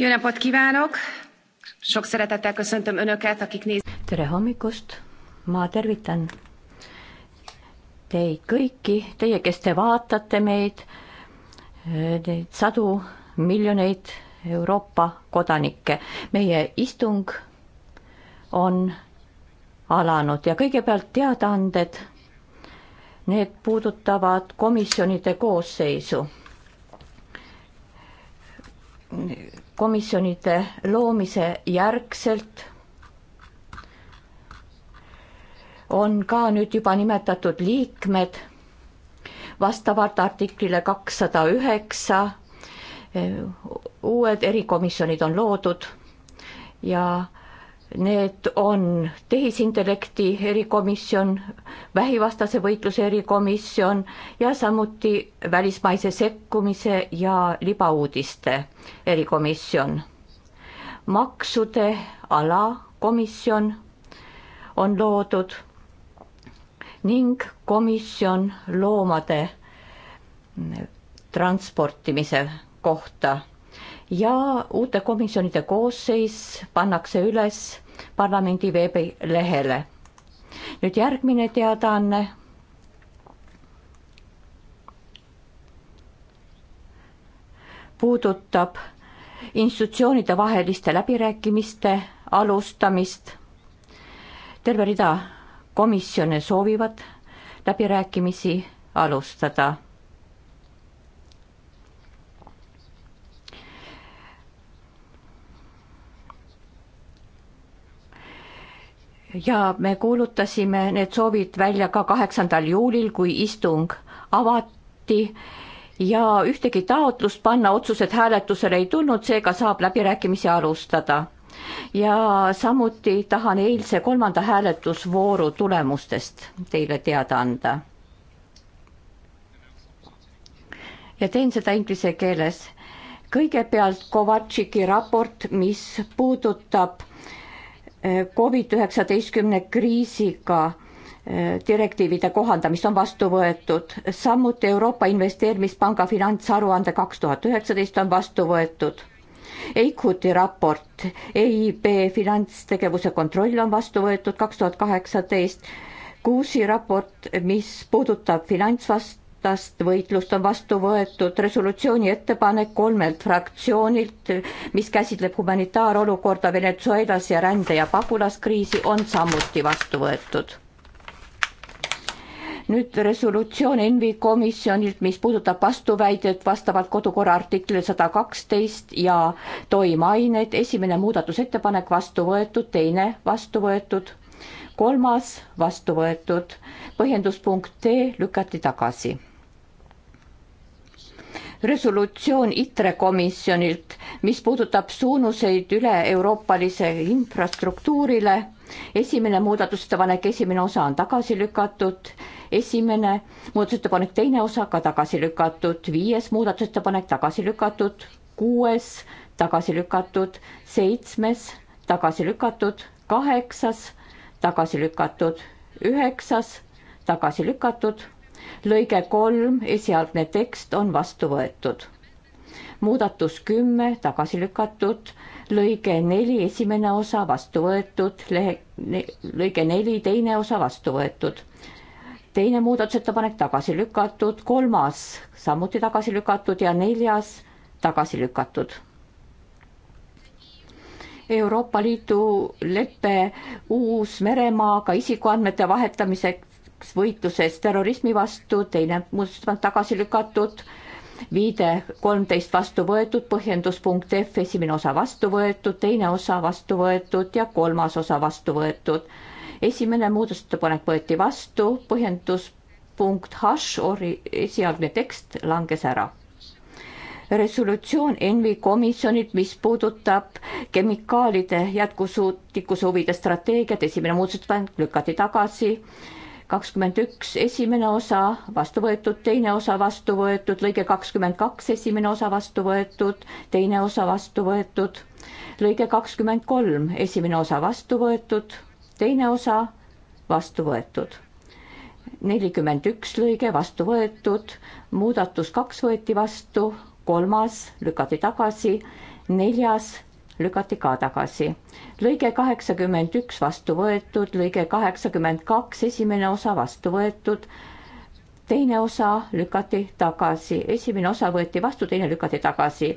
Jó napot kívánok! Sok szeretettel köszöntöm Önöket, akik néz... Tere hommikust! Ma tervitan teid kõiki, teie, kes te vaatate meid, neid sadu miljoneid Euroopa kodanikke. meie istung on alanud ja kõigepealt teadaanded. Need puudutavad komisjonide koosseisu komisjonide loomise järgselt on ka nüüd juba nimetatud liikmed vastavalt artiklile kakssada üheksa. Eh, uued erikomisjonid on loodud ja Need on tehisintellekti erikomisjon, vähivastase võitluse erikomisjon ja samuti välismaise sekkumise ja libauudiste erikomisjon. maksude alakomisjon on loodud ning komisjon loomade transportimise kohta ja uute komisjonide koosseis pannakse üles parlamendi veebilehele. nüüd järgmine teadaanne. puudutab institutsioonide vaheliste läbirääkimiste alustamist. terve rida komisjone soovivad läbirääkimisi alustada ja me kuulutasime need soovid välja ka kaheksandal juulil, kui istung avati ja ühtegi taotlust panna otsused hääletusele ei tulnud, seega saab läbirääkimisi alustada. ja samuti tahan eilse kolmanda hääletusvooru tulemustest teile teada anda. ja teen seda inglise keeles. kõigepealt Kovatšiki raport, mis puudutab Covid üheksateistkümne kriisiga eh, direktiivide kohandamist on vastu võetud, samuti Euroopa Investeerimispanga finantsaruande kaks tuhat üheksateist on vastu võetud. EIKUT-i raport, EIB finantstegevuse kontroll on vastu võetud kaks tuhat kaheksateist, Kuusi raport, mis puudutab finantsvast-, vastast võitlust on vastu võetud resolutsiooni ettepanek kolmelt fraktsioonilt, mis käsitleb humanitaarolukorda Venezuelas ja rände- ja pagulaskriisi, on samuti vastu võetud. nüüd resolutsioon ENVI komisjonilt, mis puudutab vastuväidet vastavalt kodukorra artiklile sada kaksteist ja toimeained, esimene muudatusettepanek vastu võetud, teine vastu võetud kolmas vastu võetud, põhjenduspunkt D lükati tagasi resolutsioon ITRE komisjonilt, mis puudutab suunuseid üle-euroopalise infrastruktuurile. esimene muudatusettepanek, esimene osa on tagasi lükatud, esimene muudatusettepanek, teine osa ka tagasi lükatud, viies muudatusettepanek tagasi lükatud, kuues tagasi lükatud, seitsmes tagasi lükatud, kaheksas tagasi lükatud, üheksas tagasi lükatud lõige kolm, esialgne tekst on vastu võetud. muudatus kümme tagasi lükatud, lõige neli, esimene osa vastu võetud, lehe, lõige neli, teine osa vastu võetud teine muudatusettepanek tagasi lükatud, kolmas samuti tagasi lükatud ja neljas tagasi lükatud. Euroopa Liidu leppe uus Meremaaga isikuandmete vahetamiseks üks võitluses terrorismi vastu, teine muuseas tagasi lükatud, viide kolmteist vastu võetud, põhjenduspunkt F, esimene osa vastu võetud, teine osa vastu võetud ja kolmas osa vastu võetud. esimene muudatusettepanek võeti vastu, põhjenduspunkt H, ori-, esialgne tekst langes ära resolutsioon ENVI komisjonilt, mis puudutab kemikaalide jätkusuutlikkuse huvide strateegiat, esimene muudatusettepanek lükati tagasi kakskümmend üks esimene osa vastu võetud, teine osa vastu võetud, lõige kakskümmend kaks esimene osa vastu võetud, teine osa vastu võetud, lõige kakskümmend kolm esimene osa vastu võetud, teine osa vastu võetud. nelikümmend üks lõige vastu võetud, muudatus kaks võeti vastu, kolmas lükati tagasi, neljas lükati ka tagasi. lõige kaheksakümmend üks vastu võetud, lõige kaheksakümmend kaks esimene osa vastu võetud, teine osa lükati tagasi, esimene osa võeti vastu, teine lükati tagasi,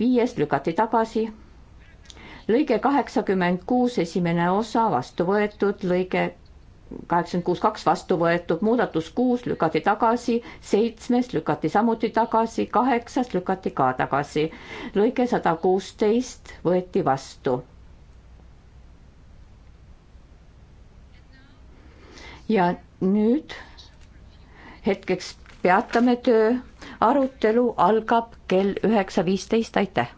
viies lükati tagasi lõige kaheksakümmend kuus, esimene osa vastu võetud, lõige kaheksakümmend kuus kaks vastu võetud, muudatus kuus lükati tagasi, seitsmes lükati samuti tagasi, kaheksas lükati ka tagasi. lõige sada kuusteist võeti vastu. ja nüüd hetkeks peatame töö, arutelu algab kell üheksa viisteist, aitäh!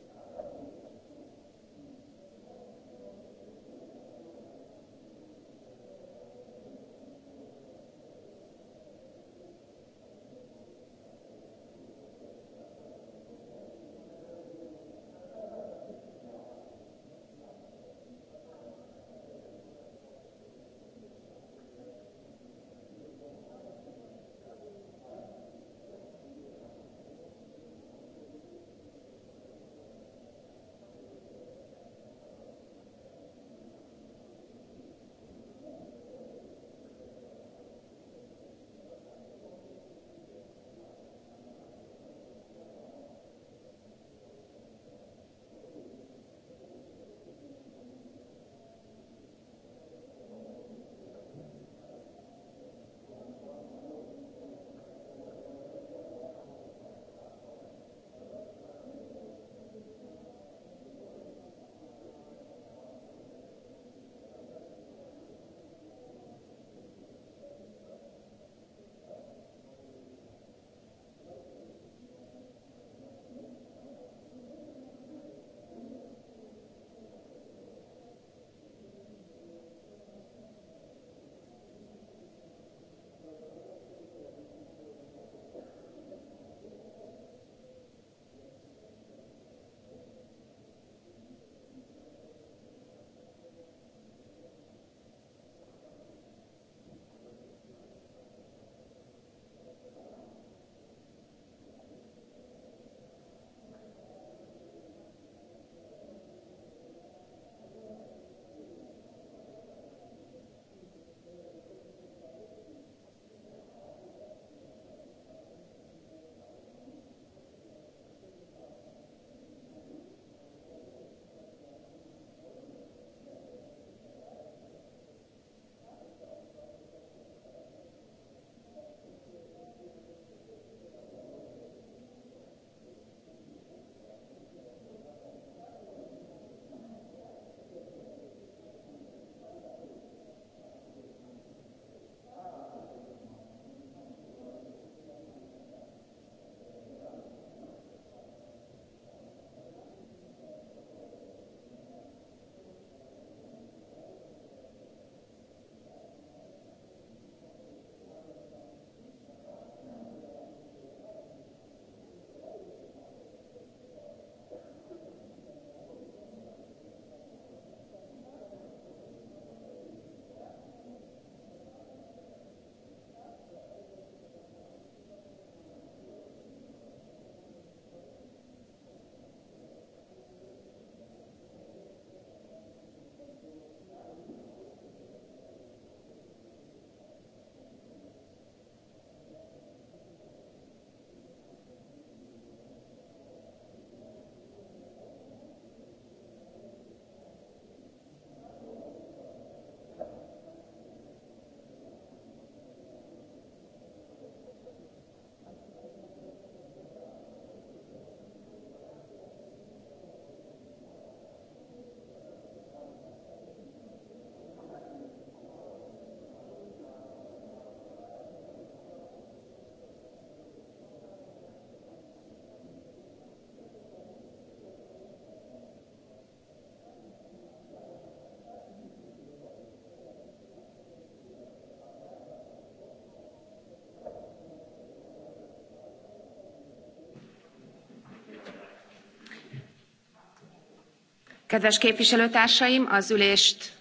Kedves képviselőtársaim, az ülést...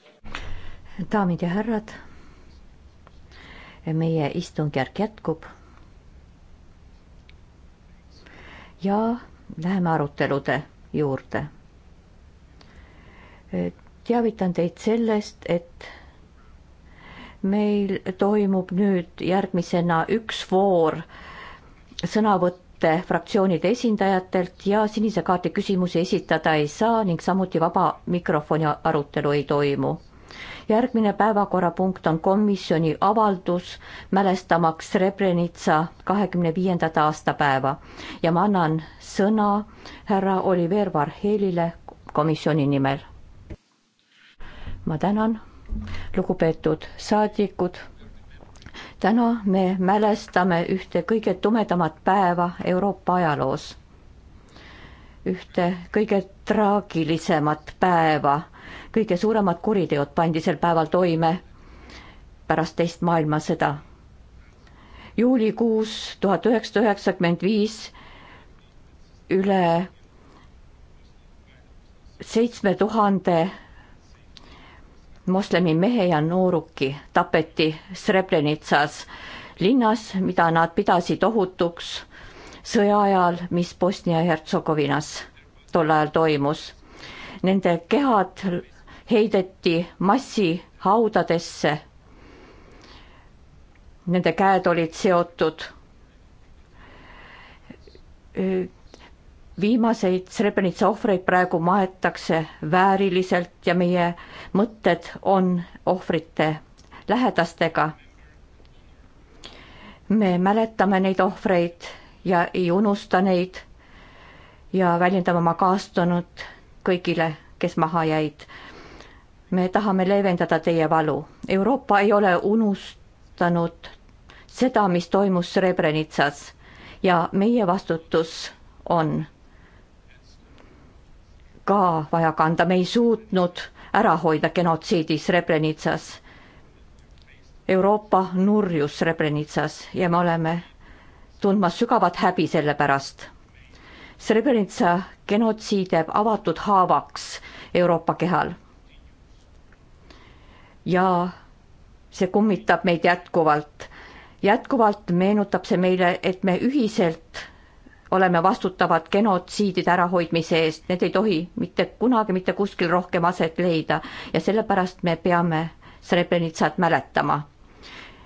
Daamid ja härrad, meie istungjärk jätkub. ja läheme arutelude juurde. teavitan teid sellest, et meil toimub nüüd järgmisena üks voor sõnavõtt mitte fraktsioonide esindajatelt ja sinise kaardi küsimusi esitada ei saa ning samuti vaba mikrofoni arutelu ei toimu. järgmine päevakorrapunkt on komisjoni avaldus mälestamaks Srebrenica kahekümne viiendat aastapäeva ja ma annan sõna härra Oliver Varhelile komisjoni nimel. ma tänan, lugupeetud saadikud täna me mälestame ühte kõige tumedamat päeva Euroopa ajaloos. ühte kõige traagilisemat päeva, kõige suuremad kuriteod pandi sel päeval toime pärast teist maailmasõda. juulikuus tuhat üheksasada üheksakümmend viis üle seitsme tuhande moslemi mehe ja nooruki tapeti Srebrenitsas linnas, mida nad pidasid ohutuks sõja ajal, mis Bosnia-Hertsegoviinas tol ajal toimus. Nende kehad heideti massihaudadesse. Nende käed olid seotud viimaseid Srebrenica ohvreid praegu maetakse vääriliselt ja meie mõtted on ohvrite lähedastega. me mäletame neid ohvreid ja ei unusta neid ja väljendame oma kaastunut kõigile, kes maha jäid. me tahame leevendada teie valu. Euroopa ei ole unustanud seda, mis toimus Srebrenitsas ja meie vastutus on ka vaja kanda, me ei suutnud ära hoida genotsiidi Srebrenitsas. Euroopa nurjus Srebrenitsas ja me oleme tundmas sügavat häbi selle pärast. Srebrenitsa genotsiid jääb avatud haavaks Euroopa kehal. ja see kummitab meid jätkuvalt. jätkuvalt meenutab see meile, et me ühiselt oleme vastutavad genotsiidide ärahoidmise eest, need ei tohi mitte kunagi mitte kuskil rohkem aset leida ja sellepärast me peame Srebrenitsat mäletama.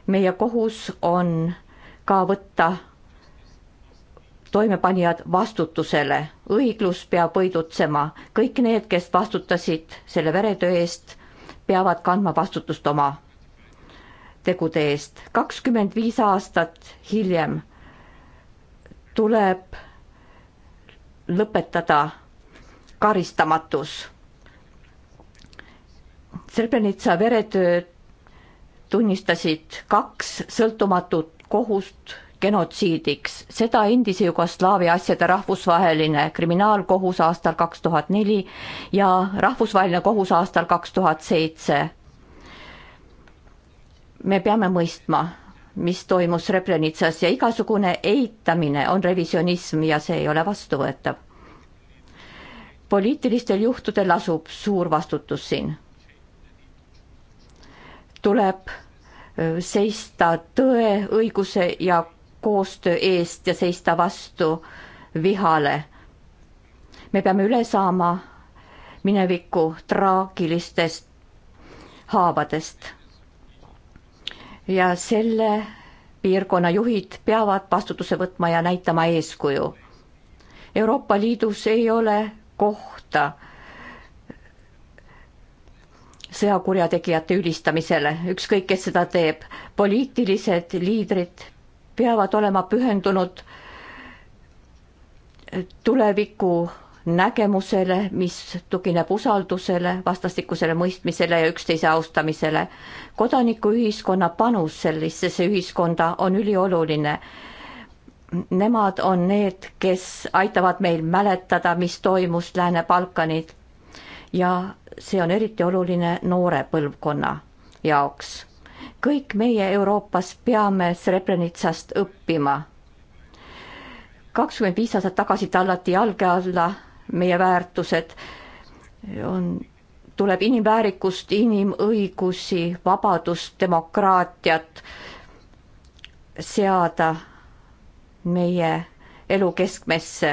meie kohus on ka võtta toimepanijad vastutusele, õiglus peab võidutsema, kõik need, kes vastutasid selle veretöö eest, peavad kandma vastutust oma tegude eest. kakskümmend viis aastat hiljem tuleb lõpetada karistamatus. Srebrenica veretööd tunnistasid kaks sõltumatut kohust genotsiidiks, seda endise Jugoslaavia asjade rahvusvaheline kriminaalkohus aastal kaks tuhat neli ja rahvusvaheline kohus aastal kaks tuhat seitse. me peame mõistma mis toimus Srebrenitsas ja igasugune eitamine on revisjonism ja see ei ole vastuvõetav. poliitilistel juhtudel asub suur vastutus siin. tuleb seista tõe, õiguse ja koostöö eest ja seista vastu vihale. me peame üle saama mineviku traagilistest haavadest ja selle piirkonna juhid peavad vastutuse võtma ja näitama eeskuju. Euroopa Liidus ei ole kohta sõjakurjategijate ülistamisele, ükskõik kes seda teeb. poliitilised liidrid peavad olema pühendunud tuleviku nägemusele, mis tugineb usaldusele, vastastikusele mõistmisele ja üksteise austamisele. kodanikuühiskonna panus sellisesse ühiskonda on ülioluline. Nemad on need, kes aitavad meil mäletada, mis toimus Lääne-Balkanil ja see on eriti oluline noore põlvkonna jaoks. kõik meie Euroopas peame Srebrenitsast õppima kakskümmend viis aastat tagasi tallati jalge alla meie väärtused, on, tuleb inimväärikust, inimõigusi, vabadust, demokraatiat seada meie elu keskmesse.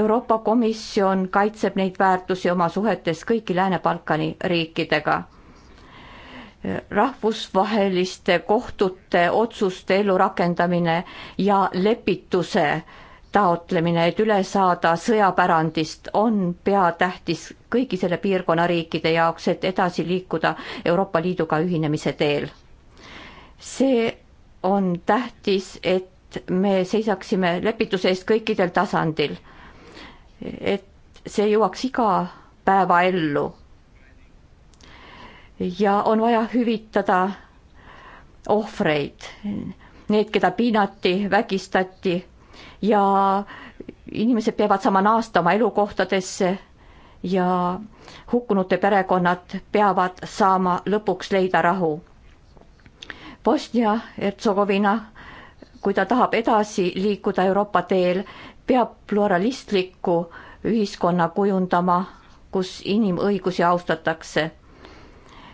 Euroopa Komisjon kaitseb neid väärtusi oma suhetes kõigi Lääne-Balkani riikidega. rahvusvaheliste kohtute otsuste ellurakendamine ja lepituse äh, taotlemine, et üle saada sõjapärandist, on peatähtis kõigi selle piirkonna riikide jaoks, et edasi liikuda Euroopa Liiduga ühinemise teel. see on tähtis, et me seisaksime lepituse eest kõikidel tasandil. et see jõuaks iga päeva ellu. ja on vaja hüvitada ohvreid, need, keda piinati, vägistati ja inimesed peavad saama naasta oma elukohtadesse ja hukkunute perekonnad peavad saama lõpuks leida rahu. Bosnia-Hertsegoviina, kui ta tahab edasi liikuda Euroopa teel, peab pluralistliku ühiskonna kujundama, kus inimõigusi austatakse.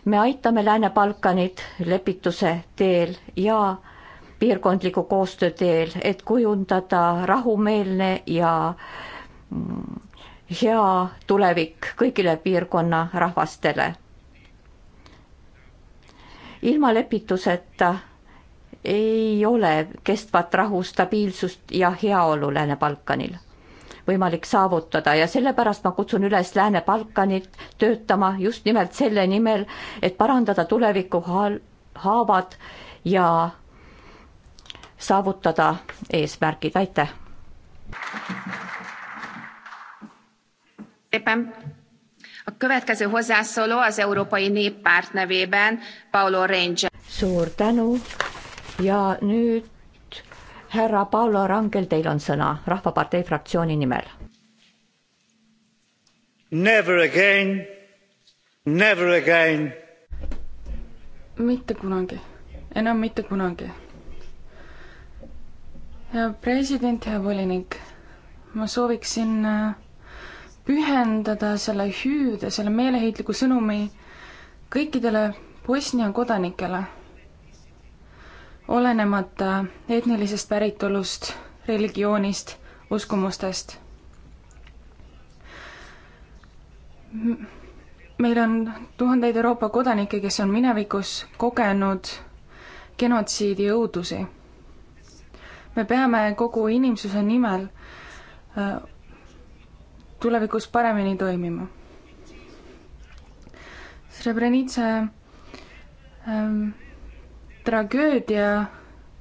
me aitame Lääne-Balkanit lepituse teel ja piirkondliku koostöö teel, et kujundada rahumeelne ja mm, hea tulevik kõigile piirkonna rahvastele. ilma lepituseta ei ole kestvat rahu, stabiilsust ja heaolu Lääne-Balkanil võimalik saavutada ja sellepärast ma kutsun üles Lääne-Balkanit töötama just nimelt selle nimel, et parandada tuleviku haal-, haavad ja saavutada eesmärgid, aitäh. suur tänu ja nüüd härra Paolo Rangel, teil on sõna Rahvapartei fraktsiooni nimel. Never again, never again. mitte kunagi, enam mitte kunagi president, hea volinik, ma sooviksin äh, pühendada selle hüüde, selle meeleheitliku sõnumi kõikidele Bosnia kodanikele, olenemata etnilisest päritolust, religioonist, uskumustest. meil on tuhandeid Euroopa kodanikke, kes on minevikus kogenud genotsiidi õudusi me peame kogu inimsuse nimel äh, tulevikus paremini toimima. Srebrenica ähm, tragöödia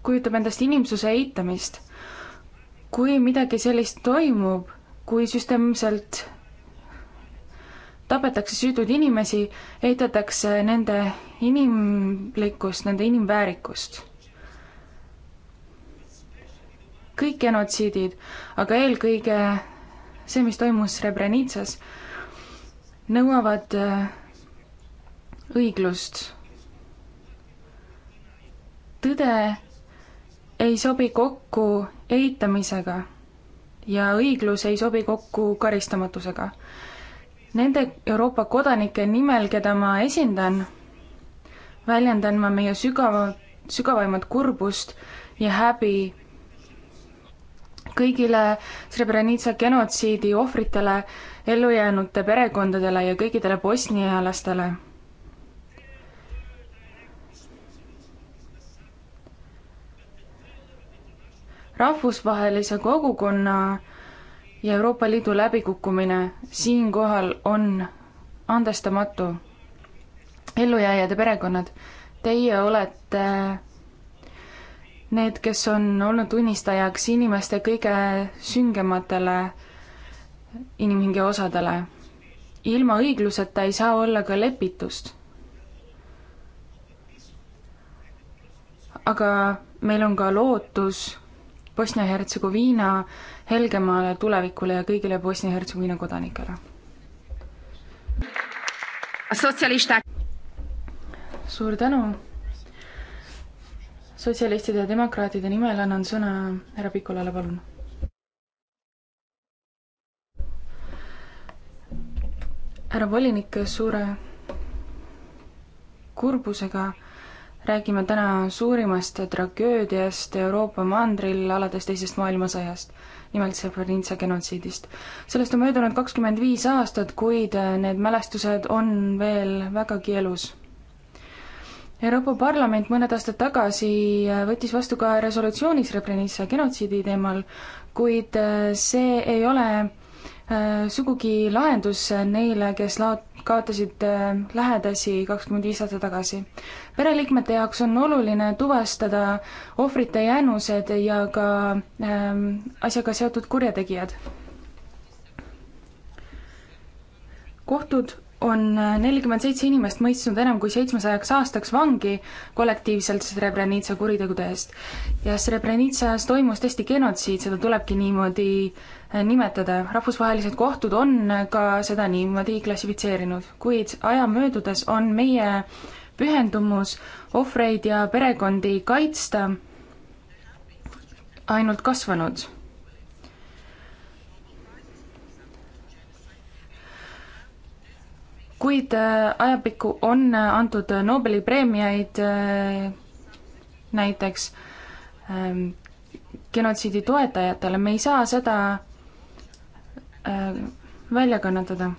kujutab endast inimsuse eitamist. kui midagi sellist toimub, kui süsteemselt tapetakse süütuid inimesi, eitatakse nende inimlikkust, nende inimväärikust kõik genotsiidid, aga eelkõige see, mis toimus Srebrenitsas, nõuavad äh, õiglust. tõde ei sobi kokku eitamisega ja õiglus ei sobi kokku karistamatusega. Nende Euroopa kodanike nimel, keda ma esindan, väljendan ma meie sügava, sügavaimat kurbust ja häbi kõigile Srebrenica genotsiidi ohvritele, ellujäänute perekondadele ja kõikidele bosnialastele. rahvusvahelise kogukonna ja Euroopa Liidu läbikukkumine siinkohal on andestamatu. ellujääjad ja perekonnad, teie olete need, kes on olnud tunnistajaks inimeste kõige süngematele inimhinge osadele. ilma õigluseta ei saa olla ka lepitust. aga meil on ka lootus Bosnia-Hertsegoviina helgemale tulevikule ja kõigile Bosnia-Hertsegoviina kodanikele. suur tänu sotsialistide ja demokraatide nimel annan sõna härra Pikolale, palun. härra volinik, suure kurbusega räägime täna suurimast tragöödiast Euroopa mandril alates Teisest maailmasõjast, nimelt Srebrenica genotsiidist. sellest on möödunud kakskümmend viis aastat, kuid need mälestused on veel vägagi elus Euroopa Parlament mõned aastad tagasi äh, võttis vastu ka resolutsiooni Srebrenica genotsiidi teemal, kuid äh, see ei ole äh, sugugi lahendus neile, kes laot-, kaotasid lähedasi kakskümmend viis aastat tagasi. pereliikmete jaoks on oluline tuvastada ohvrite jäänused ja ka ähm, asjaga seotud kurjategijad. kohtud on nelikümmend seitse inimest mõistnud enam kui seitsmesajaks aastaks vangi kollektiivselt Srebrenica kuritegude eest. ja Srebrenicas toimus tõesti genotsiid, seda tulebki niimoodi eh, nimetada. rahvusvahelised kohtud on ka seda niimoodi klassifitseerinud, kuid aja möödudes on meie pühendumus ohvreid ja perekondi kaitsta ainult kasvanud kuid äh, ajapikku on äh, antud Nobeli preemiaid äh, näiteks ähm, genotsiidi toetajatele, me ei saa seda välja kannatada.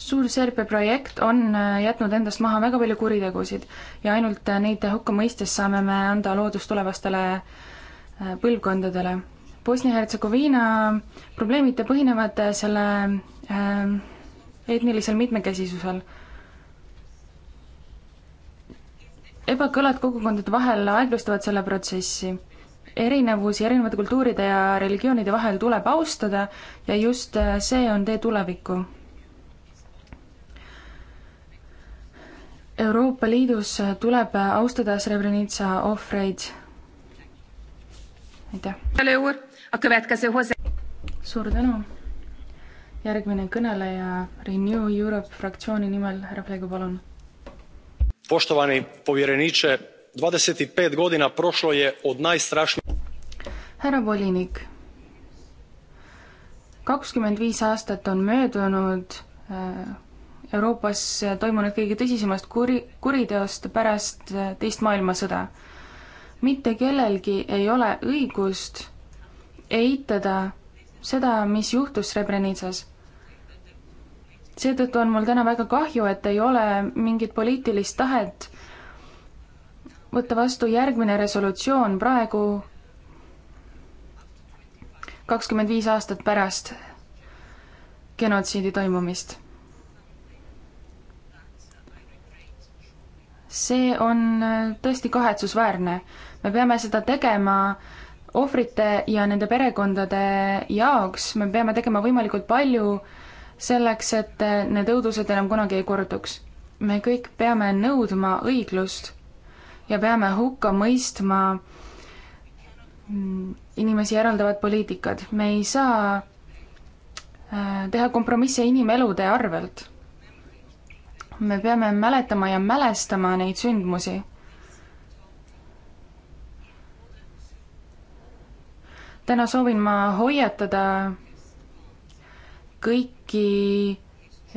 Suur-Serbia projekt on jätnud endast maha väga palju kuritegusid ja ainult neid hukka mõistes saame me anda loodust tulevastele põlvkondadele Bosnia-Hertsegoviina probleemid põhinevad selle äh, etnilisel mitmekesisusel. ebakõlad kogukondade vahel aeglustavad selle protsessi. erinevusi erinevate kultuuride ja religioonide vahel tuleb austada ja just äh, see on tee tulevikku. Euroopa Liidus äh, tuleb äh, austada Srebrenica ohvreid. aitäh. A következő hozzá... suur tänu. järgmine kõneleja Renew Europe fraktsiooni nimel, härra Plego, palun. Poštovani povjereniče, dvadeset pet godina prošlo je od najstrašnijih... härra volinik, kakskümmend viis aastat on möödunud äh, Euroopas toimunud kõige tõsisemast kuri, kuriteost pärast äh, teist maailmasõda. mitte kellelgi ei ole õigust eitada seda, mis juhtus Srebrenitsas. seetõttu on mul täna väga kahju, et ei ole mingit poliitilist tahet võtta vastu järgmine resolutsioon praegu, kakskümmend viis aastat pärast genotsiidi toimumist. see on tõesti kahetsusväärne. me peame seda tegema äh, ohvrite ja nende perekondade jaoks me peame tegema võimalikult palju selleks, et need õudused enam kunagi ei korduks. me kõik peame nõudma õiglust ja peame hukka mõistma mm, inimesi eraldavad poliitikad. me ei saa äh, teha kompromisse inimelude arvelt. me peame mäletama ja mälestama neid sündmusi täna soovin ma hoiatada kõiki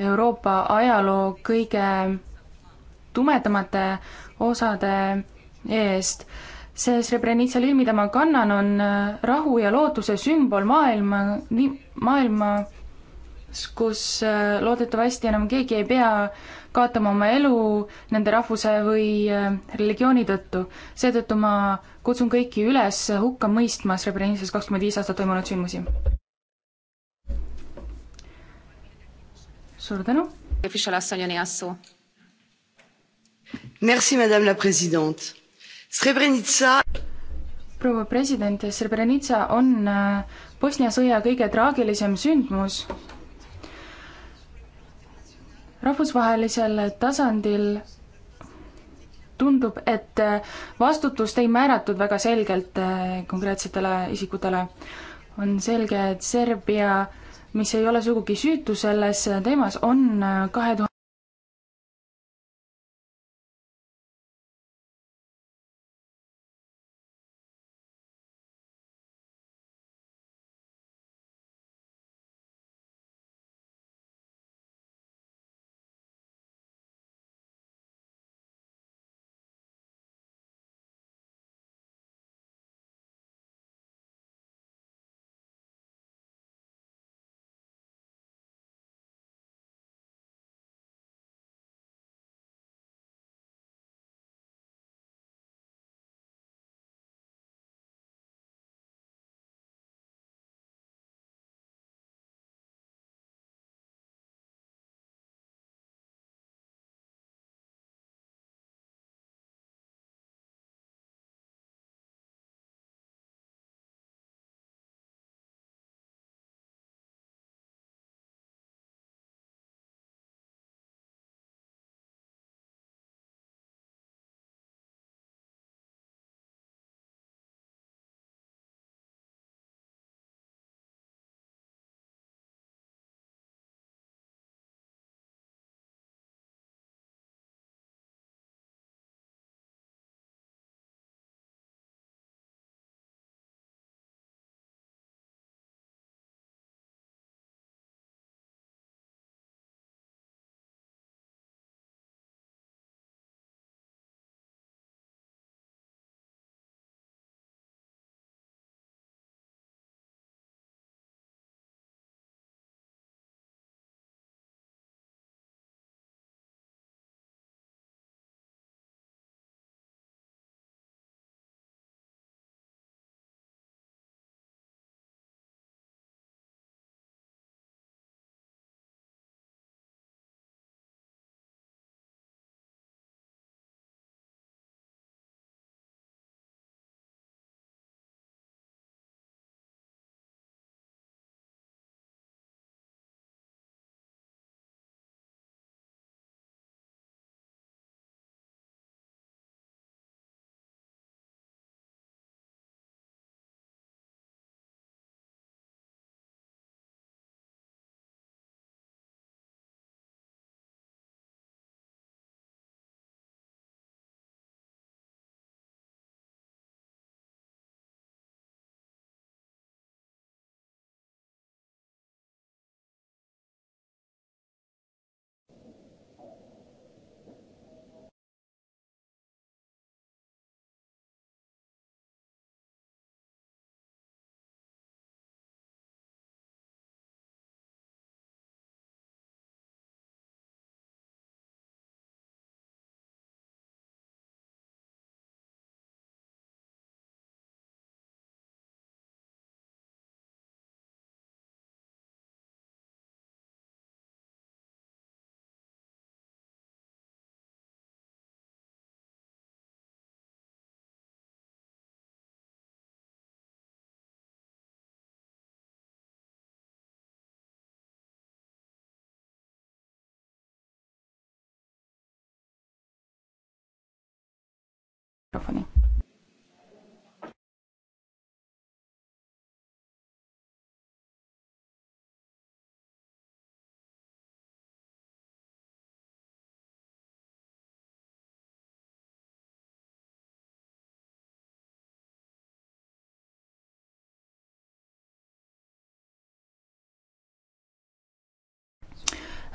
Euroopa ajaloo kõige tumedamate osade eest. see Srebrenica lill, mida ma kannan, on rahu ja lootuse sümbol maailma, maailmas, kus äh, loodetavasti enam keegi ei pea kaotama oma elu nende rahvuse või äh, religiooni tõttu. seetõttu ma kutsun kõiki üles hukka mõistma Srebrenitsas kakskümmend viis aastat toimunud sündmusi. suur tänu. Merci, madame la president. Srebrenica. proua president, Srebrenica on äh, Bosnia sõja kõige traagilisem sündmus rahvusvahelisel tasandil tundub, et äh, vastutust ei määratud väga selgelt äh, konkreetsetele isikutele. on selge, et Serbia, mis ei ole sugugi süütu selles teemas, on äh, kahe tuhande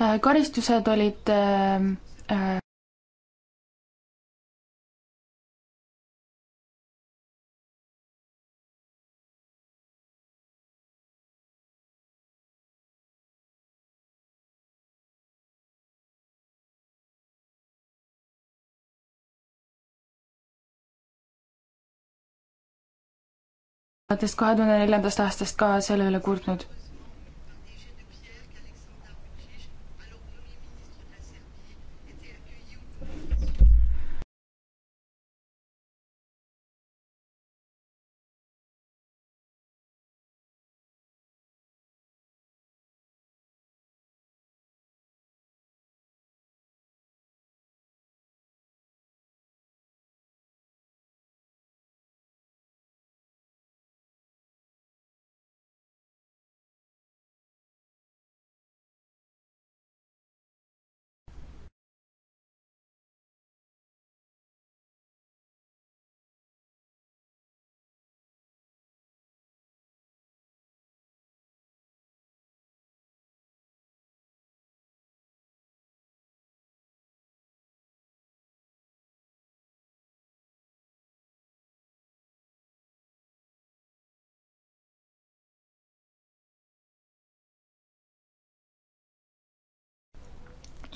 Äh, karistused olid äh, äh, alates kahe tuhande neljandast aastast ka selle üle kurtnud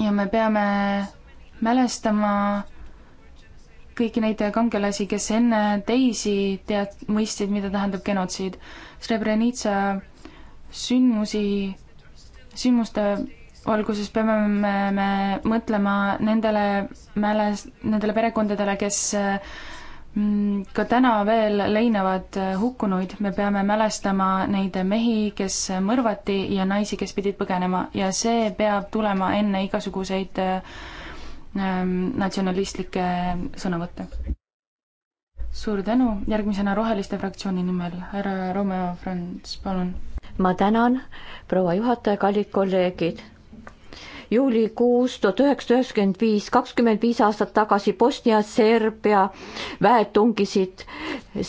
ja me peame mälestama kõiki neid kangelasi, kes enne teisi tead-, mõistsid, mida tähendab genotsiid. Srebrenica sündmusi, sündmuste valguses peame me, me mõtlema nendele mäles, nendele perekondadele, kes Mm, ka täna veel leinavad äh, hukkunuid, me peame mälestama neid mehi, kes mõrvati ja naisi, kes pidid põgenema ja see peab tulema enne igasuguseid äh, ähm, natsionalistlikke sõnavõtte. suur tänu, järgmisena Roheliste fraktsiooni nimel härra Romeo Franz, palun. ma tänan, proua juhataja, kallid kolleegid juulikuus tuhat üheksasada üheksakümmend viis, kakskümmend viis aastat tagasi Bosnia-Serbia väed tungisid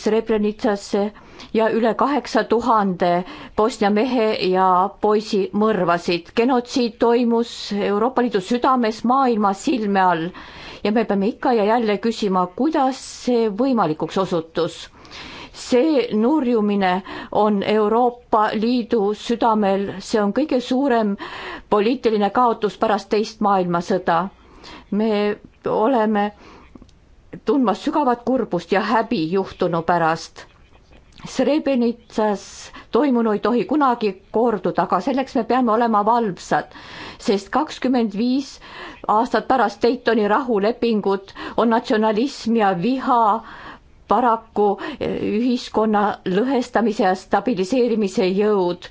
Srebrenitsasse ja üle kaheksa tuhande Bosnia mehe ja poisi mõrvasid. genotsiid toimus Euroopa Liidu südames, maailma silme all ja me peame ikka ja jälle küsima, kuidas see võimalikuks osutus see nurjumine on Euroopa Liidu südamel, see on kõige suurem poliitiline kaotus pärast teist maailmasõda. me oleme tundmas sügavat kurbust ja häbi juhtunu pärast Srebrenitsas toimunu ei tohi kunagi korduda, aga selleks me peame olema valvsad, sest kakskümmend viis aastat pärast Daytoni rahulepingut on natsionalism ja viha paraku ühiskonna lõhestamise ja stabiliseerimise jõud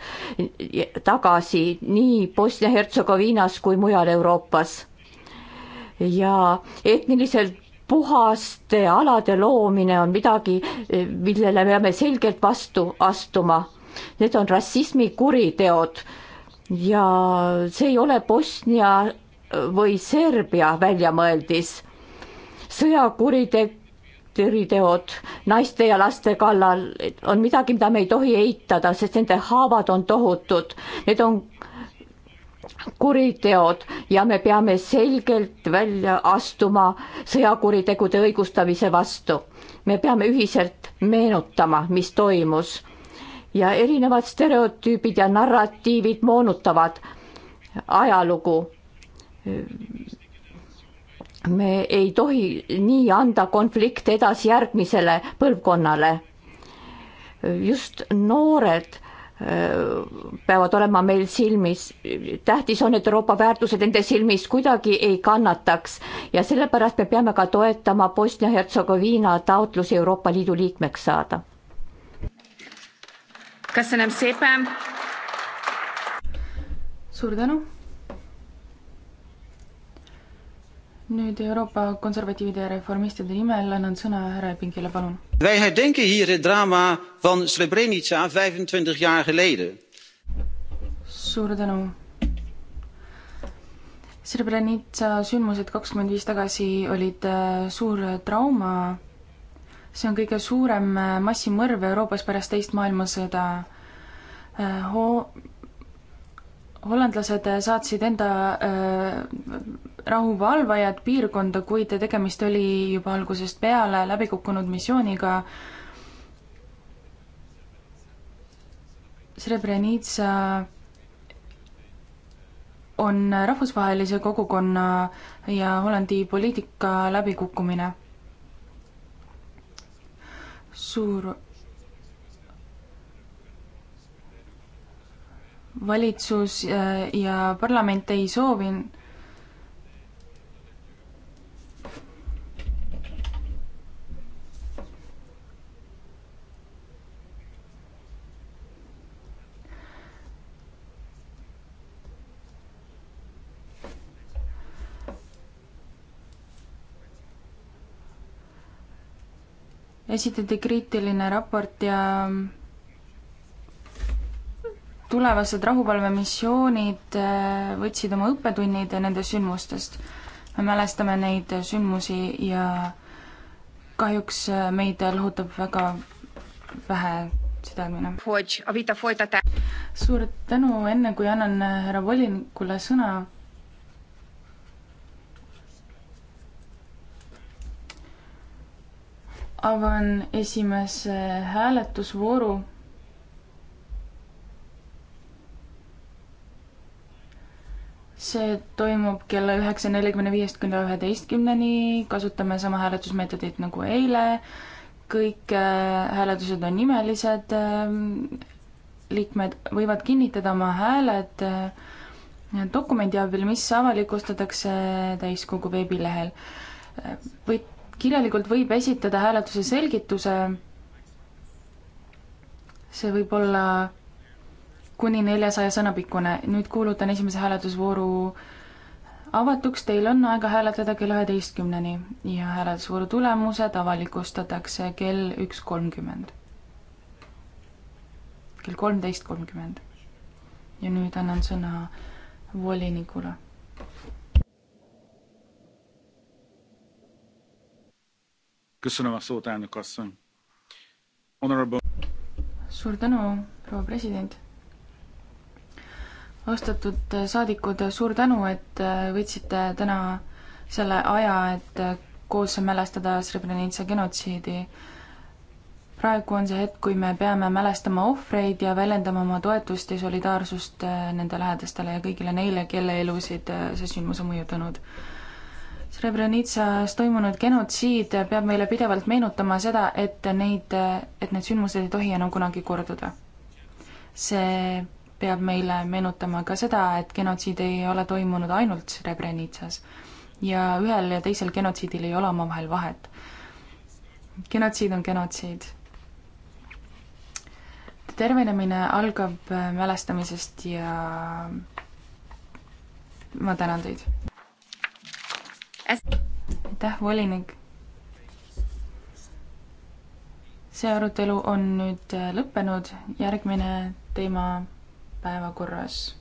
tagasi nii Bosnia-Hertsegoviinas kui mujal Euroopas. ja etniliselt puhaste alade loomine on midagi, millele peame selgelt vastu astuma. Need on rassismi kuriteod ja see ei ole Bosnia või Serbia väljamõeldis. sõjakuritegu terroriteod naiste ja laste kallal on midagi, mida me ei tohi eitada, sest nende haavad on tohutud. Need on kuriteod ja me peame selgelt välja astuma sõjakuritegude õigustamise vastu. me peame ühiselt meenutama, mis toimus ja erinevad stereotüübid ja narratiivid moonutavad ajalugu me ei tohi nii anda konflikte edasi järgmisele põlvkonnale. just noored äh, peavad olema meil silmis. tähtis on, et Euroopa väärtused nende silmis kuidagi ei kannataks ja sellepärast me peame ka toetama Bosnia-Hertsegoviina taotlusi Euroopa Liidu liikmeks saada. suur tänu nüüd Euroopa konservatiivide ja reformistide nimel annan sõna härra Epingile, palun. Wij herdenken hier het drama van Srebrenica 25 jaar geleden. suur tänu. Srebrenica sündmused kakskümmend viis tagasi olid äh, suur trauma. see on kõige suurem äh, massimõrv Euroopas pärast teist maailmasõda. Äh, ho-, hollandlased saatsid enda äh, rahuvalvajad piirkonda, kuid tegemist oli juba algusest peale läbikukkunud missiooniga. Srebrenica on rahvusvahelise kogukonna ja Hollandi poliitika läbikukkumine. suur valitsus ja, äh, ja parlament ei soovinud esitati kriitiline raport ja tulevased rahuvalvemissioonid äh, võtsid oma õppetunnid nende sündmustest. me mälestame neid sündmusi ja kahjuks äh, meid lohutab väga vähe see teadmine. suur tänu, enne kui annan härra volinikule sõna avan esimese hääletusvooru see toimub kella üheksa nelikümne viiest kella üheteistkümneni, kasutame sama hääletusmeetodit nagu eile, kõik äh, hääletused on nimelised, ähm, liikmed võivad kinnitada oma hääled äh, dokumendi abil, mis avalikustatakse täiskogu veebilehel. Äh, või kirjalikult võib esitada hääletuse selgituse, see võib olla kuni neljasaja sõna pikkune. nüüd kuulutan esimese hääletusvooru avatuks, teil on aega hääletada kella üheteistkümneni ja hääletusvooru tulemused avalikustatakse kell üks kolmkümmend. kell kolmteist kolmkümmend. ja nüüd annan sõna volinikule. köszönöm a szót, elnök asszony. Honorable. Suur tänu, proua president austatud äh, saadikud, suur tänu, et äh, võtsite täna selle aja, et äh, koos mälestada Srebrenica genotsiidi. praegu on see hetk, kui me peame mälestama ohvreid ja väljendama oma toetust ja solidaarsust nende lähedastele ja kõigile neile, kelle elusid see sündmus on mõjutanud. Srebrenitsas toimunud genotsiid peab meile pidevalt meenutama seda, et neid, et need sündmused ei tohi enam kunagi korduda. see peab meile meenutama ka seda, et genotsiid ei ole toimunud ainult Srebrenitsas ja ühel ja teisel genotsiidil ei ole omavahel vahet. genotsiid on genotsiid. tervenemine algab mälestamisest ja ma tänan teid. aitäh, volinik see arutelu on nüüd lõppenud, järgmine teema päevakorras.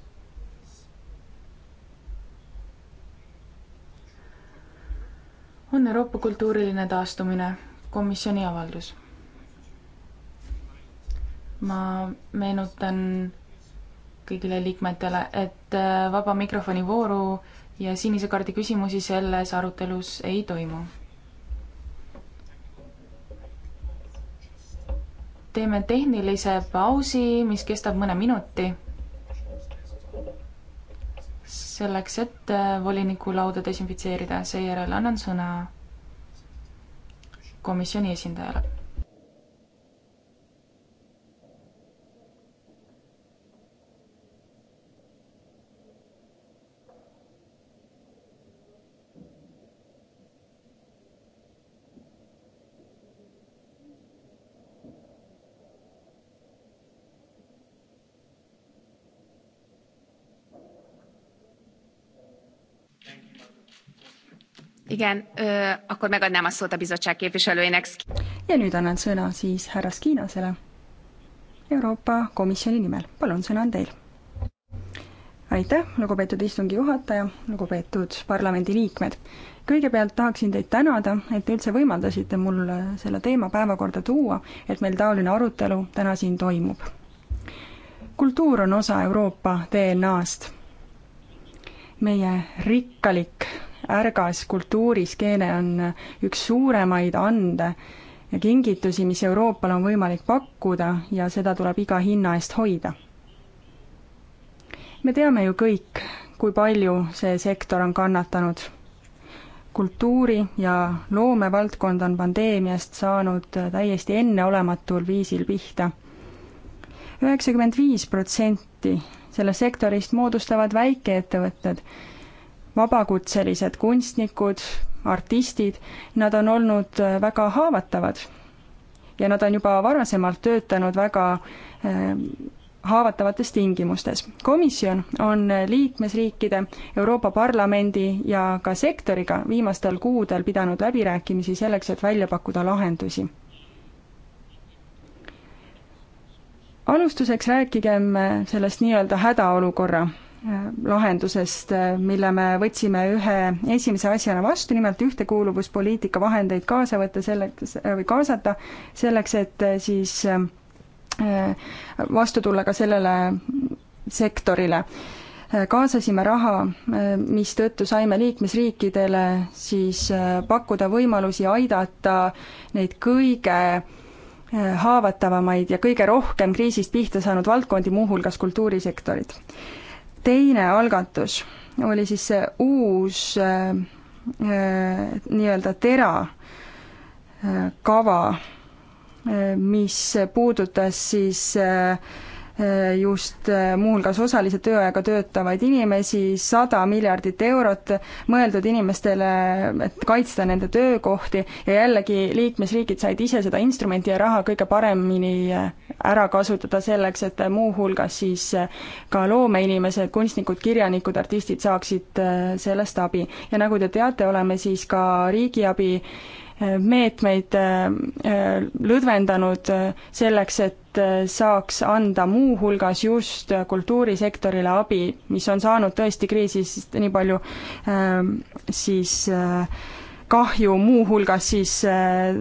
on Euroopa kultuuriline taastumine, komisjoni avaldus. ma meenutan kõigile liikmetele, et äh, vaba mikrofoni vooru ja sinise kaardi küsimusi selles arutelus ei toimu. teeme tehnilise pausi, mis kestab mõne minuti selleks, et äh, volinikulaуда desinfitseerida, seejärel annan sõna komisjoni esindajale Igen, öö, akkor megadnám a szót a bizottság képviselőjének. ja nüüd annan sõna siis härra Skinasele Euroopa Komisjoni nimel. palun, sõna on teil. aitäh, lugupeetud istungi juhataja, lugupeetud parlamendiliikmed. kõigepealt tahaksin teid tänada, et te üldse võimaldasite mul selle teema päevakorda tuua, et meil taoline arutelu täna siin toimub. kultuur on osa Euroopa DNA-st. meie rikkalik ärgas kultuuriskeene on üks suuremaid ande ja kingitusi, mis Euroopal on võimalik pakkuda ja seda tuleb iga hinna eest hoida. me teame ju kõik, kui palju see sektor on kannatanud kultuuri- ja loomevaldkond on pandeemiast saanud täiesti enneolematul viisil pihta. üheksakümmend viis protsenti sellest sektorist moodustavad väikeettevõtted vabakutselised kunstnikud, artistid, nad on olnud äh, väga haavatavad. ja nad on juba varasemalt töötanud väga ähm, haavatavates tingimustes. komisjon on äh, liikmesriikide, Euroopa Parlamendi ja ka sektoriga viimastel kuudel pidanud läbirääkimisi selleks, et välja pakkuda lahendusi. alustuseks rääkigem äh, sellest nii-öelda hädaolukorra lahendusest, mille me võtsime ühe esimese asjana vastu, nimelt ühtekuuluvuspoliitika vahendeid kaasa võtta selleks, või kaasata, selleks et eh, siis eh, vastu tulla ka sellele sektorile. Eh, kaasasime raha, mistõttu saime liikmesriikidele siis pakkuda võimalusi aidata neid kõige haavatavamaid ja kõige rohkem kriisist pihta saanud valdkondi, muuhulgas kultuurisektorit teine algatus oli siis see uus äh, äh nii-öelda tera äh, kava, äh, mis puudutas siis äh, just äh, muuhulgas osalise tööajaga töötavaid inimesi, sada miljardit eurot mõeldud inimestele, et kaitsta nende töökohti ja jällegi liikmesriigid said ise seda instrumenti ja raha kõige paremini äh, ära kasutada selleks, et äh, muuhulgas siis ka loomeinimesed, kunstnikud, kirjanikud, artistid saaksid sellest abi. ja nagu te teate, oleme siis ka riigiabi meetmeid äh, äh, lõdvendanud äh, selleks, et saaks anda muuhulgas just kultuurisektorile abi, mis on saanud tõesti kriisist nii palju siis kahju, muuhulgas siis äh,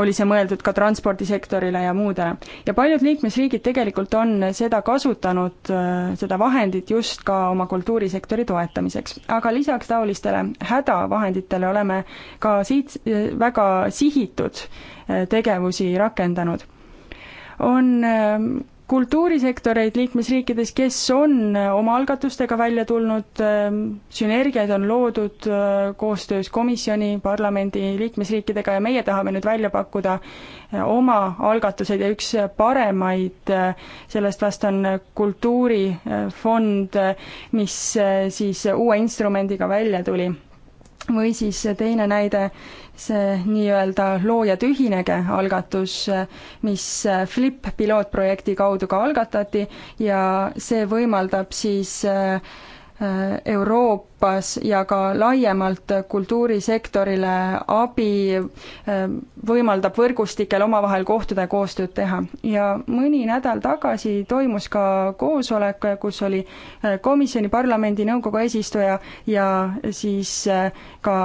oli see mõeldud ka transpordisektorile ja muudele. ja paljud liikmesriigid tegelikult on seda kasutanud äh,, seda vahendit just ka oma kultuurisektori toetamiseks. aga lisaks taolistele hädavahenditele oleme ka siit äh, väga sihitud äh, tegevusi rakendanud. on äh, kultuurisektoreid liikmesriikides, kes on äh, oma algatustega välja tulnud, äh, sünergiaid on loodud äh, koostöös komisjoni, parlamendi, liikmesriikidega ja meie tahame nüüd välja pakkuda oma algatused ja üks paremaid sellest vast on kultuurifond, mis siis uue instrumendiga välja tuli. või siis teine näide see nii-öelda Looja tühinege algatus, mis Flip pilootprojekti kaudu ka algatati ja see võimaldab siis äh, Äh, Euroopas ja ka laiemalt kultuurisektorile abi, äh, võimaldab võrgustikel omavahel kohtuda ja koostööd teha. ja mõni nädal tagasi toimus ka koosolek, kus oli äh, komisjoni, parlamendi, nõukogu eesistuja ja siis ka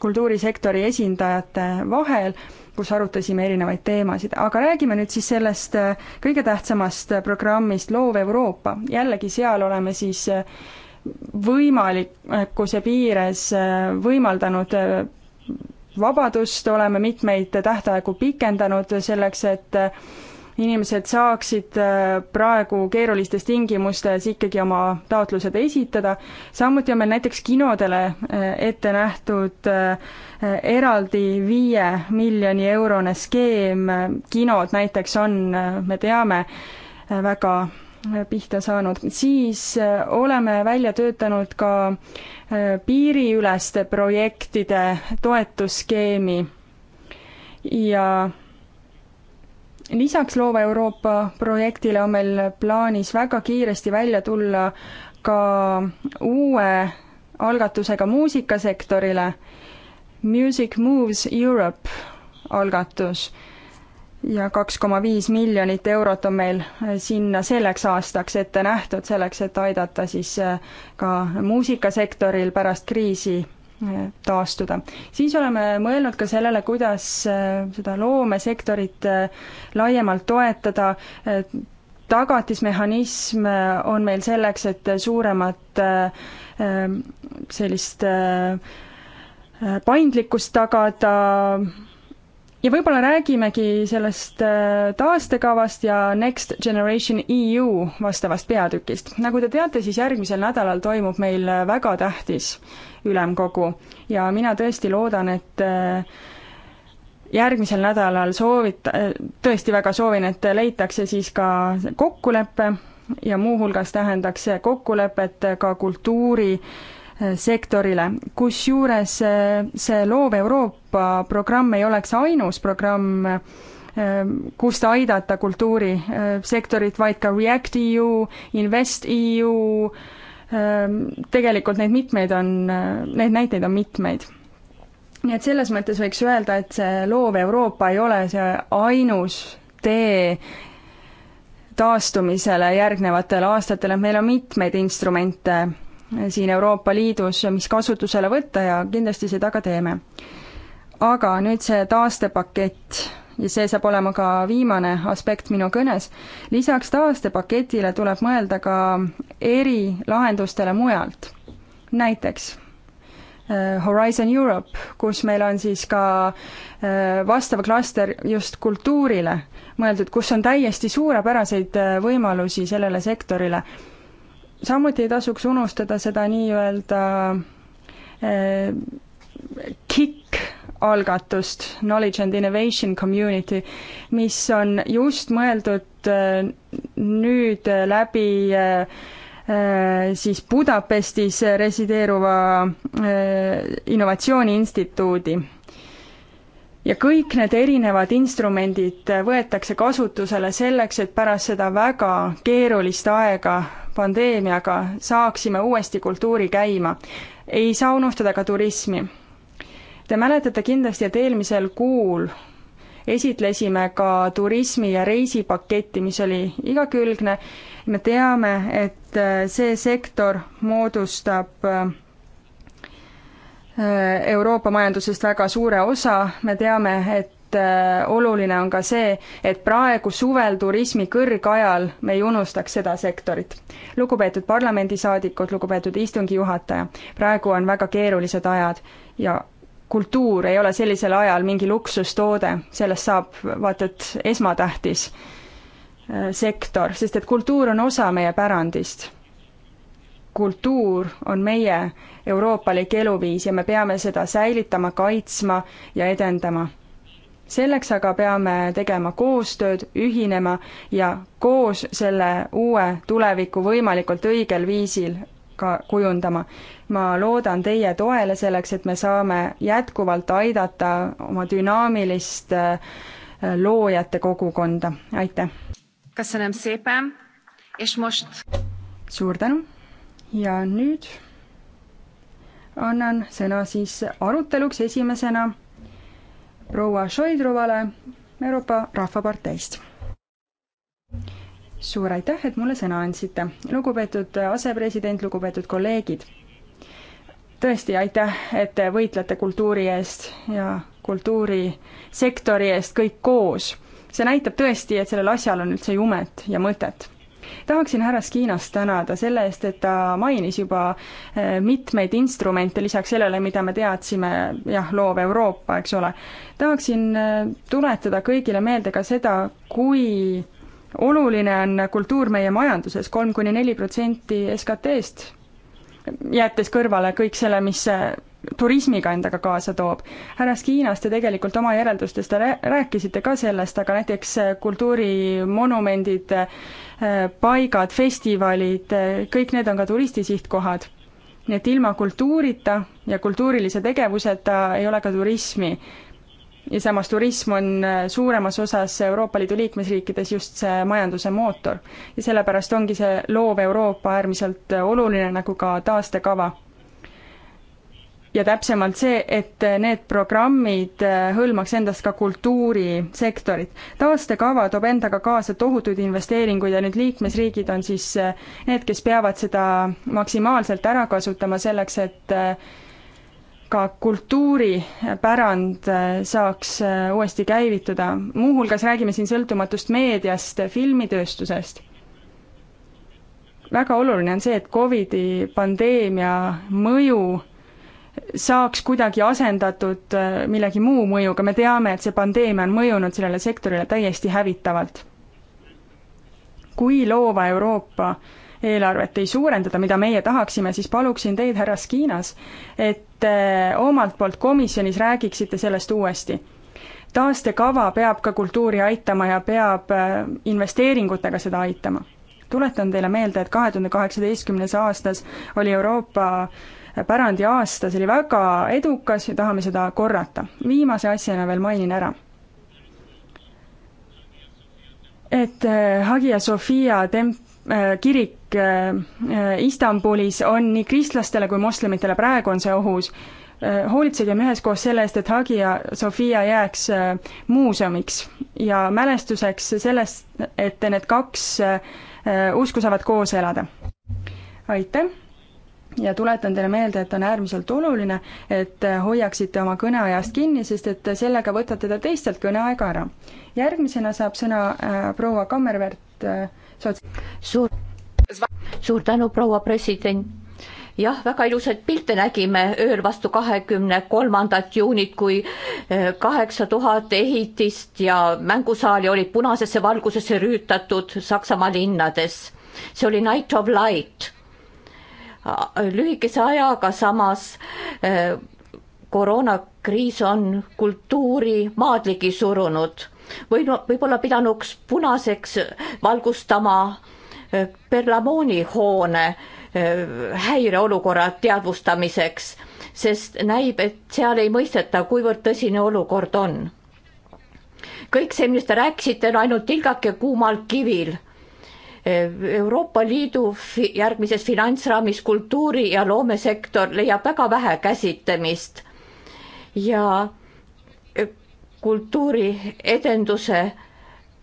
kultuurisektori esindajate vahel kus arutasime erinevaid teemasid, aga räägime nüüd siis sellest kõige tähtsamast programmist Loov Euroopa. jällegi seal oleme siis võimalikkuse piires äh, võimaldanud äh, vabadust, oleme mitmeid tähtaegu pikendanud selleks, et äh, inimesed saaksid praegu keerulistes tingimustes ikkagi oma taotlused esitada, samuti on meil näiteks kinodele ette nähtud eraldi viie miljoni eurone skeem, kinod näiteks on, me teame, väga pihta saanud, siis äh, oleme välja töötanud ka äh, piiriüleste projektide toetusskeemi ja lisaks Loova Euroopa projektile on meil plaanis väga kiiresti välja tulla ka uue algatusega muusikasektorile, Music Moves Europe algatus ja kaks koma viis miljonit eurot on meil äh, sinna selleks aastaks ette nähtud, selleks et aidata siis äh, ka muusikasektoril pärast kriisi äh, taastuda. siis oleme mõelnud ka sellele, kuidas seda loomesektorit laiemalt toetada, tagatismehhanism on meil selleks, et suuremat sellist paindlikkust tagada, ja võib-olla räägimegi sellest äh, taastekavast ja Next Generation EU vastavast peatükist. nagu te teate, siis järgmisel nädalal toimub meil äh, väga tähtis ülemkogu ja mina tõesti loodan, et äh, järgmisel nädalal soovit-, tõesti väga soovin, et leitakse siis ka kokkulepe ja muuhulgas tähendaks see kokkulepet ka kultuuri äh, sektorile, kusjuures äh, see Loov Euroopa programm ei oleks ainus programm, äh, kust aidata kultuurisektorit, äh, vaid ka REACT-EU, InvestEU, ähm, tegelikult neid mitmeid on, neid näiteid on mitmeid. nii et selles mõttes võiks öelda, et see Loov Euroopa ei ole see ainus tee taastumisele järgnevatel aastatel, et meil on mitmeid instrumente siin Euroopa Liidus, mis kasutusele võtta ja kindlasti seda ka teeme. aga nüüd see taastepakett ja see saab olema ka viimane aspekt minu kõnes, lisaks taastepaketile tuleb mõelda ka erilahendustele mujalt. näiteks eh, Horizon Europe, kus meil on siis ka eh, vastav klaster just kultuurile mõeldud, kus on täiesti suurepäraseid eh, võimalusi sellele sektorile samuti ei tasuks unustada seda nii-öelda äh, KIK algatust, Knowledge and Innovation Community, mis on just mõeldud äh, nüüd läbi äh, siis Budapestis resideeruva innovatsiooniinstituudi ja kõik need erinevad instrumendid võetakse kasutusele selleks, et pärast seda väga keerulist aega pandeemiaga saaksime uuesti kultuuri käima. ei saa unustada ka turismi. Te mäletate kindlasti, et eelmisel kuul esitlesime ka turismi- ja reisipaketti, mis oli igakülgne. me teame, et eh, see sektor moodustab eh, Äh, Euroopa majandusest väga suure osa, me teame, et äh, oluline on ka see, et praegu suvel turismi kõrgajal me ei unustaks seda sektorit. lugupeetud parlamendisaadikud, lugupeetud istungi juhataja, praegu on väga keerulised ajad ja kultuur ei ole sellisel ajal mingi luksustoode, sellest saab vaata et esmatähtis äh, sektor, sest et kultuur on osa meie pärandist kultuur on meie euroopalik eluviis ja me peame seda säilitama, kaitsma ja edendama. selleks aga peame tegema koostööd, ühinema ja koos selle uue tuleviku võimalikult õigel viisil ka kujundama. ma loodan teie toele selleks, et me saame jätkuvalt aidata oma dünaamilist äh, loojate kogukonda, aitäh! kas see näeb seepäev? suur tänu! ja nüüd annan sõna siis aruteluks esimesena proua Šoidrovale Euroopa Rahvaparteist. suur aitäh, et mulle sõna andsite. lugupeetud asepresident, lugupeetud kolleegid. tõesti, aitäh, et te võitlete kultuuri eest ja kultuurisektori eest kõik koos. see näitab tõesti, et sellel asjal on üldse jumet ja mõtet tahaksin härra Skinas tänada selle eest, et ta mainis juba eh, mitmeid instrumente lisaks sellele, mida me teadsime, jah, loov Euroopa, eks ole. tahaksin eh, tuletada kõigile meelde ka seda, kui oluline on kultuur meie majanduses, kolm kuni neli protsenti SKT-st, jättes kõrvale kõik selle, mis turismiga endaga kaasa toob. härra Skiinas te tegelikult oma järeldustes te rääkisite ka sellest, aga näiteks eh, kultuurimonumendid paigad, festivalid, kõik need on ka turistisihtkohad. nii et ilma kultuurita ja kultuurilise tegevuseta ei ole ka turismi. ja samas turism on äh, suuremas osas Euroopa Liidu liikmesriikides just see majanduse mootor. ja sellepärast ongi see loov Euroopa äärmiselt äh, oluline, nagu ka taastekava ja täpsemalt see, et need programmid äh, hõlmaks endast ka kultuurisektorit. taastekava toob endaga kaasa tohutuid investeeringuid ja nüüd liikmesriigid on siis äh, need, kes peavad seda maksimaalselt ära kasutama selleks, et äh, ka kultuuripärand saaks uuesti käivituda. muuhulgas räägime siin sõltumatust meediast, filmitööstusest väga oluline on see, et Covidi pandeemia mõju saaks kuidagi asendatud äh, millegi muu mõjuga, me teame, et see pandeemia on mõjunud sellele sektorile täiesti hävitavalt. kui loova Euroopa eelarvet ei suurendada, mida meie tahaksime, siis paluksin teid, härra Skinas, et äh, omalt poolt komisjonis räägiksite sellest uuesti taastekava peab ka kultuuri aitama ja peab äh, investeeringutega seda aitama. tuletan teile meelde, et kahe tuhande kaheksateistkümnes aastas oli Euroopa pärandiaasta, see oli väga edukas ja tahame seda korrata. viimase asjana veel mainin ära, et äh, Hagia Sophia temp-, äh, kirik äh, Istanbulis on nii kristlastele kui moslemitele, praegu on see ohus, hoolitsegem üheskoos selle eest, et Hagia Sophia jääks muuseumiks ja mälestuseks sellest, et need kaks usku saavad koos elada. aitäh! ja tuletan teile meelde, et on äärmiselt oluline, et hoiaksite oma kõneajast kinni, sest et sellega võtate te teistelt kõneaega ära. järgmisena saab sõna äh, proua Kammervert äh, sots-. suur, suur tänu, proua president jah, väga ilusaid pilte nägime ööl vastu kahekümne kolmandat juunit, kui äh, kaheksa tuhat ehitist ja mängusaali olid punasesse valgusesse rüütatud Saksamaa linnades. see oli Night of Light lühikese ajaga, samas e, koroonakriis on kultuuri maadligi surunud või no võib-olla pidanuks punaseks valgustama e, Berlamooni hoone e, häireolukorra teadvustamiseks, sest näib, et seal ei mõisteta, kuivõrd tõsine olukord on. kõik see, millest te rääkisite, on ainult tilgake kuumal kivil Euroopa Liidu fi järgmises finantsraamis kultuuri- ja loomesektor leiab väga vähe käsitlemist ja e, kultuuriedenduse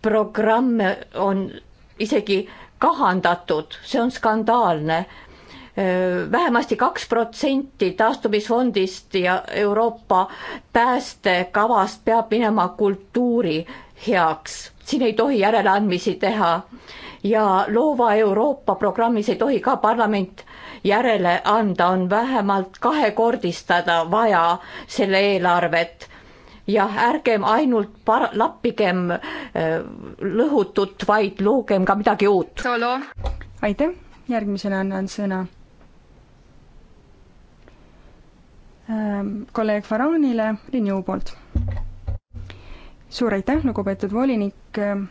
programme on isegi kahandatud, see on skandaalne. E, vähemasti kaks protsenti taastumisfondist ja Euroopa päästekavast peab minema kultuuri heaks, siin ei tohi järeleandmisi teha ja Loova Euroopa programmis ei tohi ka parlament järele anda, on vähemalt kahekordistada vaja selle eelarvet jah, ärgem ainult par-, lappigem äh, lõhutut, vaid loogem ka midagi uut. aitäh, järgmisena annan sõna ähm, kolleeg Faraonile Renew poolt. suur aitäh, lugupeetud volinik äh,,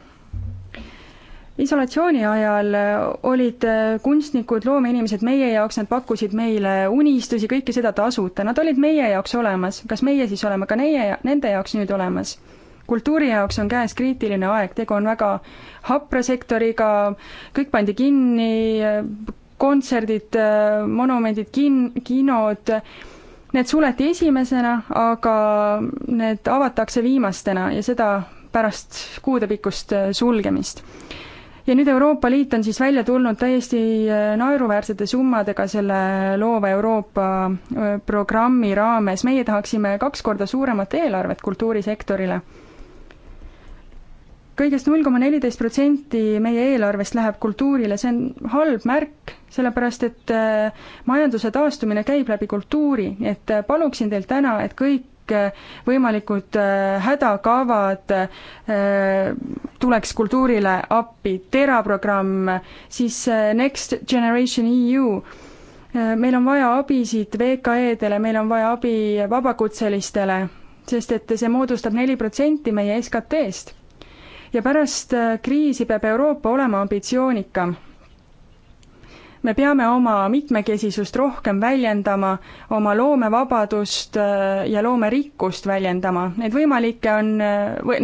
isolatsiooni ajal olid kunstnikud, loomeinimesed meie jaoks, nad pakkusid meile unistusi, kõike seda tasuta, nad olid meie jaoks olemas, kas meie siis oleme ka neie, nende jaoks nüüd olemas? kultuuri jaoks on käes kriitiline aeg, tegu on väga hapra sektoriga, kõik pandi kinni, kontserdid, monumendid, kin-, kinod, need suleti esimesena, aga need avatakse viimastena ja seda pärast kuudepikkust sulgemist ja nüüd Euroopa Liit on siis välja tulnud täiesti äh, naeruväärsete summadega selle Loova Euroopa äh, programmi raames, meie tahaksime kaks korda suuremat eelarvet kultuurisektorile kõigest null koma neliteist protsenti meie eelarvest läheb kultuurile, see on halb märk, sellepärast et äh, majanduse taastumine käib läbi kultuuri, nii et paluksin teilt täna, et kõik kõik eh, võimalikud eh, hädakavad eh, tuleks kultuurile appi, Tera programm, siis Next Generation EU, meil on vaja abisid VKE-dele, meil on vaja abi vabakutselistele, sest et see moodustab neli protsenti meie SKT-st. ja pärast kriisi peab Euroopa olema ambitsioonikam me peame oma mitmekesisust rohkem väljendama, oma loomevabadust äh, ja loomerikkust väljendama, neid võimalikke on,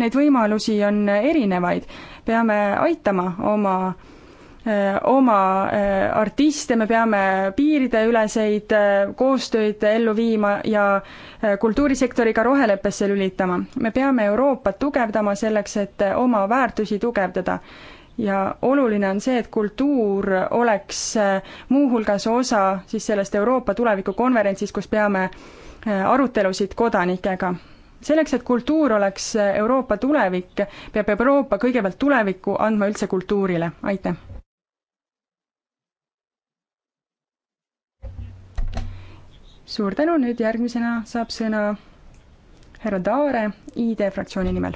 neid võimalusi on erinevaid. peame aitama oma, äh, oma äh, artiste, me peame piirideüleseid koostöid ellu viima ja kultuurisektoriga roheleppesse lülitama. me peame Euroopat tugevdama selleks, et oma väärtusi tugevdada ja oluline on see, et kultuur oleks äh, muuhulgas osa siis sellest Euroopa tuleviku konverentsist, kus peame äh, arutelusid kodanikega. selleks, et kultuur oleks äh, Euroopa tulevik, peab Euroopa kõigepealt tulevikku andma üldse kultuurile, aitäh! suur tänu, nüüd järgmisena saab sõna härra Taare ID e fraktsiooni nimel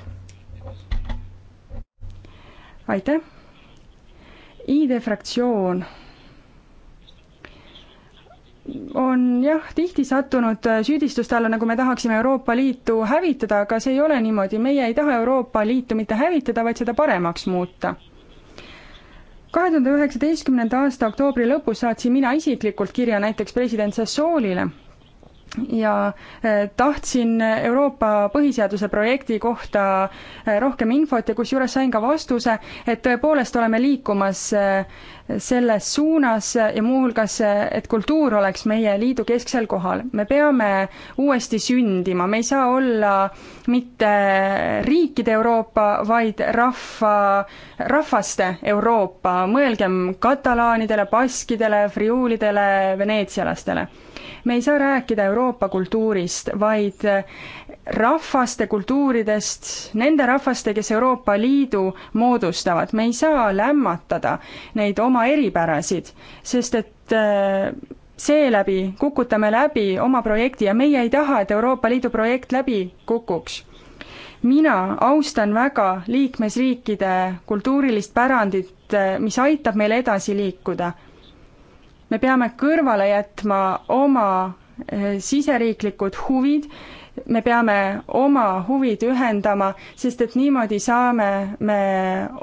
aitäh. ID fraktsioon on jah, tihti sattunud äh, süüdistuste alla, nagu me tahaksime Euroopa Liitu hävitada, aga see ei ole niimoodi, meie ei taha Euroopa Liitu mitte hävitada, vaid seda paremaks muuta. kahe tuhande üheksateistkümnenda aasta oktoobri lõpus saatsin mina isiklikult kirja näiteks president Sassoolile ja e, tahtsin Euroopa põhiseaduse projekti kohta e, rohkem infot ja kusjuures sain ka vastuse, et tõepoolest oleme liikumas e, selles suunas ja muuhulgas, et kultuur oleks meie liidu kesksel kohal. me peame uuesti sündima, me ei saa olla mitte riikide Euroopa, vaid rahva, rahvaste Euroopa, mõelgem katalaanidele, baskidele, friuulidele, veneetsialastele me ei saa rääkida Euroopa kultuurist, vaid rahvaste kultuuridest, nende rahvaste, kes Euroopa Liidu moodustavad, me ei saa lämmatada neid oma eripärasid, sest et äh, seeläbi kukutame läbi oma projekti ja meie ei taha, et Euroopa Liidu projekt läbi kukuks mina austan väga liikmesriikide kultuurilist pärandit, äh, mis aitab meil edasi liikuda me peame kõrvale jätma oma eh, siseriiklikud huvid, me peame oma huvid ühendama, sest et niimoodi saame me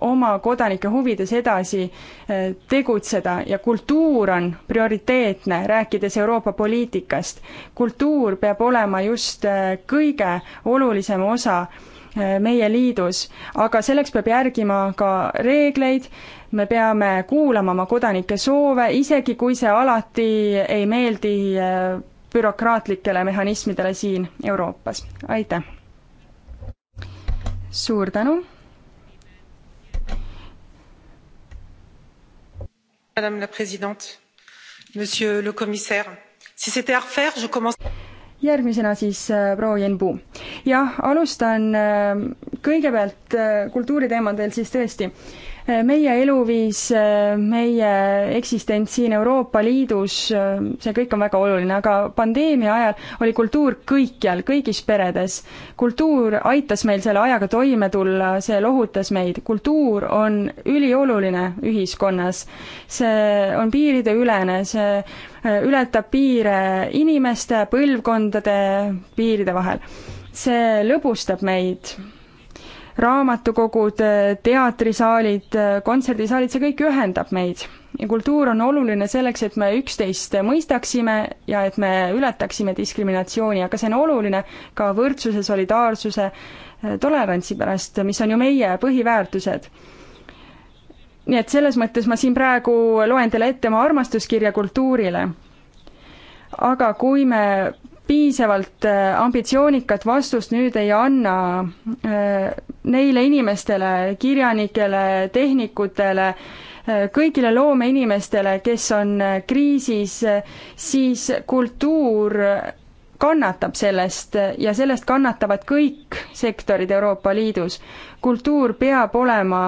oma kodanike huvides edasi eh, tegutseda ja kultuur on prioriteetne, rääkides Euroopa poliitikast. kultuur peab olema just eh, kõige olulisem osa meie liidus, aga selleks peab järgima ka reegleid, me peame kuulama oma kodanike soove, isegi kui see alati ei meeldi äh, bürokraatlikele mehhanismidele siin Euroopas, aitäh! suur tänu! Madame la présidente, monsieur le commissaire, si c'était à refaire, je commence järgmisena siis äh, proua Jenbu. jah, alustan äh, kõigepealt kultuuriteemadel siis tõesti äh, meie eluviis, meie eksistents siin Euroopa Liidus, see kõik on väga oluline, aga pandeemia ajal oli kultuur kõikjal, kõigis peredes. kultuur aitas meil selle ajaga toime tulla, see lohutas meid, kultuur on ülioluline ühiskonnas. see on piirideülene, see äh, ületab piire inimeste, põlvkondade piiride vahel. see lõbustab meid raamatukogud, teatrisaalid, kontserdisaalid, see kõik ühendab meid. ja kultuur on oluline selleks, et me üksteist mõistaksime ja et me ületaksime diskriminatsiooni, aga see on oluline ka võrdsuse, solidaarsuse, tolerantsi pärast, mis on ju meie põhiväärtused nii et selles mõttes ma siin praegu loen teile ette oma armastuskirja kultuurile. aga kui me piisavalt äh, ambitsioonikat vastust nüüd ei anna äh, neile inimestele, kirjanikele, tehnikutele, äh, kõigile loomeinimestele, kes on kriisis, siis kultuur kannatab sellest ja sellest kannatavad kõik sektorid Euroopa Liidus. kultuur peab olema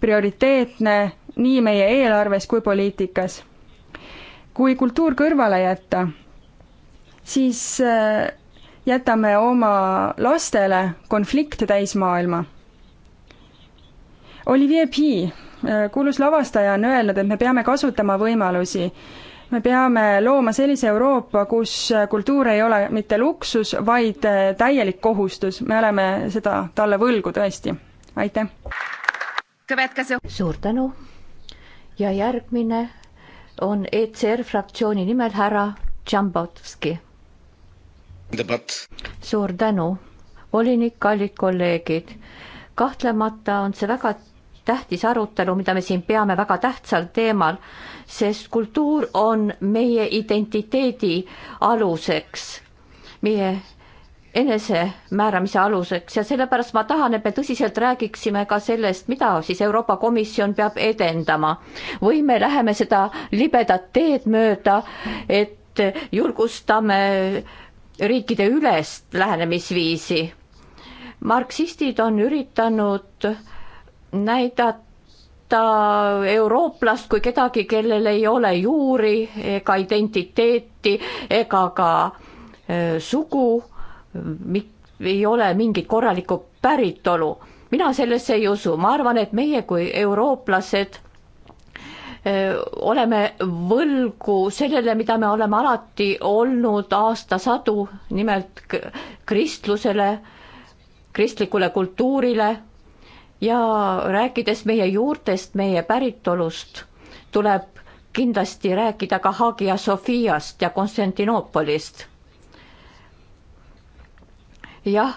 prioriteetne nii meie eelarves kui poliitikas. kui kultuur kõrvale jätta siis äh, jätame oma lastele konflikte täis maailma. Olivier Pii, äh, kuulus lavastaja, on öelnud, et me peame kasutama võimalusi. me peame looma sellise Euroopa, kus äh, kultuur ei ole mitte luksus, vaid täielik kohustus, me oleme seda talle võlgu tõesti, aitäh. suur tänu ja järgmine on ECR fraktsiooni nimel härra Džambovski suur tänu, volinik, kallid kolleegid. kahtlemata on see väga tähtis arutelu, mida me siin peame väga tähtsal teemal, sest kultuur on meie identiteedi aluseks, meie enesemääramise aluseks ja sellepärast ma tahan, et me tõsiselt räägiksime ka sellest, mida siis Euroopa Komisjon peab edendama või me läheme seda libedat teed mööda, et julgustame riikide ülest lähenemisviisi. marksistid on üritanud näidata eurooplast kui kedagi, kellel ei ole juuri ega identiteeti ega ka sugu, ei ole mingit korralikku päritolu. mina sellesse ei usu, ma arvan, et meie kui eurooplased oleme võlgu sellele, mida me oleme alati olnud aastasadu, nimelt kristlusele, kristlikule kultuurile ja rääkides meie juurtest, meie päritolust, tuleb kindlasti rääkida ka Hagia Sofiast ja Konstantinoopolist. jah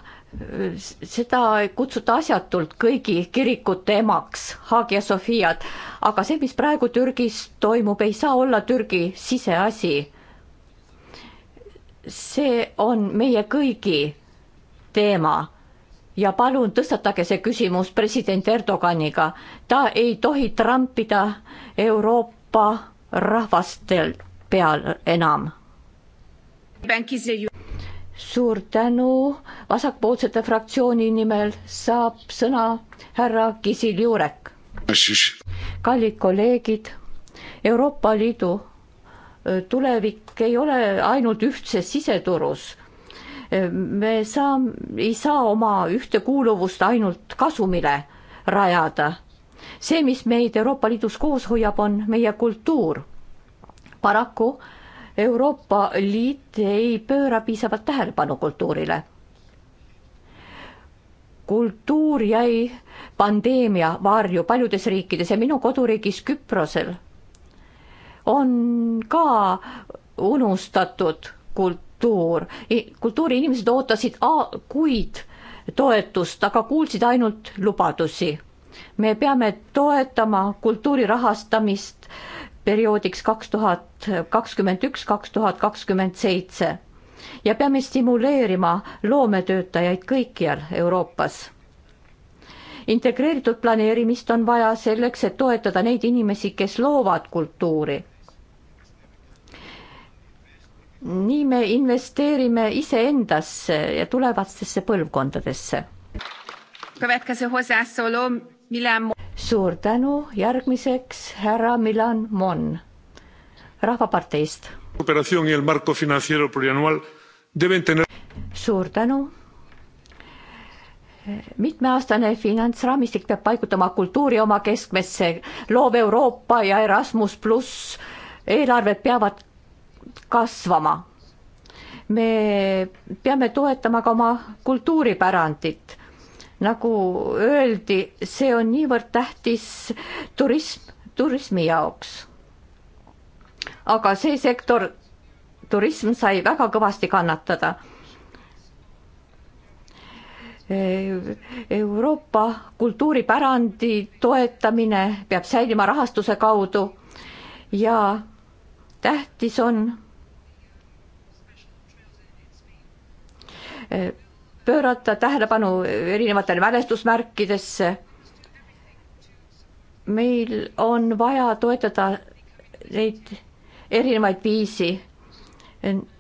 seda ei kutsuta asjatult kõigi kirikute emaks, Hagia Sofiat, aga see, mis praegu Türgis toimub, ei saa olla Türgi siseasi. see on meie kõigi teema ja palun tõstatage see küsimus president Erdoganiga. ta ei tohi trampida Euroopa rahvastel peal enam suur tänu, vasakpoolsete fraktsiooni nimel saab sõna härra Kisil Jurek. kallid kolleegid, Euroopa Liidu tulevik ei ole ainult ühtses siseturus. me saa, ei saa oma ühtekuuluvust ainult kasumile rajada. see, mis meid Euroopa Liidus koos hoiab, on meie kultuur. paraku äh, Euroopa Liit ei pööra piisavalt tähelepanu kultuurile. kultuur jäi pandeemia varju paljudes riikides ja minu koduriigis Küprosel on ka unustatud kultuur, kultuuriinimesed ootasid kuid toetust, aga kuulsid ainult lubadusi. me peame toetama kultuuri rahastamist perioodiks kaks tuhat kakskümmend üks, kaks tuhat kakskümmend seitse ja peame stimuleerima loometöötajaid kõikjal Euroopas. integreeritud planeerimist on vaja selleks, et toetada neid inimesi, kes loovad kultuuri. nii me investeerime iseendasse ja tulevastesse põlvkondadesse suur tänu, järgmiseks härra Milan Mon Rahvaparteist. suur tänu mitmeaastane finantsraamistik peab paigutama kultuuri oma keskmesse, loov Euroopa ja Erasmus pluss eelarved peavad kasvama. me peame toetama ka oma kultuuripärandit nagu öeldi, see on niivõrd tähtis turism, turismi jaoks. aga see sektor, turism sai väga kõvasti kannatada. E, Euroopa kultuuripärandi toetamine peab säilima rahastuse kaudu ja tähtis on e, pöörata tähelepanu erinevatele mälestusmärkidesse. meil on vaja toetada neid erinevaid viisi,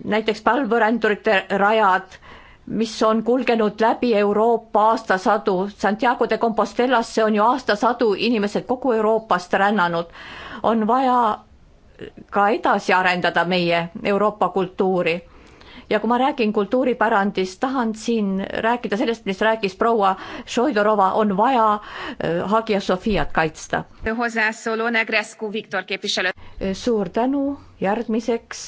näiteks palvõrändurite rajad, mis on kulgenud läbi Euroopa aastasadu. Santiago de Compostellasse on ju aastasadu inimesed kogu Euroopast rännanud. on vaja ka edasi arendada meie Euroopa kultuuri ja kui ma räägin kultuuripärandist, tahan siin rääkida sellest, mis rääkis proua Šoidorova, on vaja äh, Hagia Sofiat kaitsta. Äh, suur tänu, järgmiseks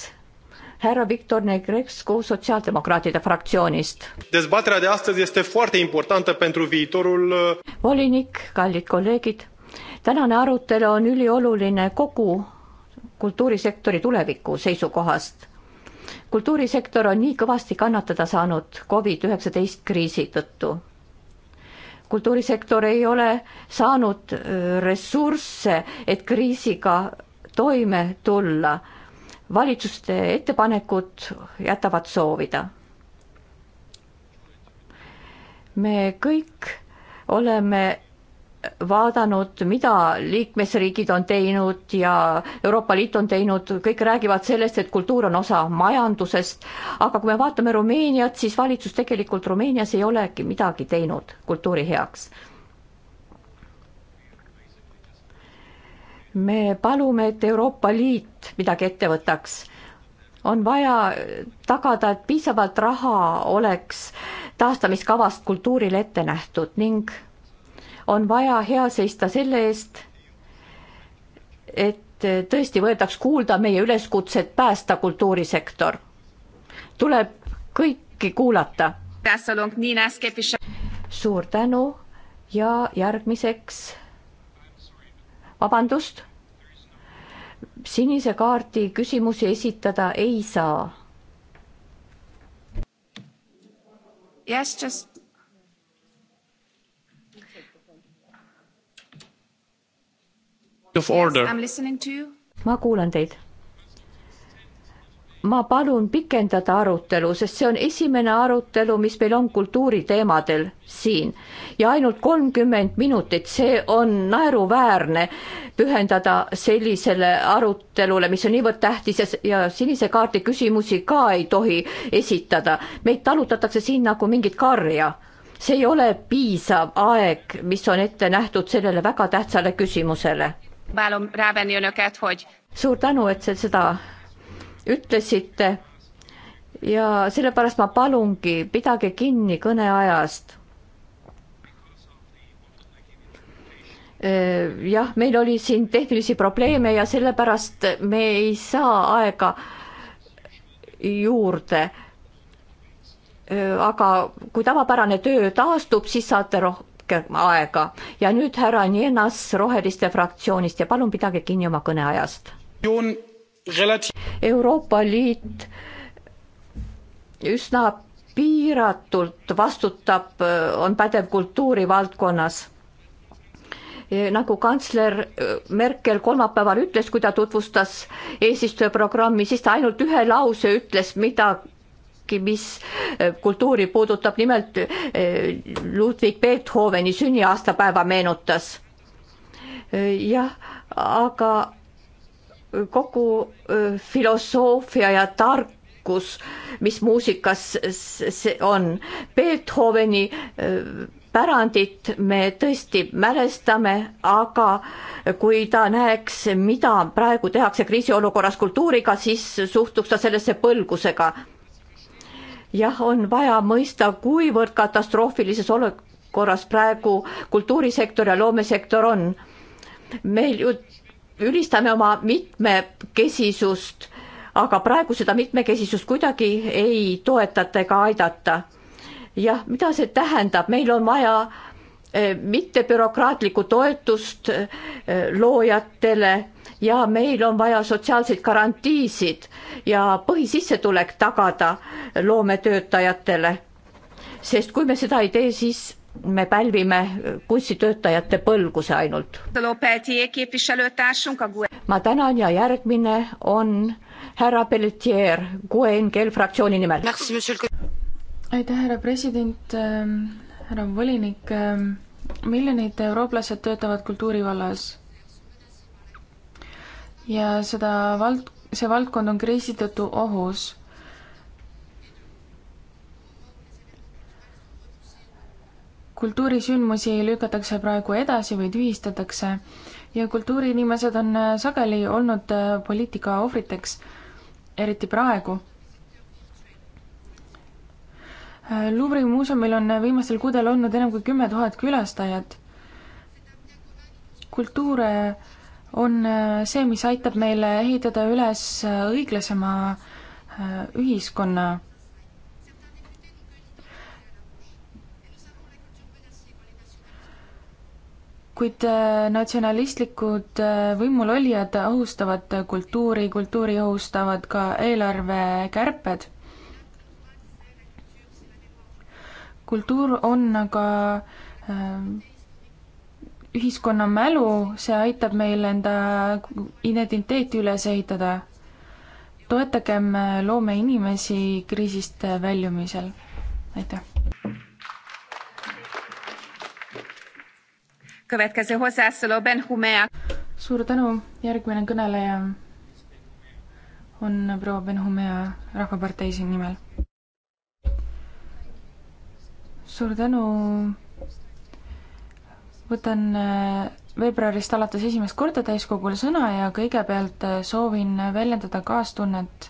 härra Victor Negrescu Sotsiaaldemokraatide fraktsioonist. Dezbaterea de astăzi este foarte importantă pentru viitorul äh, volinik, kallid kolleegid, tänane arutelu on ülioluline kogu kultuurisektori tuleviku seisukohast kultuurisektor on nii kõvasti kannatada saanud Covid-19 kriisi tõttu. kultuurisektor ei ole saanud äh, ressursse, et kriisiga toime tulla. valitsuste ettepanekud jätavad soovida. me kõik oleme vaadanud, mida liikmesriigid on teinud ja Euroopa Liit on teinud, kõik räägivad sellest, et kultuur on osa majandusest, aga kui me vaatame Rumeeniat, siis valitsus tegelikult Rumeenias ei olegi midagi teinud kultuuri heaks. me palume, et Euroopa Liit midagi ette võtaks. on vaja tagada, et piisavalt raha oleks taastamiskavast kultuurile ette nähtud ning on vaja hea seista selle eest, et tõesti võetaks kuulda meie üleskutset päästa kultuurisektor. tuleb kõiki kuulata. suur tänu ja järgmiseks, vabandust, sinise kaardi küsimusi esitada ei saa. Yes, just Yes, ma kuulan teid. ma palun pikendada arutelu, sest see on esimene arutelu, mis meil on kultuuriteemadel siin ja ainult kolmkümmend minutit, see on naeruväärne pühendada sellisele arutelule, mis on niivõrd tähtis ja, ja sinise kaardi küsimusi ka ei tohi esitada. meid talutatakse siin nagu mingit karja see ei ole piisav aeg, mis on ette nähtud sellele väga tähtsale küsimusele suur tänu, et te seda ütlesite. ja sellepärast ma palungi, pidage kinni kõneajast. Äh, jah, meil oli siin tehnilisi probleeme ja sellepärast me ei saa aega juurde. Äh, aga kui tavapärane töö taastub, siis saate rohkem rohkem aega ja nüüd härra Nienas Roheliste fraktsioonist ja palun pidage kinni oma kõneajast. Euroopa Liit üsna piiratult vastutab, äh, on pädev kultuuri valdkonnas e, nagu kantsler äh, Merkel kolmapäeval ütles, kui ta tutvustas eesistuja programmi, siis ta ainult ühe lause ütles, mida värki, mis eh, kultuuri puudutab, nimelt eh, Ludwig Beethoveni sünniaastapäeva meenutas. Eh, jah, aga kogu filosoofia ja tarkus, mis muusikas see on, Beethoveni pärandit me tõesti mälestame, aga kui ta näeks, mida praegu tehakse kriisiolukorras kultuuriga, siis suhtuks ta sellesse põlgusega jah, on vaja mõista, kuivõrd katastroofilises olukorras praegu kultuurisektor ja loomesektor on. meil ju ülistame oma mitmekesisust, aga praegu seda mitmekesisust kuidagi ei toetata ega aidata. jah, mida see tähendab, meil on vaja eh, mittebürokraatlikku toetust eh, loojatele ja meil on vaja sotsiaalseid garantiisid ja põhisissetulek tagada loometöötajatele. sest kui me seda ei tee, siis me pälvime kunstitöötajate põlguse ainult. ma tänan ja järgmine on härra Pelletier QNGL fraktsiooni nimel. aitäh, härra president, ähm, härra volinik. Ähm, miljonid eurooplased töötavad kultuuri vallas ja seda vald, see valdkond on kriisi tõttu ohus. kultuurisündmusi lükatakse praegu edasi või tühistatakse ja kultuuriinimesed on äh, sageli olnud äh, poliitika ohvriteks, eriti praegu äh, Luuvri muuseumil on viimastel kuudel olnud enam kui kümme tuhat külastajat. kultuur on äh, see, mis aitab meil ehitada üles äh, õiglasema äh, ühiskonna. kuid natsionalistlikud võimulolijad ohustavad kultuuri, kultuuri ohustavad ka eelarvekärped. kultuur on aga äh, ühiskonna mälu, see aitab meil enda identiteeti üles ehitada. toetagem loomeinimesi kriisist väljumisel. aitäh. suur tänu, järgmine kõneleja on proua Benhumea Rahvapartei siin nimel. suur tänu võtan äh, veebruarist alates esimest korda täiskogul sõna ja kõigepealt äh, soovin väljendada kaastunnet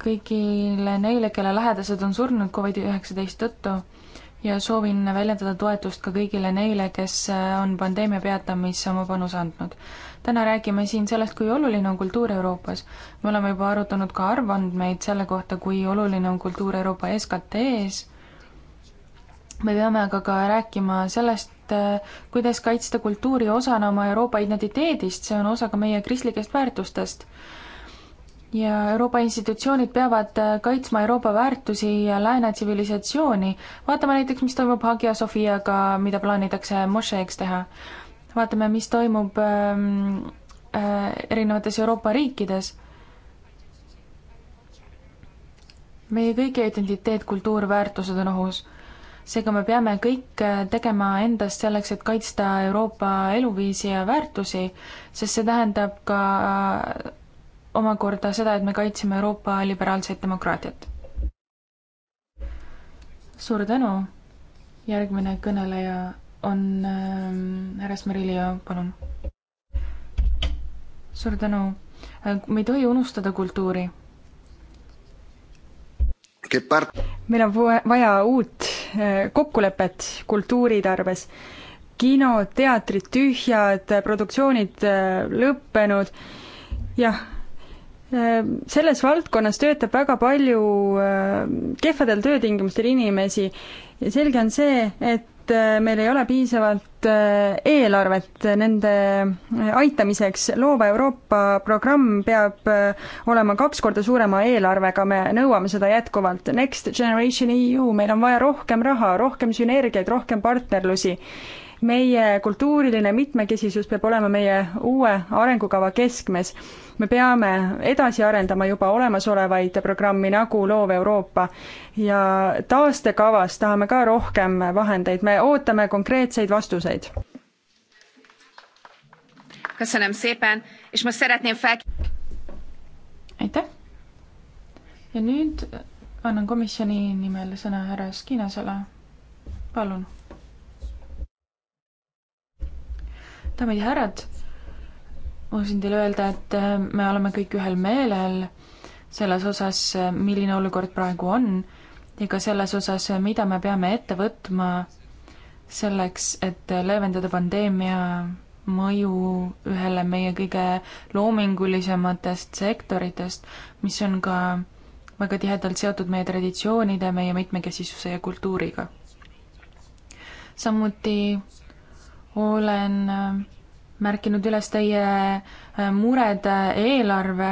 kõigile neile, kelle lähedased on surnud Covid-19 tõttu ja soovin väljendada toetust ka kõigile neile, kes äh, on pandeemia peatamisse oma panuse andnud. täna räägime siin sellest, kui oluline on kultuur Euroopas. me oleme juba arutanud ka arvandmeid selle kohta, kui oluline on kultuur Euroopa SKT-s me peame aga ka rääkima sellest, äh, kuidas kaitsta kultuuri osana oma Euroopa identiteedist, see on osa ka meie kristlikest väärtustest. ja Euroopa institutsioonid peavad äh, kaitsma Euroopa väärtusi ja lääne tsivilisatsiooni. vaatame näiteks, mis toimub Hagia Sofiaga, mida plaanitakse mošeeks teha. vaatame, mis toimub äh, äh, erinevates Euroopa riikides meie kõigi identiteet, kultuur, väärtused on ohus seega me peame kõik äh, tegema endast selleks, et kaitsta Euroopa eluviisi ja väärtusi, sest see tähendab ka äh, omakorda seda, et me kaitseme Euroopa liberaalset demokraatiat. suur tänu, järgmine kõneleja on ähm, härra äh, Smerilio, palun. suur tänu, äh, me ei tohi unustada kultuuri meil on vaja uut eh, kokkulepet kultuuritarbes. kinod, teatrid tühjad, produktsioonid eh, lõppenud, jah, eh, selles valdkonnas töötab väga palju kehvadel töötingimustel inimesi ja selge on see, et et äh, meil ei ole piisavalt äh, eelarvet äh, nende aitamiseks. loova Euroopa programm peab olema kaks korda suurema eelarvega, me nõuame seda jätkuvalt. Next Generation EU, meil on vaja rohkem raha, rohkem sünergiaid, rohkem partnerlusi meie kultuuriline mitmekesisus peab olema meie uue arengukava keskmes me peame edasi arendama juba olemasolevaid programmi nagu Loov Euroopa ja taastekavas tahame ka rohkem vahendeid, me ootame konkreetseid vastuseid. aitäh. ja nüüd annan komisjoni nimel sõna härra Skinasele. palun daamid ja härrad, ma võin teile öelda, et äh, me oleme kõik ühel meelel selles osas, äh, milline olukord praegu on ja ka selles osas, äh, mida me peame ette võtma selleks, et leevendada pandeemia mõju ühele meie kõige loomingulisematest sektoritest, mis on ka väga tihedalt seotud meie traditsioonide, meie mitmekesisuse ja kultuuriga. samuti olen märkinud üles teie äh, mured äh, eelarve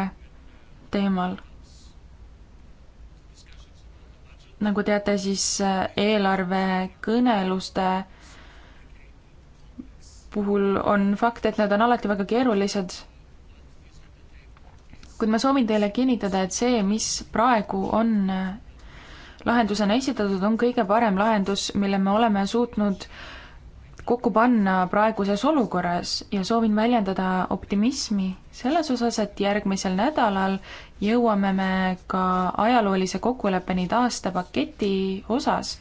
teemal. nagu teate, siis äh, eelarvekõneluste puhul on fakt, et need on alati väga keerulised. kuid ma soovin teile kinnitada, et see, mis praegu on lahendusena esitatud, on kõige parem lahendus, mille me oleme suutnud äh, kokku panna praeguses olukorras ja soovin väljendada optimismi selles osas, et järgmisel nädalal jõuame me ka ajaloolise kokkuleppeni taastepaketi osas,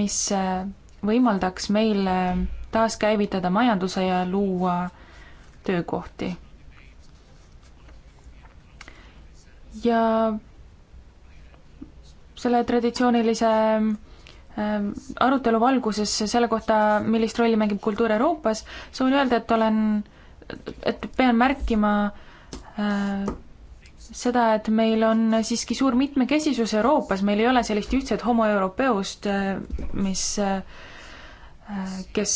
mis eh, võimaldaks meil eh, taaskäivitada majanduse ja luua töökohti. ja selle traditsioonilise Ehm, arutelu valguses selle kohta, millist rolli mängib kultuur Euroopas, soovin öelda, et olen, et pean märkima äh, seda, et meil on siiski suur mitmekesisus Euroopas, meil ei ole sellist ühtset homo europeost, ehm, mis, kes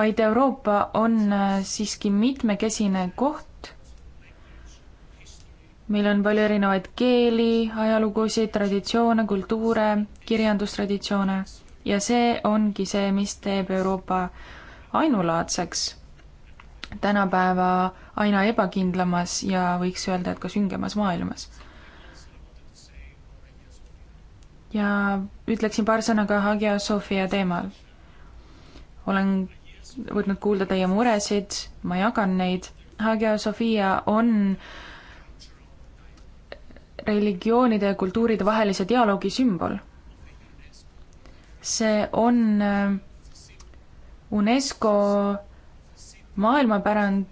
vaid Euroopa on siiski mitmekesine koht, meil on palju erinevaid keeli, ajalugusid, traditsioone, kultuure, kirjandustraditsioone ja see ongi see, mis teeb Euroopa ainulaadseks tänapäeva aina ebakindlamas ja võiks öelda, et ka süngemas maailmas. ja ütleksin paar sõna ka Hagia Sofia teemal. olen võtnud kuulda teie muresid, ma jagan neid. Hagia Sofia on äh, religioonide ja kultuuride vahelise dialoogi sümbol. see on äh, UNESCO maailmapärand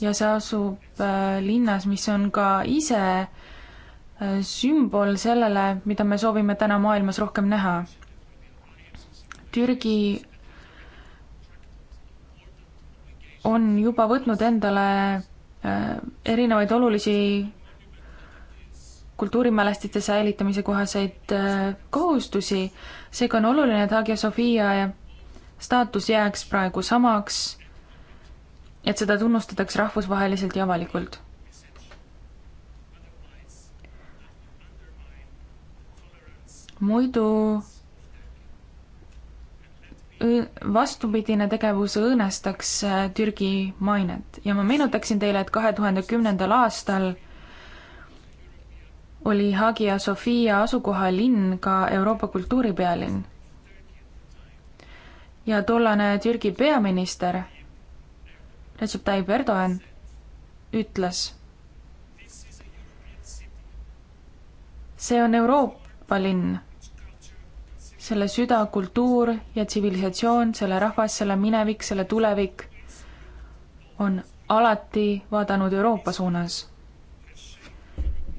ja see asub äh, linnas, mis on ka ise äh, sümbol sellele, mida me soovime täna maailmas rohkem näha. Türgi on juba võtnud endale Äh, erinevaid olulisi kultuurimälestiste säilitamise kohaseid äh, kohustusi, seega on oluline, et Hagia Sophia staatus jääks praegu samaks, et seda tunnustataks rahvusvaheliselt ja avalikult. muidu vastupidine tegevus õõnestaks äh, Türgi mainet ja ma meenutaksin teile, et kahe tuhande kümnendal aastal oli Hagia Sofia asukohalinn ka Euroopa kultuuripealinn. ja tollane Türgi peaminister Recep Tayyip Erdoğan ütles, see on Euroopa linn selle süda, kultuur ja tsivilisatsioon, selle rahvas, selle minevik, selle tulevik on alati vaadanud Euroopa suunas.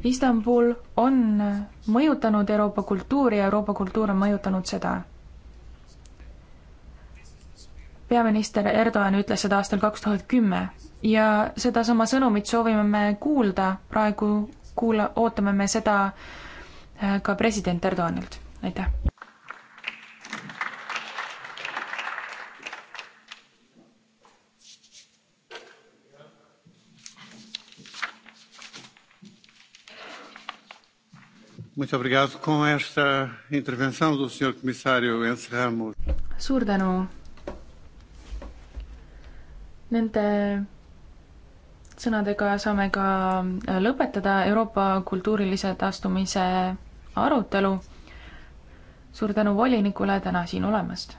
Istanbul on mõjutanud Euroopa kultuuri ja Euroopa kultuur on mõjutanud seda. peaminister Erdoğan ütles seda aastal kaks tuhat kümme ja sedasama sõnumit soovime me kuulda, praegu kuula, ootame me seda äh, ka president Erdoğanilt, aitäh! Muito obrigado. Com esta intervenção do Sr. Comissário encerramos. Suur tänu. Nende sõnadega saame ka äh, lõpetada Euroopa kultuurilise taastumise arutelu. suur tänu volinikule täna siin olemast.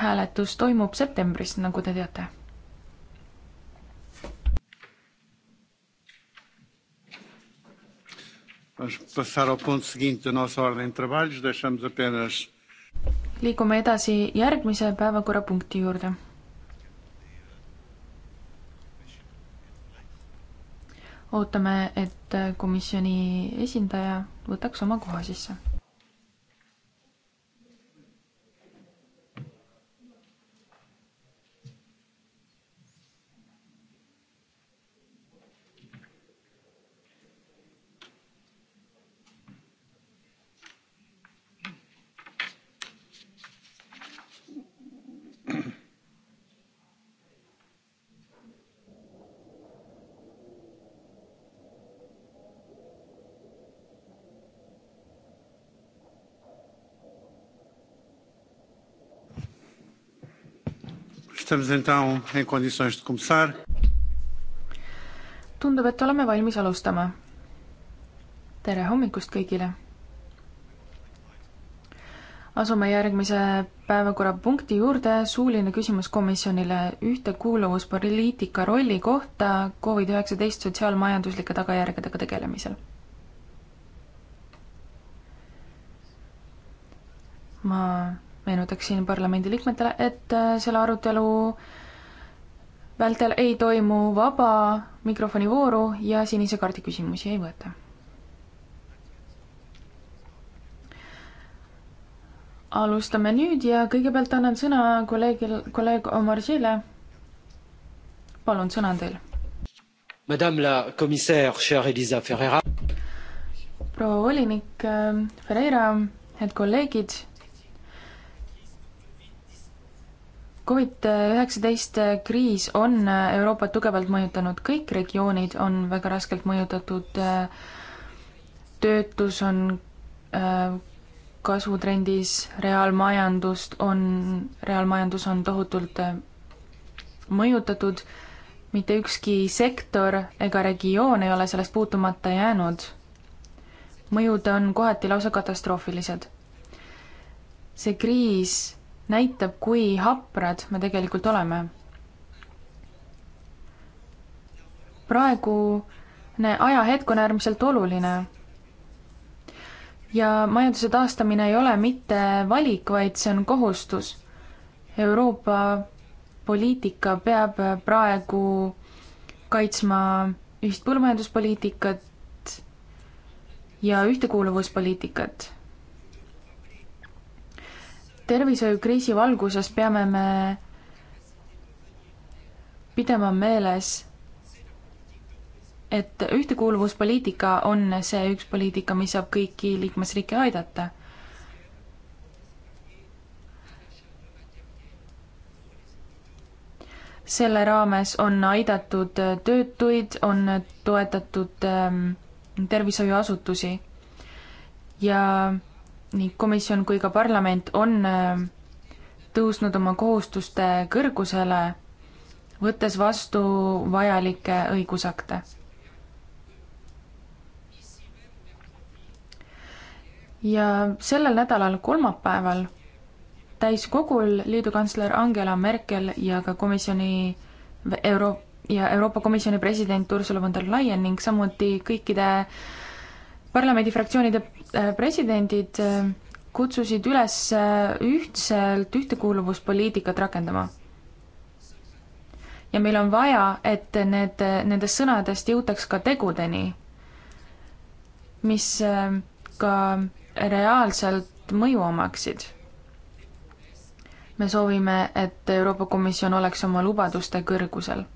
hääletus toimub septembris, nagu te teate Vamos passar ao ponto seguinte da nossa ordem de trabalhos, deixamos apenas liigume edasi järgmise päevakorrapunkti juurde. ootame, et komisjoni esindaja võtaks oma koha sisse Estamos então em condições de começar. tundub, et oleme valmis alustama. tere hommikust kõigile! asume järgmise päevakorrapunkti juurde, suuline küsimus komisjonile ühtekuuluvuspoliitika rolli kohta Covid-19 sotsiaalmajanduslike tagajärgedega tegelemisel. ma meenutaksin parlamendiliikmetele, et äh, selle arutelu vältel ei toimu vaba mikrofoni vooru ja sinise kaardi küsimusi ei võeta. alustame nüüd ja kõigepealt annan sõna kolleegil, kolleeg Omar Žile. palun, sõna on teil. Madame la commissaire, chère Elisa Ferreira. proua volinik äh, Ferreira, head kolleegid Covid-19 kriis on äh, Euroopat tugevalt mõjutanud, kõik regioonid on väga raskelt mõjutatud, äh, töötus on äh, kasvutrendis, reaalmajandust on, reaalmajandus on tohutult mõjutatud, mitte ükski sektor ega regioon ei ole sellest puutumata jäänud. mõjud on kohati lausa katastroofilised. see kriis näitab, kui haprad me tegelikult oleme. praegune ajahetk on äärmiselt oluline. ja majanduse taastamine ei ole mitte valik, vaid see on kohustus. Euroopa poliitika peab praegu kaitsma ühist põllumajanduspoliitikat ja ühtekuuluvuspoliitikat tervishoiukriisi valguses peame me pidama meeles, et ühtekuuluvuspoliitika on see üks poliitika, mis saab kõiki liikmesriike aidata. selle raames on aidatud töötuid, on toetatud ähm, tervishoiuasutusi ja nii komisjon kui ka parlament on äh, tõusnud oma kohustuste kõrgusele, võttes vastu vajalikke õigusakte. ja sellel nädalal kolmapäeval täiskogul liidu kantsler Angela Merkel ja ka komisjoni Euro- ja Euroopa Komisjoni president Ursula von der Leyen ning samuti kõikide parlamendifraktsioonide Äh, presidendid äh, kutsusid üles äh, ühtselt ühtekuuluvuspoliitikat rakendama. ja meil on vaja, et need, nendest sõnadest jõutaks ka tegudeni, mis ka reaalselt mõju omaksid. me soovime, et Euroopa Komisjon oleks oma lubaduste kõrgusel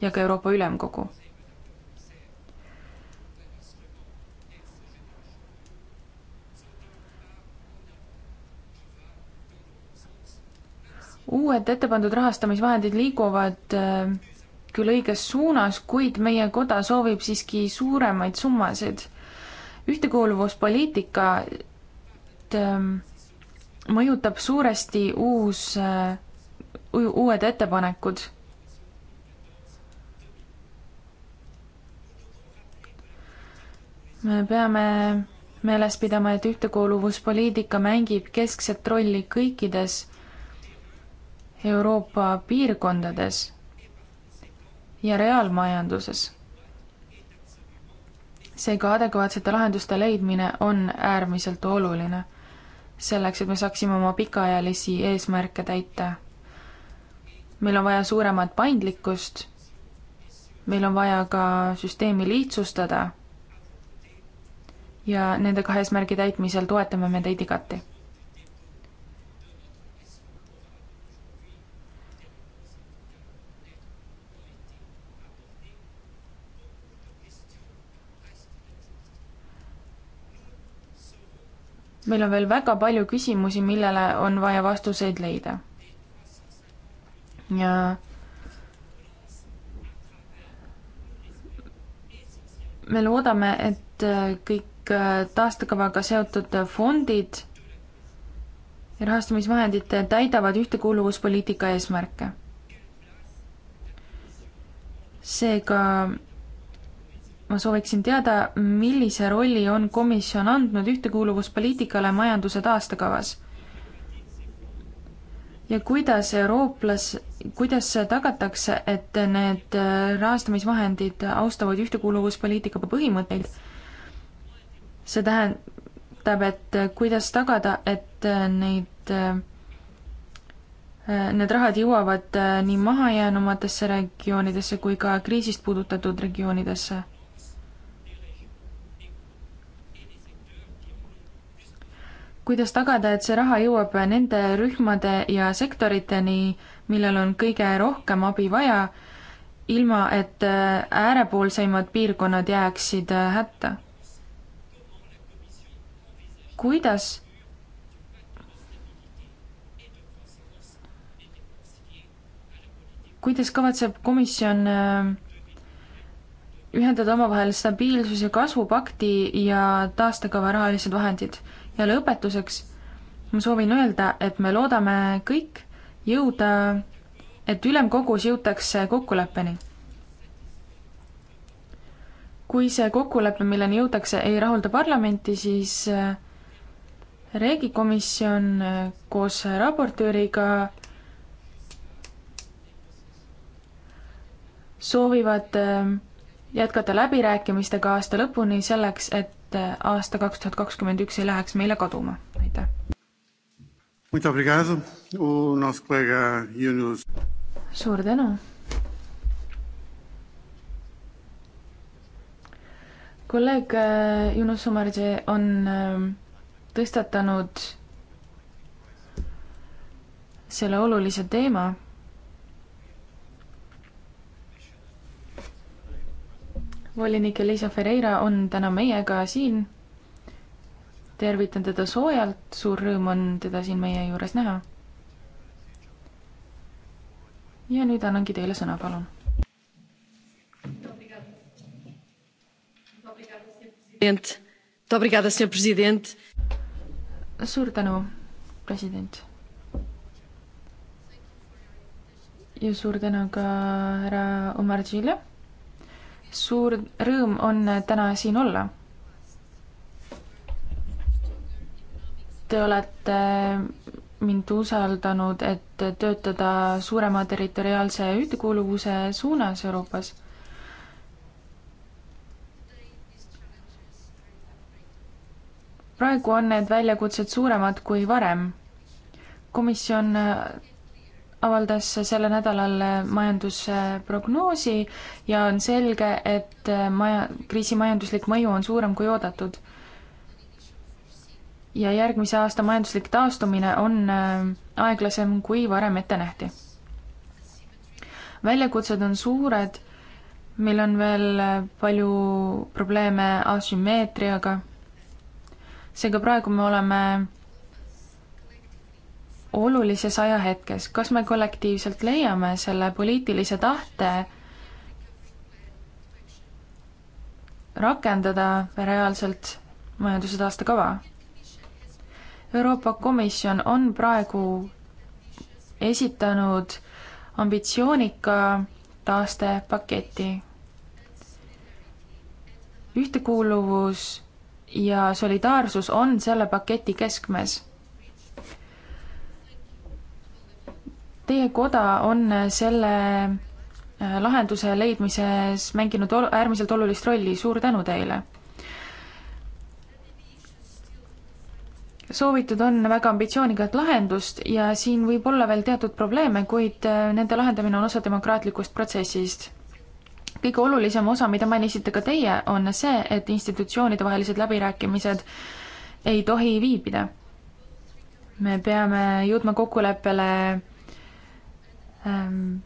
ja ka Euroopa Ülemkogu uued ette pandud rahastamisvahendid liiguvad äh, küll õiges suunas, kuid meie koda soovib siiski suuremaid summasid. ühtekuuluvuspoliitikat ähm, mõjutab suuresti uus, äh, uued ettepanekud. me peame meeles pidama, et ühtekuuluvuspoliitika mängib keskset rolli kõikides Euroopa piirkondades ja reaalmajanduses. seega adekvaatsete lahenduste leidmine on äärmiselt oluline, selleks et me saaksime oma pikaajalisi eesmärke täita. meil on vaja suuremat paindlikkust, meil on vaja ka süsteemi lihtsustada ja nende kahe eesmärgi täitmisel toetame me teid igati meil on veel väga palju küsimusi, millele on vaja vastuseid leida. ja me loodame, et kõik taastekavaga seotud fondid ja rahastamisvahendid täidavad ühtekuuluvuspoliitika eesmärke. seega ma sooviksin teada, millise rolli on komisjon andnud ühtekuuluvuspoliitikale majanduse taastekavas ja kuidas eurooplas, kuidas tagatakse, et need äh, rahastamisvahendid austavad ühtekuuluvuspoliitika põhimõtteid? see tähendab, et äh, kuidas tagada, et äh, neid, need rahad jõuavad nii mahajäänumatesse regioonidesse kui ka kriisist puudutatud regioonidesse kuidas tagada, et see raha jõuab nende rühmade ja sektoriteni, millel on kõige rohkem abi vaja, ilma et äh, äärepoolseimad piirkonnad jääksid äh, hätta? kuidas kuidas kavatseb komisjon äh, ühendada omavahel stabiilsuse kasvupakti ja taastekava rahalised vahendid? ja lõpetuseks ma soovin öelda, et me loodame kõik jõuda, et ülemkogus jõutakse kokkuleppeni. kui see kokkulepe, milleni jõutakse, ei rahulda parlamenti, siis äh, reeglikomisjon äh, koos raportööriga soovivad äh, jätkata läbirääkimistega aasta lõpuni selleks, et et äh, aasta kaks tuhat kakskümmend üks ei läheks meile kaduma, aitäh. suur tänu. kolleeg äh, Yunus Sumerji on ähm, tõstatanud selle olulise teema volinik Elisa Ferreira on täna meiega siin. tervitan teda soojalt, suur rõõm on teda siin meie juures näha. ja nüüd annangi teile sõna, palun. suur tänu, president ja suur tänu ka härra Omar Tšile suur rõõm on täna siin olla. Te olete mind usaldanud, et töötada suurema territoriaalse ühtekuuluvuse suunas Euroopas. praegu on need väljakutsed suuremad kui varem. komisjon avaldas sellel nädalal majandusprognoosi ja on selge, et maja, kriisi majanduslik mõju on suurem kui oodatud. ja järgmise aasta majanduslik taastumine on äh, aeglasem, kui varem ette nähti. väljakutsed on suured, meil on veel äh, palju probleeme asümmeetriaga, seega praegu me oleme olulises ajahetkes, kas me kollektiivselt leiame selle poliitilise tahte rakendada reaalselt majanduse taastekava? Euroopa Komisjon on praegu esitanud ambitsioonika taastepaketi. ühtekuuluvus ja solidaarsus on selle paketi keskmes Teie koda on selle äh, lahenduse leidmises mänginud ol äärmiselt olulist rolli, suur tänu teile! soovitud on väga ambitsioonikat lahendust ja siin võib olla veel teatud probleeme, kuid äh, nende lahendamine on osa demokraatlikust protsessist. kõige olulisem osa, mida mainisite ka teie, on see, et institutsioonidevahelised läbirääkimised ei tohi viibida. me peame jõudma kokkuleppele ähm,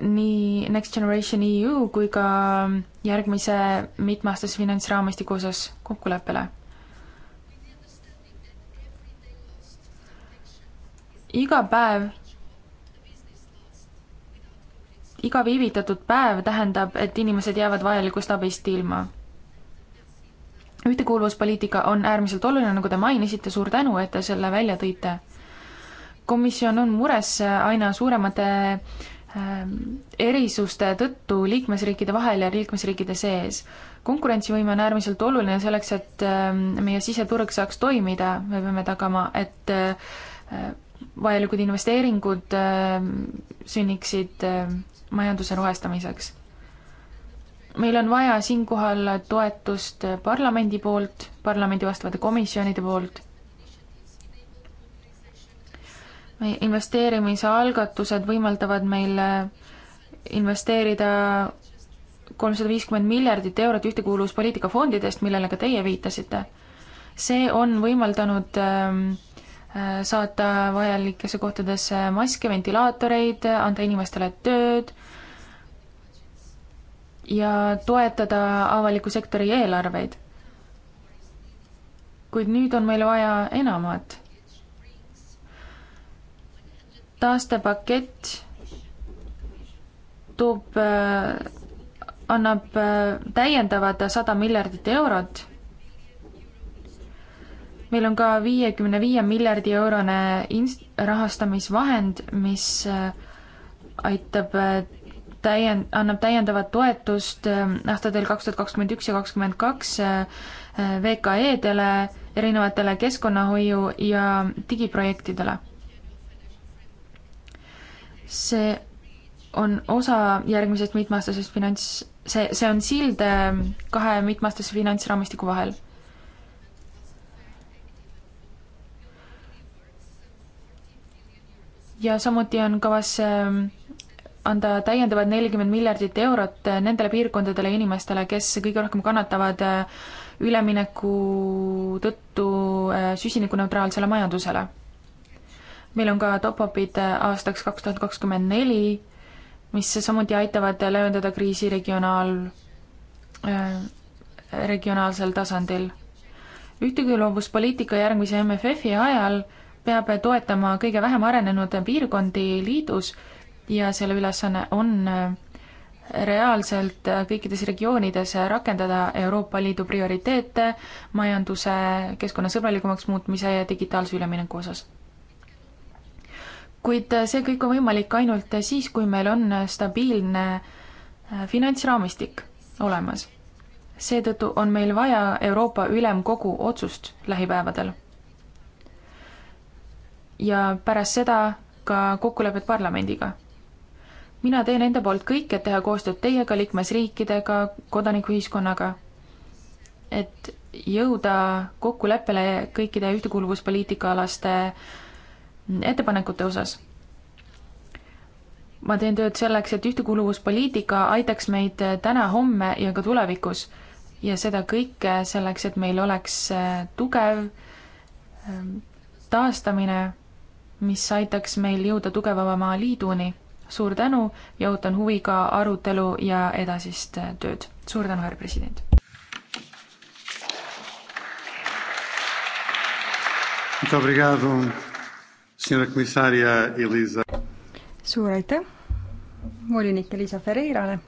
nii Next Generation EU kui ka järgmise mitmeaastase finantsraamistiku osas kokkuleppele. iga päev, iga viivitatud päev tähendab, et inimesed jäävad vajalikust abist ilma. ühtekuuluvuspoliitika on äärmiselt oluline, nagu te mainisite, suur tänu, et te selle välja tõite komisjon on mures aina suuremate ähm, erisuste tõttu liikmesriikide vahel ja liikmesriikide sees. konkurentsivõime on äärmiselt oluline selleks, et ähm, meie siseturg saaks toimida, me peame tagama, et äh, vajalikud investeeringud ähm, sünniksid majanduse rohestamiseks. meil on vaja siinkohal toetust äh, parlamendi poolt, parlamendi vastavate komisjonide poolt meie investeerimise algatused võimaldavad meil äh, investeerida kolmsada viiskümmend miljardit eurot ühtekuuluvuspoliitika fondidest, millele ka teie viitasite. see on võimaldanud ähm, äh, saata vajalikesse kohtadesse maske, ventilaatoreid, anda inimestele tööd ja toetada avaliku sektori eelarveid. kuid nüüd on meil vaja enamat taastepakett toob, äh, annab äh, täiendavad sada miljardit eurot. meil on ka viiekümne viie miljardi eurone inst-, rahastamisvahend, mis äh, aitab täien-, annab täiendavat toetust aastatel kaks tuhat kakskümmend üks ja kakskümmend kaks VKE-dele, erinevatele keskkonnahoiu ja digiprojektidele see on osa järgmisest mitmeaastasest finants, see, see on sild kahe mitmeaastase finantsraamistiku vahel. ja samuti on kavas ähm, anda täiendavad nelikümmend miljardit eurot nendele piirkondadele ja inimestele, kes kõige rohkem kannatavad äh, ülemineku tõttu äh, süsinikuneutraalsele majandusele meil on ka top-up'id äh, aastaks kaks tuhat kakskümmend neli, mis samuti aitavad leevendada kriisi regionaal äh,, regionaalsel tasandil. ühtekuuluvuspoliitika järgmise MFF-i ajal peab toetama kõige vähem arenenud piirkondi liidus ja selle ülesanne on äh, reaalselt kõikides regioonides rakendada Euroopa Liidu prioriteete majanduse keskkonnasõbralikumaks muutmise ja digitaalse ülemineku osas kuid äh, see kõik on võimalik ainult äh, siis, kui meil on äh, stabiilne finantsraamistik olemas. seetõttu on meil vaja Euroopa Ülemkogu otsust lähipäevadel. ja pärast seda ka kokkulepet parlamendiga. mina teen enda poolt kõik, et teha koostööd teiega, liikmesriikidega, kodanikuühiskonnaga, et jõuda kokkuleppele kõikide ühtekuuluvuspoliitika alaste äh, ettepanekute osas. ma teen tööd selleks, et ühtekuuluvuspoliitika aitaks meid täna, homme ja ka tulevikus ja seda kõike selleks, et meil oleks äh, tugev ähm, taastamine, mis aitaks meil jõuda tugevama liiduni. suur tänu ja ootan huviga arutelu ja edasist äh, tööd. suur tänu, härra president! Muito obrigado suur aitäh volinik Elisa Ferreirale.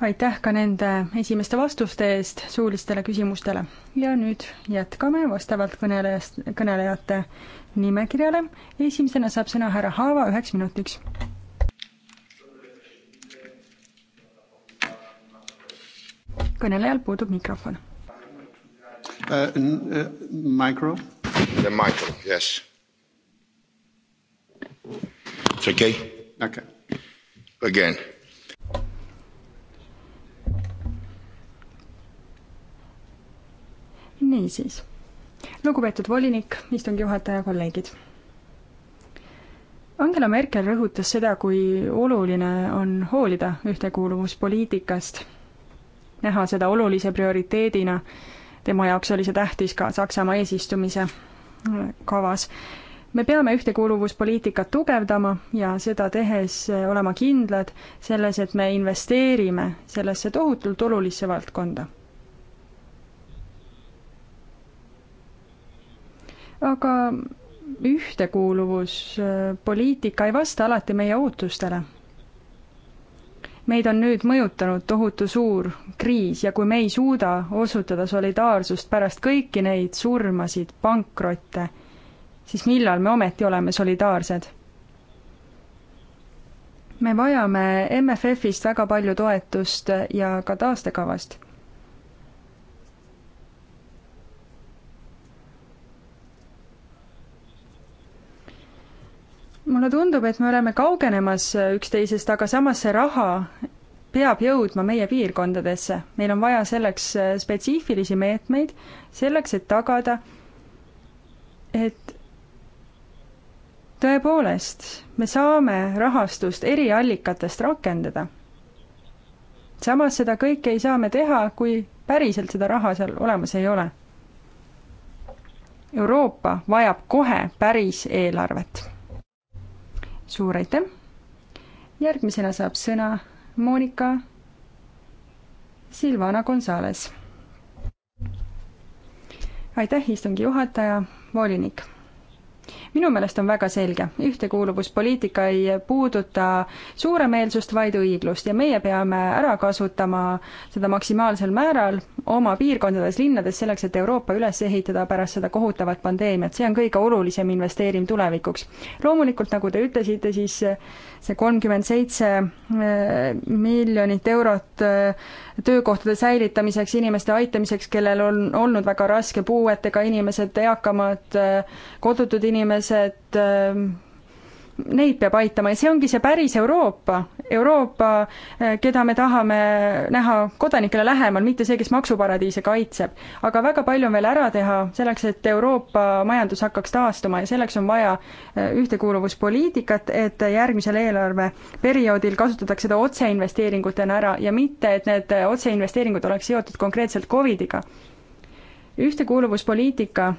aitäh ka nende esimeste vastuste eest suulistele küsimustele ja nüüd jätkame vastavalt kõnelejast, kõnelejate nimekirjale. esimesena saab sõna härra Haava üheks minutiks. kõnelejal puudub mikrofon Uh, uh, micro? The micro, yes. It's okay? Okay. Again. niisiis, lugupeetud volinik, istungi juhataja, kolleegid. Angela Merkel rõhutas seda, kui oluline on hoolida ühtekuuluvuspoliitikast, näha seda olulise prioriteedina tema jaoks oli see tähtis ka Saksamaa eesistumise kavas. me peame ühtekuuluvuspoliitikat tugevdama ja seda tehes olema kindlad selles, et me investeerime sellesse tohutult olulisse valdkonda. aga ühtekuuluvuspoliitika ei vasta alati meie ootustele meid on nüüd mõjutanud tohutu suur kriis ja kui me ei suuda osutada solidaarsust pärast kõiki neid surmasid, pankrotte, siis millal me ometi oleme solidaarsed? me vajame MFF-ist väga palju toetust ja ka taastekavast mulle tundub, et me oleme kaugenemas äh, üksteisest, aga samas see raha peab jõudma meie piirkondadesse. meil on vaja selleks äh, spetsiifilisi meetmeid, selleks, et tagada, et tõepoolest, me saame rahastust eriallikatest rakendada. samas seda kõike ei saa me teha, kui päriselt seda raha seal olemas ei ole. Euroopa vajab kohe päris eelarvet suur aitäh! järgmisena saab sõna Monika Silvana Gonzales. aitäh, istungi juhataja, volinik! minu meelest on väga selge, ühtekuuluvuspoliitika ei puuduta suuremeelsust, vaid õiglust ja meie peame ära kasutama seda maksimaalsel määral oma piirkondades, linnades, selleks et Euroopa üles ehitada pärast seda kohutavat pandeemiat, see on kõige olulisem investeering tulevikuks. loomulikult, nagu te ütlesite, siis see kolmkümmend seitse eh, miljonit eurot eh, töökohtade säilitamiseks, inimeste aitamiseks, kellel on olnud väga raske, puuetega inimesed, eakamad, eh, kodutud inimesed, inimesed, ähm, neid peab aitama ja see ongi see päris Euroopa. Euroopa, äh, keda me tahame näha kodanikele lähemal, mitte see, kes maksuparadiise kaitseb. aga väga palju on veel ära teha selleks, et Euroopa majandus hakkaks taastuma ja selleks on vaja äh, ühtekuuluvuspoliitikat, et järgmisel eelarveperioodil kasutatakse seda otseinvesteeringutena ära ja mitte, et need otseinvesteeringud oleks seotud konkreetselt Covidiga. ühtekuuluvuspoliitika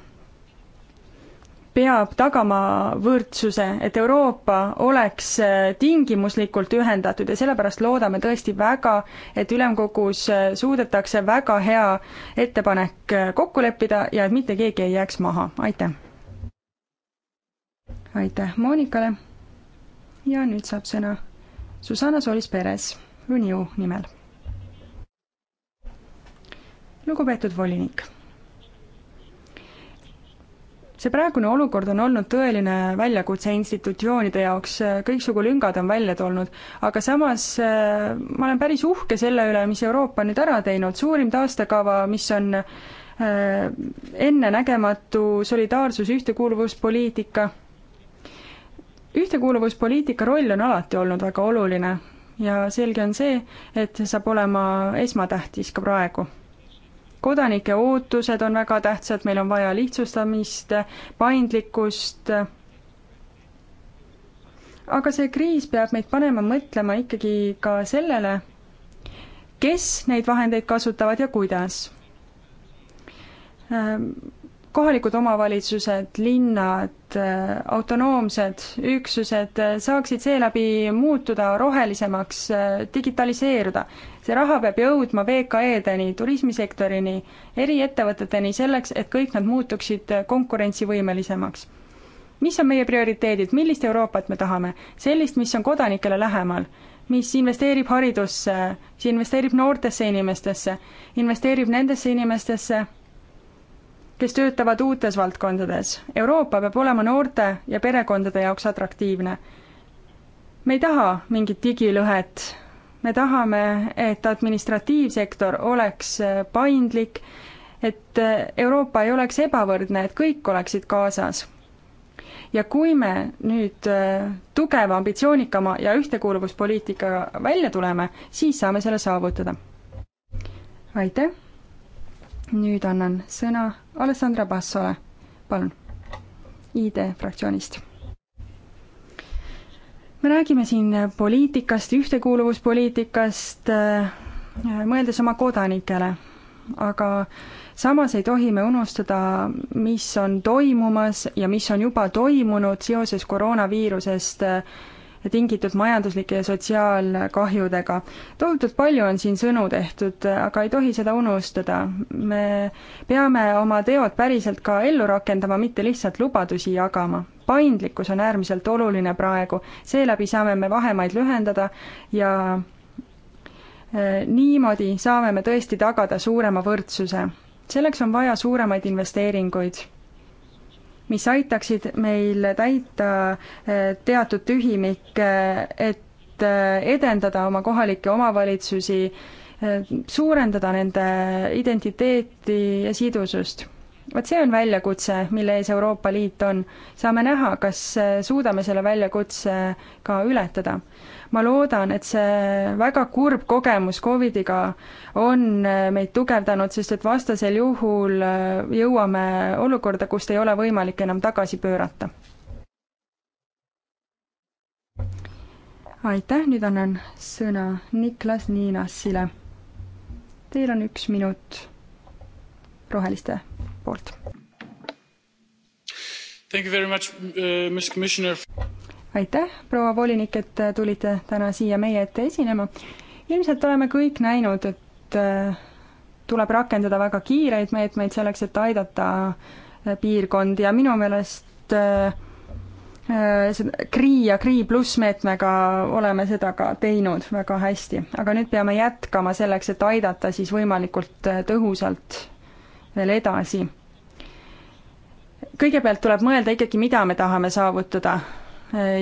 peab tagama võrdsuse, et Euroopa oleks äh, tingimuslikult ühendatud ja sellepärast loodame tõesti väga, et ülemkogus äh, suudetakse väga hea ettepanek äh, kokku leppida ja et mitte keegi ei jääks maha, aitäh! aitäh Monikale ja nüüd saab sõna Susanna Solis-Perez Renew nimel. lugupeetud volinik see praegune olukord on olnud tõeline väljakutse institutsioonide jaoks, kõiksugu lüngad on välja tulnud, aga samas äh, ma olen päris uhke selle üle, mis Euroopa on nüüd ära teinud, suurim taastekava, mis on äh, ennenägematu solidaarsus, ühtekuuluvuspoliitika, ühtekuuluvuspoliitika roll on alati olnud väga oluline ja selge on see, et see saab olema esmatähtis ka praegu kodanike ootused on väga tähtsad, meil on vaja lihtsustamist, paindlikkust, aga see kriis peab meid panema mõtlema ikkagi ka sellele, kes neid vahendeid kasutavad ja kuidas. kohalikud omavalitsused, linnad, autonoomsed üksused saaksid seeläbi muutuda rohelisemaks, digitaliseeruda see raha peab jõudma VKE-deni, turismisektorini, eriettevõteteni, selleks et kõik nad muutuksid konkurentsivõimelisemaks. mis on meie prioriteedid, millist Euroopat me tahame? sellist, mis on kodanikele lähemal, mis investeerib haridusse, mis investeerib noortesse inimestesse, investeerib nendesse inimestesse, kes töötavad uutes valdkondades. Euroopa peab olema noorte ja perekondade jaoks atraktiivne. me ei taha mingit digilõhet me tahame, et administratiivsektor oleks äh, paindlik, et äh, Euroopa ei oleks ebavõrdne, et kõik oleksid kaasas. ja kui me nüüd äh, tugeva, ambitsioonikama ja ühtekuuluvuspoliitikaga välja tuleme, siis saame selle saavutada. aitäh! nüüd annan sõna Alessandra Bassole, palun, ID fraktsioonist me räägime siin poliitikast, ühtekuuluvuspoliitikast, äh, mõeldes oma kodanikele, aga samas ei tohi me unustada, mis on toimumas ja mis on juba toimunud seoses koroonaviirusest äh, tingitud majanduslike ja sotsiaalkahjudega. tohutult palju on siin sõnu tehtud, aga ei tohi seda unustada. me peame oma teod päriselt ka ellu rakendama, mitte lihtsalt lubadusi jagama paindlikkus on äärmiselt oluline praegu, seeläbi saame me vahemaid lühendada ja eh, niimoodi saame me tõesti tagada suurema võrdsuse. selleks on vaja suuremaid investeeringuid mis aitaksid meil täita eh, teatud tühimikke, et eh, edendada oma kohalikke omavalitsusi, eh, suurendada nende identiteeti ja sidusust. vot see on väljakutse, mille ees Euroopa Liit on. saame näha, kas suudame selle väljakutse ka ületada ma loodan, et see väga kurb kogemus Covidiga on äh, meid tugevdanud, sest et vastasel juhul äh, jõuame olukorda, kust ei ole võimalik enam tagasi pöörata. aitäh, nüüd annan sõna Niklas Niinassile. Teil on üks minut roheliste poolt. Thank you very much uh,, Miss Commissioner aitäh, proua volinik, et tulite täna siia meie ette esinema. ilmselt oleme kõik näinud, et äh, tuleb rakendada väga kiireid meetmeid selleks, et aidata äh, piirkondi ja minu meelest äh, seda Krii ja Krii pluss meetmega oleme seda ka teinud väga hästi, aga nüüd peame jätkama selleks, et aidata siis võimalikult tõhusalt veel edasi. kõigepealt tuleb mõelda ikkagi, mida me tahame saavutada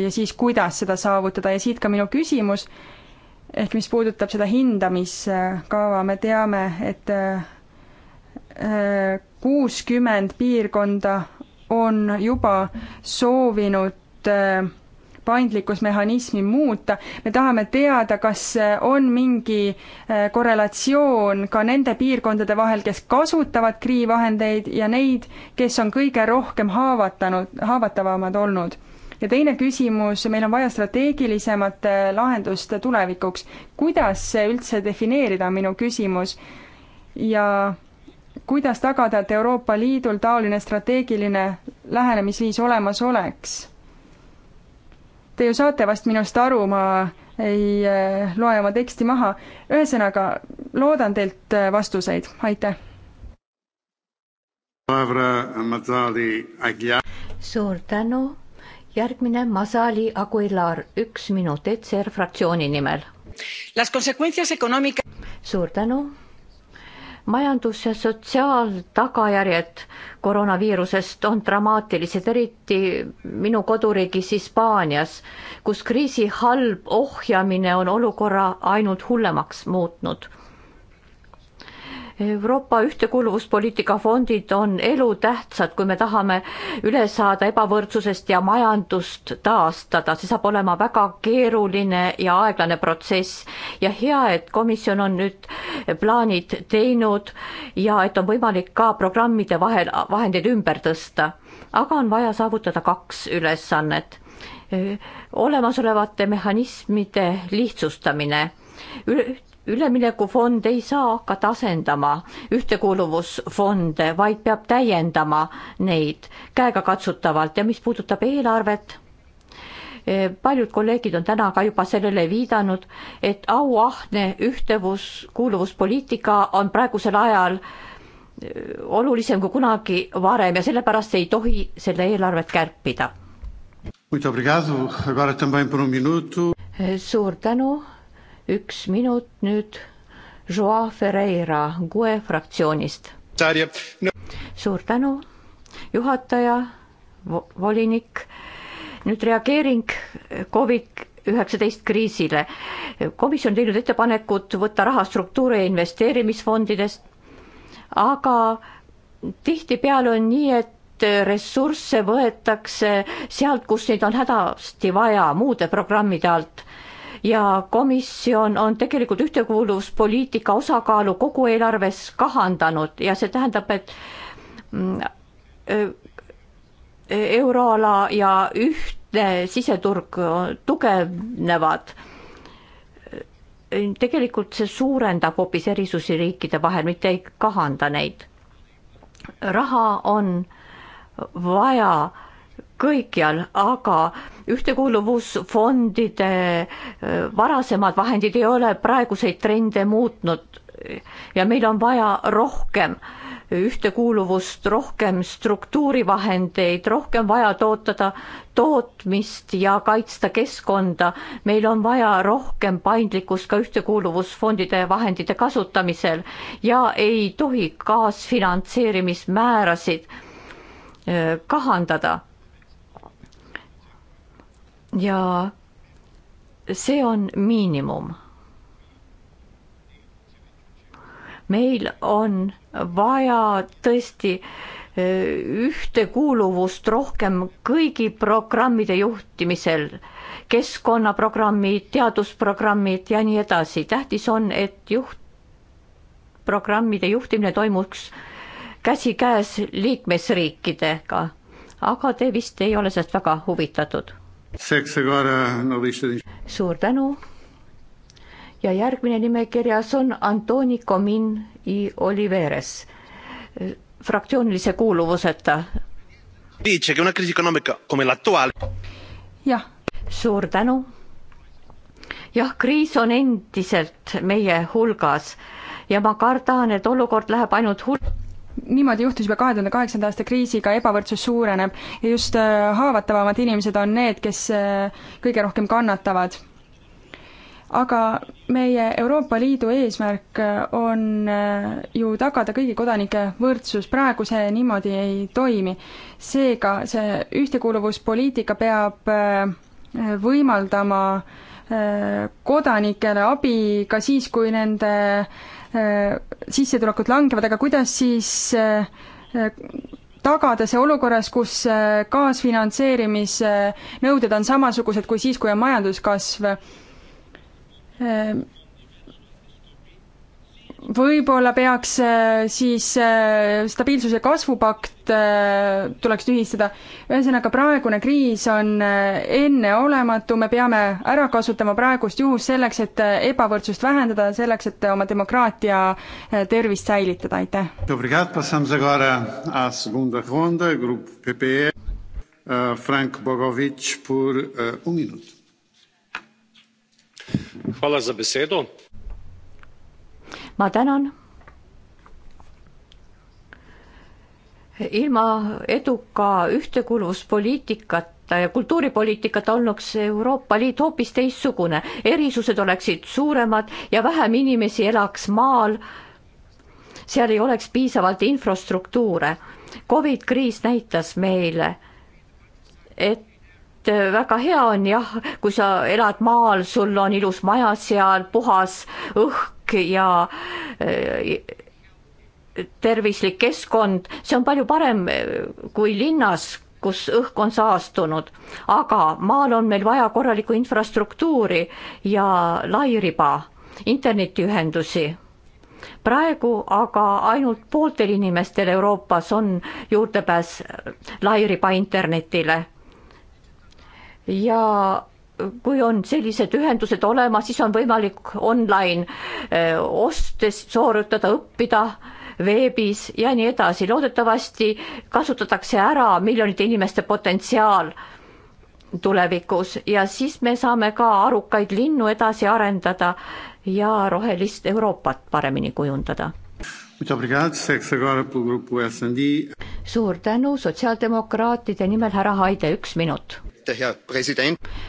ja siis, kuidas seda saavutada ja siit ka minu küsimus, ehk mis puudutab seda hindamiskava, me teame, et äh, kuuskümmend piirkonda on juba soovinud äh, paindlikkusmehhanismi muuta, me tahame teada, kas on mingi äh, korrelatsioon ka nende piirkondade vahel, kes kasutavad kriivahendeid ja neid, kes on kõige rohkem haavatanud, haavatavamad olnud ja teine küsimus, meil on vaja strateegilisemat äh, lahendust tulevikuks. kuidas see üldse defineerida, on minu küsimus. ja kuidas tagada, et Euroopa Liidul taoline strateegiline lähenemisviis olemas oleks? Te ju saate vast minust aru, ma ei äh, loe oma teksti maha. ühesõnaga, loodan teilt äh, vastuseid, aitäh. suur tänu järgmine Masali Aguilar, üks minut ETSR fraktsiooni nimel. Economica... suur tänu. majandus ja sotsiaaltagajärjed koroonaviirusest on dramaatilised, eriti minu koduriigis Hispaanias, kus kriisi halb ohjamine on olukorra ainult hullemaks muutnud Euroopa ühtekuuluvuspoliitika fondid on elutähtsad, kui me tahame üle saada ebavõrdsusest ja majandust taastada, see saab olema väga keeruline ja aeglane protsess ja hea, et komisjon on nüüd plaanid teinud ja et on võimalik ka programmide vahel vahendeid ümber tõsta. aga on vaja saavutada kaks ülesannet. olemasolevate mehhanismide lihtsustamine üleminekufond ei saa hakata asendama ühtekuuluvusfonde, vaid peab täiendama neid käegakatsutavalt ja mis puudutab eelarvet, eh, paljud kolleegid on täna ka juba sellele viidanud, et auahne ühtevus, kuuluvuspoliitika on praegusel ajal eh, olulisem kui kunagi varem ja sellepärast ei tohi selle eelarvet kärpida. Um eh, suur tänu üks minut nüüd Joa Ferreira GUE fraktsioonist. suur tänu, juhataja, volinik. nüüd reageering Covid üheksateist kriisile. komisjon teinud ettepanekut võtta raha struktuuri investeerimisfondidest, aga tihtipeale on nii, et ressursse võetakse sealt, kus neid on hädasti vaja, muude programmide alt ja komisjon on tegelikult ühtekuuluvuspoliitika osakaalu kogu eelarves kahandanud ja see tähendab, et mm, äh, euroala ja ühtne siseturg tugevnevad. tegelikult see suurendab hoopis erisusi riikide vahel, mitte ei kahanda neid. raha on vaja kõikjal, aga ühtekuuluvusfondide äh, varasemad vahendid ei ole praeguseid trende muutnud ja meil on vaja rohkem ühtekuuluvust, rohkem struktuurivahendeid, rohkem vaja tootada tootmist ja kaitsta keskkonda. meil on vaja rohkem paindlikkust ka ühtekuuluvusfondide vahendite kasutamisel ja ei tohi kaasfinantseerimismäärasid äh, kahandada ja see on miinimum. meil on vaja tõesti e, ühtekuuluvust rohkem kõigi programmide juhtimisel, keskkonnaprogrammid, teadusprogrammid ja nii edasi. tähtis on, et juht, programmide juhtimine toimuks käsikäes liikmesriikidega. aga te vist ei ole sellest väga huvitatud suur tänu. ja järgmine nimekirjas on Antoni Komin i Oliveres, fraktsioonilise kuuluvuseta. jah, suur tänu. jah, kriis on endiselt meie hulgas ja ma kardan, et olukord läheb ainult hull- niimoodi juhtus juba kahe tuhande kaheksanda aasta kriisiga, ebavõrdsus suureneb ja just äh, haavatavamad inimesed on need, kes äh, kõige rohkem kannatavad. aga meie Euroopa Liidu eesmärk äh, on ju tagada kõigi kodanike võrdsus, praegu see niimoodi ei toimi. seega see ühtekuuluvuspoliitika peab võimaldama kodanikele abi ka siis, kui nende Äh, sissetulekud langevad, aga kuidas siis äh, tagada see olukorras, kus äh, kaasfinantseerimise nõuded on samasugused kui siis, kui on majanduskasv võib-olla peaks äh, siis äh, stabiilsuse kasvupakt äh, tuleks tühistada. ühesõnaga, praegune kriis on enneolematu, me peame ära kasutama praegust juhust selleks, et ebavõrdsust vähendada, selleks, et oma demokraatia tervist säilitada, aitäh. E, uh, Frank Bogovič, pur un uh, um minut. Hvala za besedo ma tänan. ilma eduka ühtekuuluvuspoliitikata ja kultuuripoliitikata olnuks Euroopa Liit hoopis teistsugune, erisused oleksid suuremad ja vähem inimesi elaks maal. seal ei oleks piisavalt infrastruktuure. Covid kriis näitas meile, et et äh, väga hea on jah, kui sa elad maal, sul on ilus maja seal, puhas õhk ja äh, tervislik keskkond, see on palju parem äh, kui linnas, kus õhk on saastunud. aga maal on meil vaja korralikku infrastruktuuri ja lairiba, internetiühendusi. praegu aga ainult pooltel inimestel Euroopas on juurdepääs lairiba internetile ja kui on sellised ühendused olemas, siis on võimalik online äh, ostes sooritada, õppida veebis ja nii edasi. loodetavasti kasutatakse ära miljonite inimeste potentsiaal tulevikus ja siis me saame ka arukaid linnu edasi arendada ja rohelist Euroopat paremini kujundada. suur tänu sotsiaaldemokraatide nimel, härra Haide, üks minut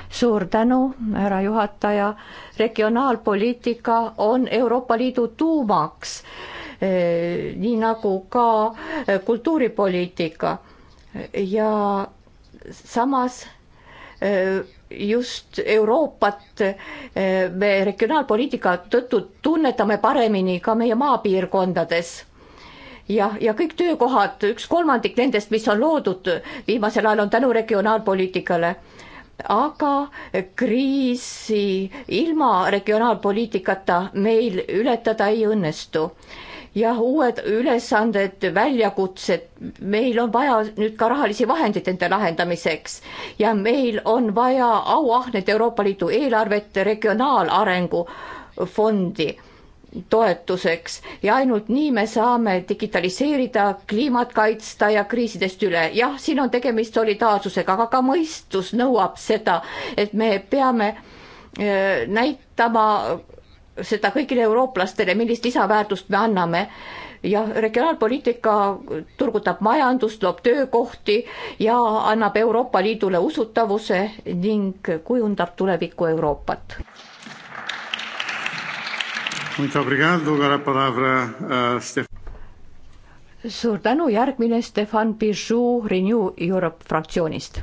suur tänu, härra juhataja. regionaalpoliitika on Euroopa Liidu tuumaks, eh, nii nagu ka eh, kultuuripoliitika ja samas eh, just Euroopat me regionaalpoliitika tõttu tunnetame paremini ka meie maapiirkondades jah, ja kõik töökohad, üks kolmandik nendest, mis on loodud viimasel ajal, on tänu regionaalpoliitikale. aga kriisi ilma regionaalpoliitikata meil ületada ei õnnestu jah, uued ülesanded, väljakutsed, meil on vaja nüüd ka rahalisi vahendeid nende lahendamiseks ja meil on vaja auahnet Euroopa Liidu eelarvet regionaalarengu fondi toetuseks ja ainult nii me saame digitaliseerida, kliimat kaitsta ja kriisidest üle. jah, siin on tegemist solidaarsusega, aga ka mõistus nõuab seda, et me peame eh, näitama seda kõigile eurooplastele, millist lisaväärtust me anname jah, regionaalpoliitika turgutab majandust, loob töökohti ja annab Euroopa Liidule usutavuse ning kujundab tulevikku Euroopat. Ah, suur tänu, järgmine Stefan Pichou Renew Europe fraktsioonist.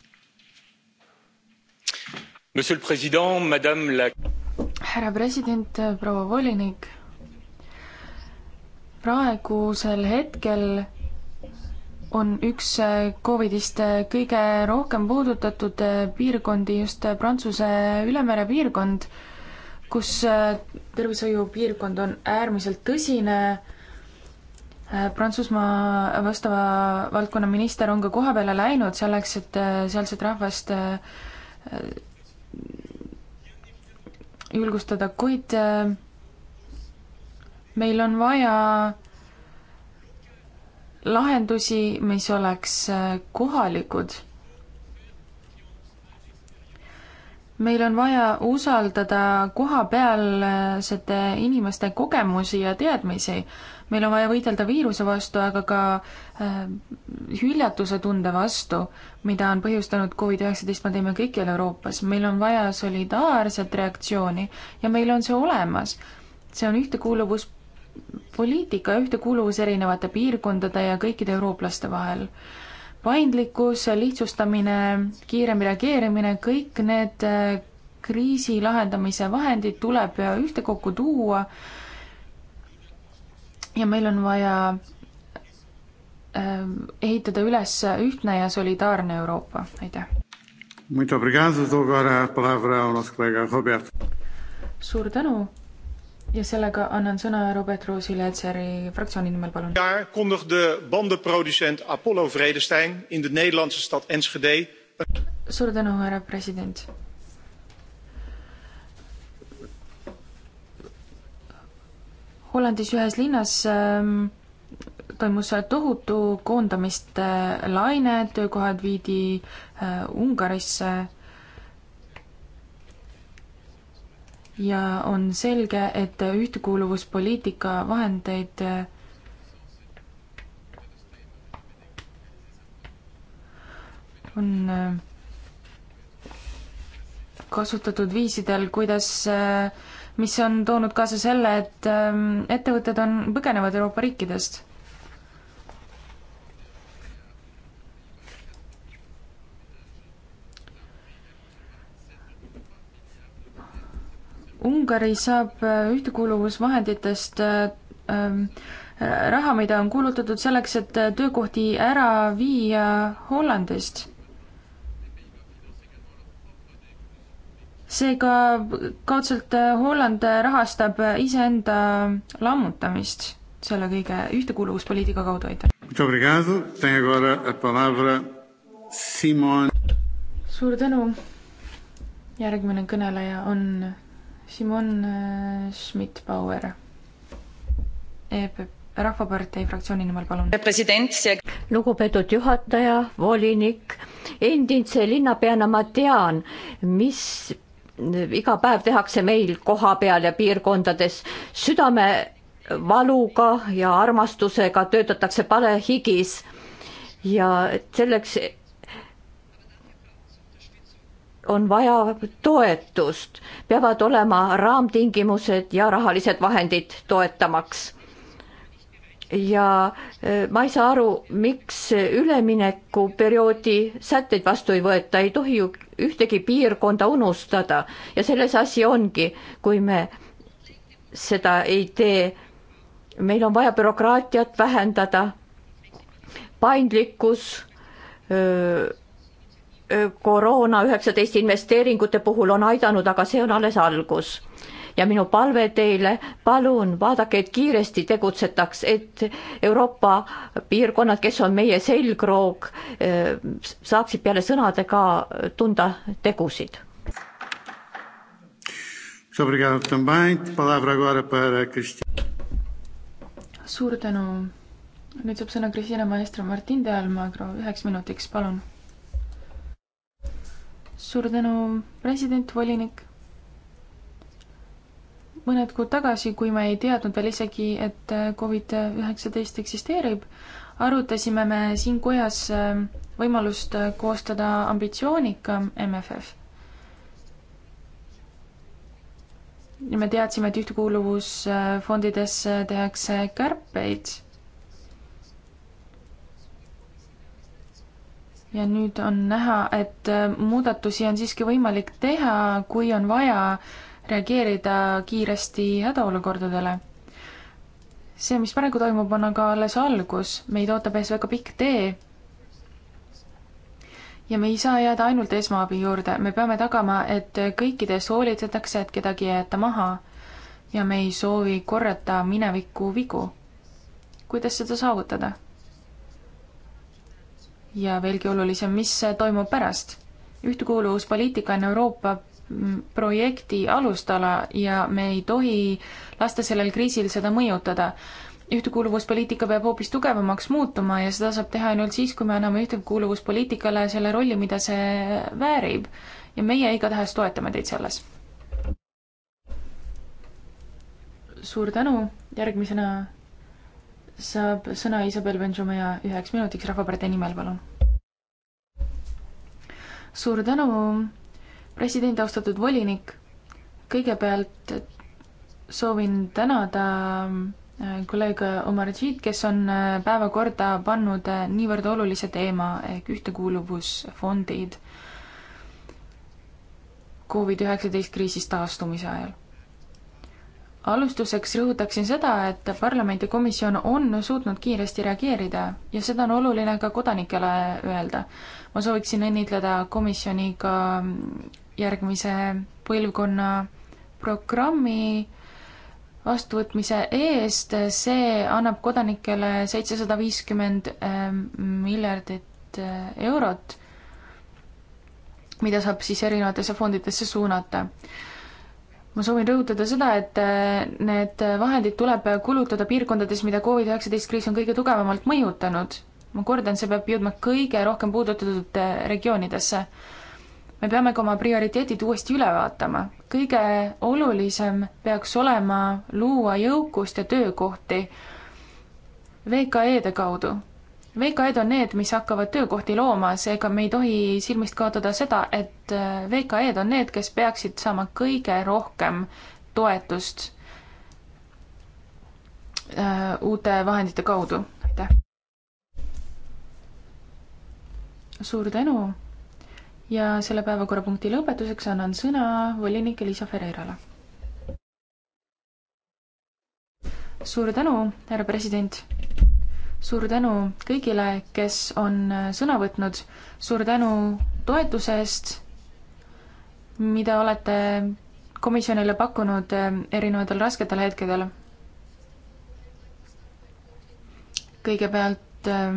härra president, proua volinik, praegusel hetkel on üks Covidist kõige rohkem puudutatud piirkondi just Prantsuse ülemere piirkond kus äh, tervishoiupiirkond on äärmiselt tõsine. Äh, Prantsusmaa vastava valdkonna minister on ka koha peale läinud selleks, et äh, sealset rahvast julgustada, kuid meil on vaja lahendusi, mis oleks kohalikud meil on vaja usaldada kohapealsete äh, inimeste kogemusi ja teadmisi. meil on vaja võidelda viiruse vastu, aga ka äh, hüljatuse tunde vastu, mida on põhjustanud Covid-19 pandeemia kõikjal Euroopas. meil on vaja solidaarset reaktsiooni ja meil on see olemas. see on ühtekuuluvuspoliitika, ühtekuuluvus erinevate piirkondade ja kõikide eurooplaste vahel paindlikkus, lihtsustamine, kiirem reageerimine, kõik need äh, kriisi lahendamise vahendid tuleb ühtekokku tuua. ja meil on vaja ähm, ehitada üles ühtne ja solidaarne Euroopa, aitäh. suur tänu ja sellega annan sõna Robert Roosile, ETSR-i fraktsiooni nimel, palun. jaar kondigde bandenproducent Apollo Vredestein in de Nederlandse stad Enschede. suur tänu, härra president. Hollandis ühes linnas ähm, toimus tohutu koondamiste laine, töökohad viidi äh, Ungarisse ja on selge, et ühtekuuluvuspoliitika vahendeid äh, on äh, kasutatud viisidel, kuidas, äh, mis on toonud kaasa selle, et ettevõtted on, põgenevad Euroopa riikidest Ungari saab äh, ühtekuuluvusvahenditest äh, ähm, raha, mida on kulutatud selleks, et äh, töökohti ära viia Hollandist. seega kaudselt Holland rahastab iseenda lammutamist selle kõige ühtekuuluvuspoliitika kaudu, aitäh. suur tänu. järgmine kõneleja on Simon äh, Schmidt-Bauer, EPP. Rahvapartei fraktsiooni nimel, palun. lugupeetud juhataja, volinik, endise linnapeana ma tean, mis iga päev tehakse meil kohapeal ja piirkondades südamevaluga ja armastusega töötatakse palehigis ja selleks, on vaja toetust, peavad olema raamtingimused ja rahalised vahendid toetamaks. ja e, ma ei saa aru, miks üleminekuperioodi sätteid vastu ei võeta, ei tohi ju ühtegi piirkonda unustada ja selles asi ongi, kui me seda ei tee. meil on vaja bürokraatiat vähendada, paindlikkus öö, e, koroona üheksateist investeeringute puhul on aidanud, aga see on alles algus. ja minu palve teile, palun vaadake, et kiiresti tegutsetaks, et Euroopa piirkonnad, kes on meie selgroog, saaksid peale sõnade ka tunda tegusid. suur tänu. nüüd saab sõna Kristina Maestro Martin Tealmagro, üheks minutiks, palun suur tänu, president, volinik. mõned kuud tagasi, kui me ei teadnud veel isegi, et Covid-19 eksisteerib, arutasime me siin kojas äh, võimalust koostada ambitsioonikam MFF. ja me teadsime, et ühtekuuluvusfondidesse tehakse kärpeid ja nüüd on näha, et äh, muudatusi on siiski võimalik teha, kui on vaja reageerida kiiresti hädaolukordadele. see, mis praegu toimub, on aga alles algus, meid ootab ees väga pikk tee. ja me ei saa jääda ainult esmaabi juurde, me peame tagama, et kõikides hoolitsetakse, et kedagi ei jäeta maha. ja me ei soovi korrata mineviku vigu. kuidas seda saavutada? ja veelgi olulisem, mis toimub pärast. ühtekuuluvuspoliitika on Euroopa mm, projekti alustala ja me ei tohi lasta sellel kriisil seda mõjutada. ühtekuuluvuspoliitika peab hoopis tugevamaks muutuma ja seda saab teha ainult siis, kui me anname ühtekuuluvuspoliitikale selle rolli, mida see väärib. ja meie igatahes toetame teid selles. suur tänu, järgmisena saab sõna Isabel Benjumea üheks minutiks Rahvapartei nimel, palun. suur tänu, president, austatud volinik. kõigepealt soovin tänada äh, kolleeg Omar Džid, kes on äh, päevakorda pannud äh, niivõrd olulise teema ehk ühtekuuluvusfondid Covid-19 kriisist taastumise ajal alustuseks rõhutaksin seda, et parlamendikomisjon on suutnud kiiresti reageerida ja seda on oluline ka kodanikele öelda. ma sooviksin õnnitleda komisjoni ka järgmise põlvkonna programmi vastuvõtmise eest, see annab kodanikele seitsesada viiskümmend ähm, miljardit äh, eurot, mida saab siis erinevatesse fondidesse suunata ma soovin rõhutada seda, et äh, need vahendid tuleb kulutada piirkondades, mida Covid-19 kriis on kõige tugevamalt mõjutanud. ma kordan, see peab jõudma kõige rohkem puudutatud äh, regioonidesse. me peame ka oma prioriteedid uuesti üle vaatama. kõige olulisem peaks olema luua jõukust ja töökohti VKE-de kaudu VKE-d on need, mis hakkavad töökohti looma, seega me ei tohi silmist kaotada seda, et äh, VKE-d on need, kes peaksid saama kõige rohkem toetust äh, uute vahendite kaudu. aitäh! suur tänu ja selle päevakorrapunkti lõpetuseks annan sõna volinik Elisa Ferreirale. suur tänu, härra president! suur tänu kõigile, kes on äh, sõna võtnud, suur tänu toetuse eest, mida olete komisjonile pakkunud äh, erinevatel rasketel hetkedel. kõigepealt äh,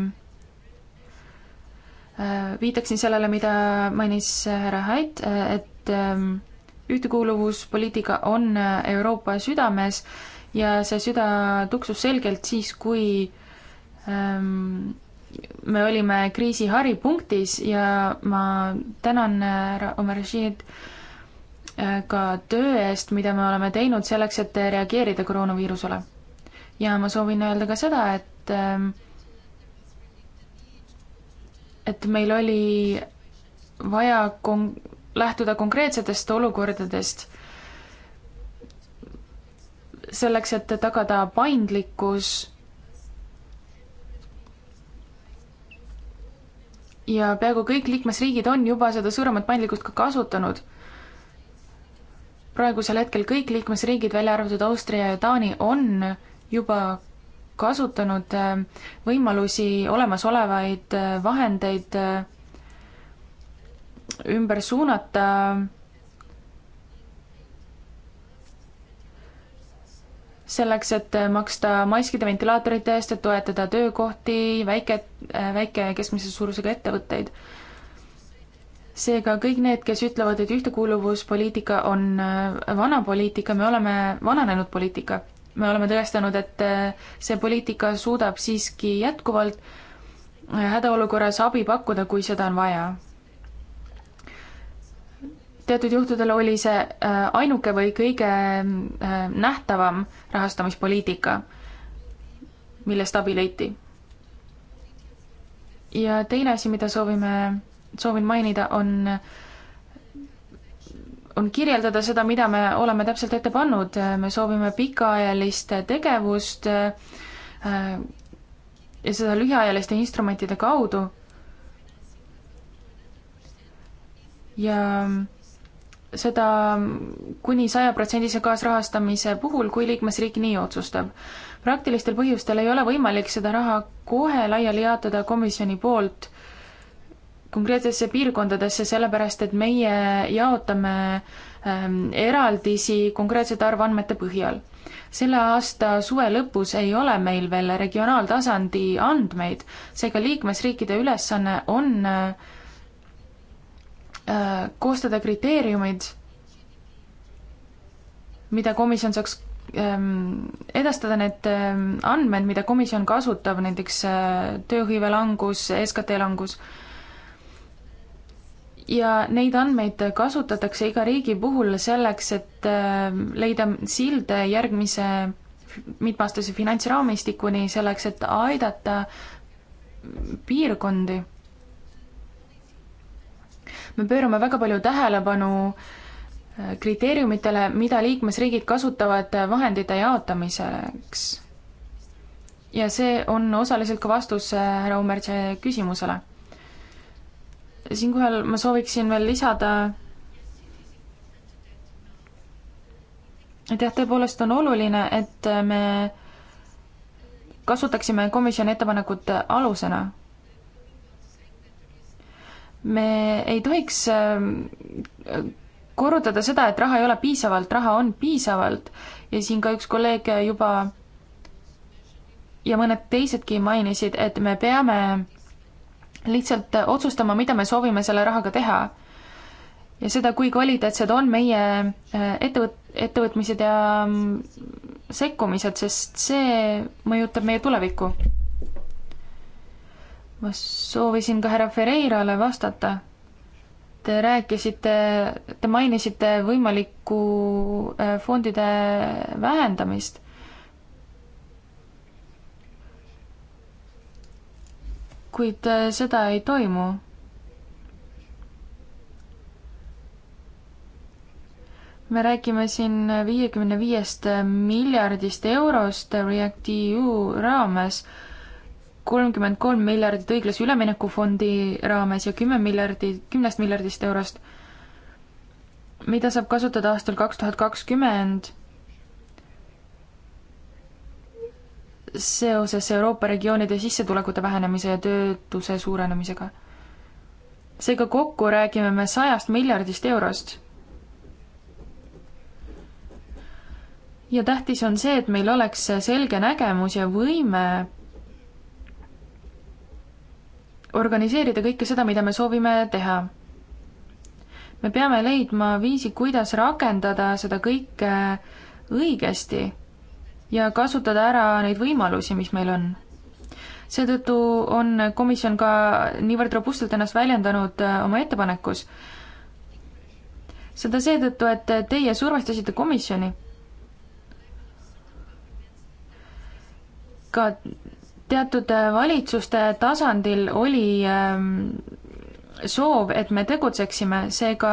viitaksin sellele, mida mainis härra Hait, et ühtekuuluvuspoliitika on Euroopa südames ja see süda tuksus selgelt siis, kui Ehm, me olime kriisi haripunktis ja ma tänan äh, härra Omar Rashid äh, ka töö eest, mida me oleme teinud selleks, et reageerida koroonaviirusele. ja ma soovin öelda ka seda, et ehm, et meil oli vaja kon-, lähtuda konkreetsetest olukordadest selleks, et tagada paindlikkus ja peaaegu kõik liikmesriigid on juba seda suuremat paindlikkust ka kasutanud. praegusel hetkel kõik liikmesriigid, välja arvatud Austria ja Taani, on juba kasutanud äh, võimalusi olemasolevaid äh, vahendeid äh, ümber suunata selleks, et maksta maskide, ventilaatorite eest, et toetada töökohti, väike, väike ja keskmise suurusega ettevõtteid. seega kõik need, kes ütlevad, et ühtekuuluvuspoliitika on äh, vana poliitika, me oleme vananenud poliitika. me oleme tõestanud, et äh, see poliitika suudab siiski jätkuvalt äh, hädaolukorras abi pakkuda, kui seda on vaja teatud juhtudel oli see äh, ainuke või kõige äh, nähtavam rahastamispoliitika, millest abi leiti. ja teine asi, mida soovime, soovin mainida, on, on kirjeldada seda, mida me oleme täpselt ette pannud, me soovime pikaajalist tegevust äh, ja seda lühiajaliste instrumentide kaudu ja seda kuni sajaprotsendise kaasrahastamise puhul, kui liikmesriik nii otsustab. praktilistel põhjustel ei ole võimalik seda raha kohe laiali jaotada komisjoni poolt konkreetsetesse piirkondadesse, sellepärast et meie jaotame ähm, eraldisi konkreetsete arvandmete põhjal. selle aasta suve lõpus ei ole meil veel regionaaltasandi andmeid, seega liikmesriikide ülesanne on äh, Äh, koostada kriteeriumid, mida komisjon saaks ähm, edastada need ähm, andmed, mida komisjon kasutab, näiteks äh, tööhõive langus, SKT langus, ja neid andmeid kasutatakse iga riigi puhul selleks, et ähm, leida silde järgmise mitmeaastase finantsraamistikuni, selleks et aidata piirkondi me pöörame väga palju tähelepanu äh, kriteeriumitele, mida liikmesriigid kasutavad äh, vahendite jaotamiseks. ja see on osaliselt ka vastus äh, härra Ummertse küsimusele. siinkohal ma sooviksin veel lisada, et jah, tõepoolest on oluline, et me kasutaksime komisjoni ettepanekut alusena me ei tohiks ähm, korrutada seda, et raha ei ole piisavalt, raha on piisavalt ja siin ka üks kolleeg juba ja mõned teisedki mainisid, et me peame lihtsalt otsustama, mida me soovime selle rahaga teha. ja seda, kui kvaliteetsed on meie äh, ettevõt-, ettevõtmised ja mm, sekkumised, sest see mõjutab meie tulevikku ma soovisin ka härra Ferreirale vastata. Te rääkisite, te mainisite võimalikku äh, fondide vähendamist. kuid äh, seda ei toimu me räägime siin viiekümne viiest miljardist eurost REACT-EU raames, kolmkümmend kolm miljardit õiglase üleminekufondi raames ja kümme miljardit, kümnest miljardist eurost, mida saab kasutada aastal kaks tuhat kakskümmend seoses Euroopa regioonide sissetulekute vähenemise ja töötuse suurenemisega. seega kokku räägime me sajast miljardist eurost. ja tähtis on see, et meil oleks selge nägemus ja võime organiseerida kõike seda, mida me soovime teha. me peame leidma viisi, kuidas rakendada seda kõike õigesti ja kasutada ära neid võimalusi, mis meil on. seetõttu on komisjon ka niivõrd robustselt ennast väljendanud äh, oma ettepanekus. seda seetõttu, et teie survestasite komisjoni ka teatud äh, valitsuste tasandil oli ähm, soov, et me tegutseksime, seega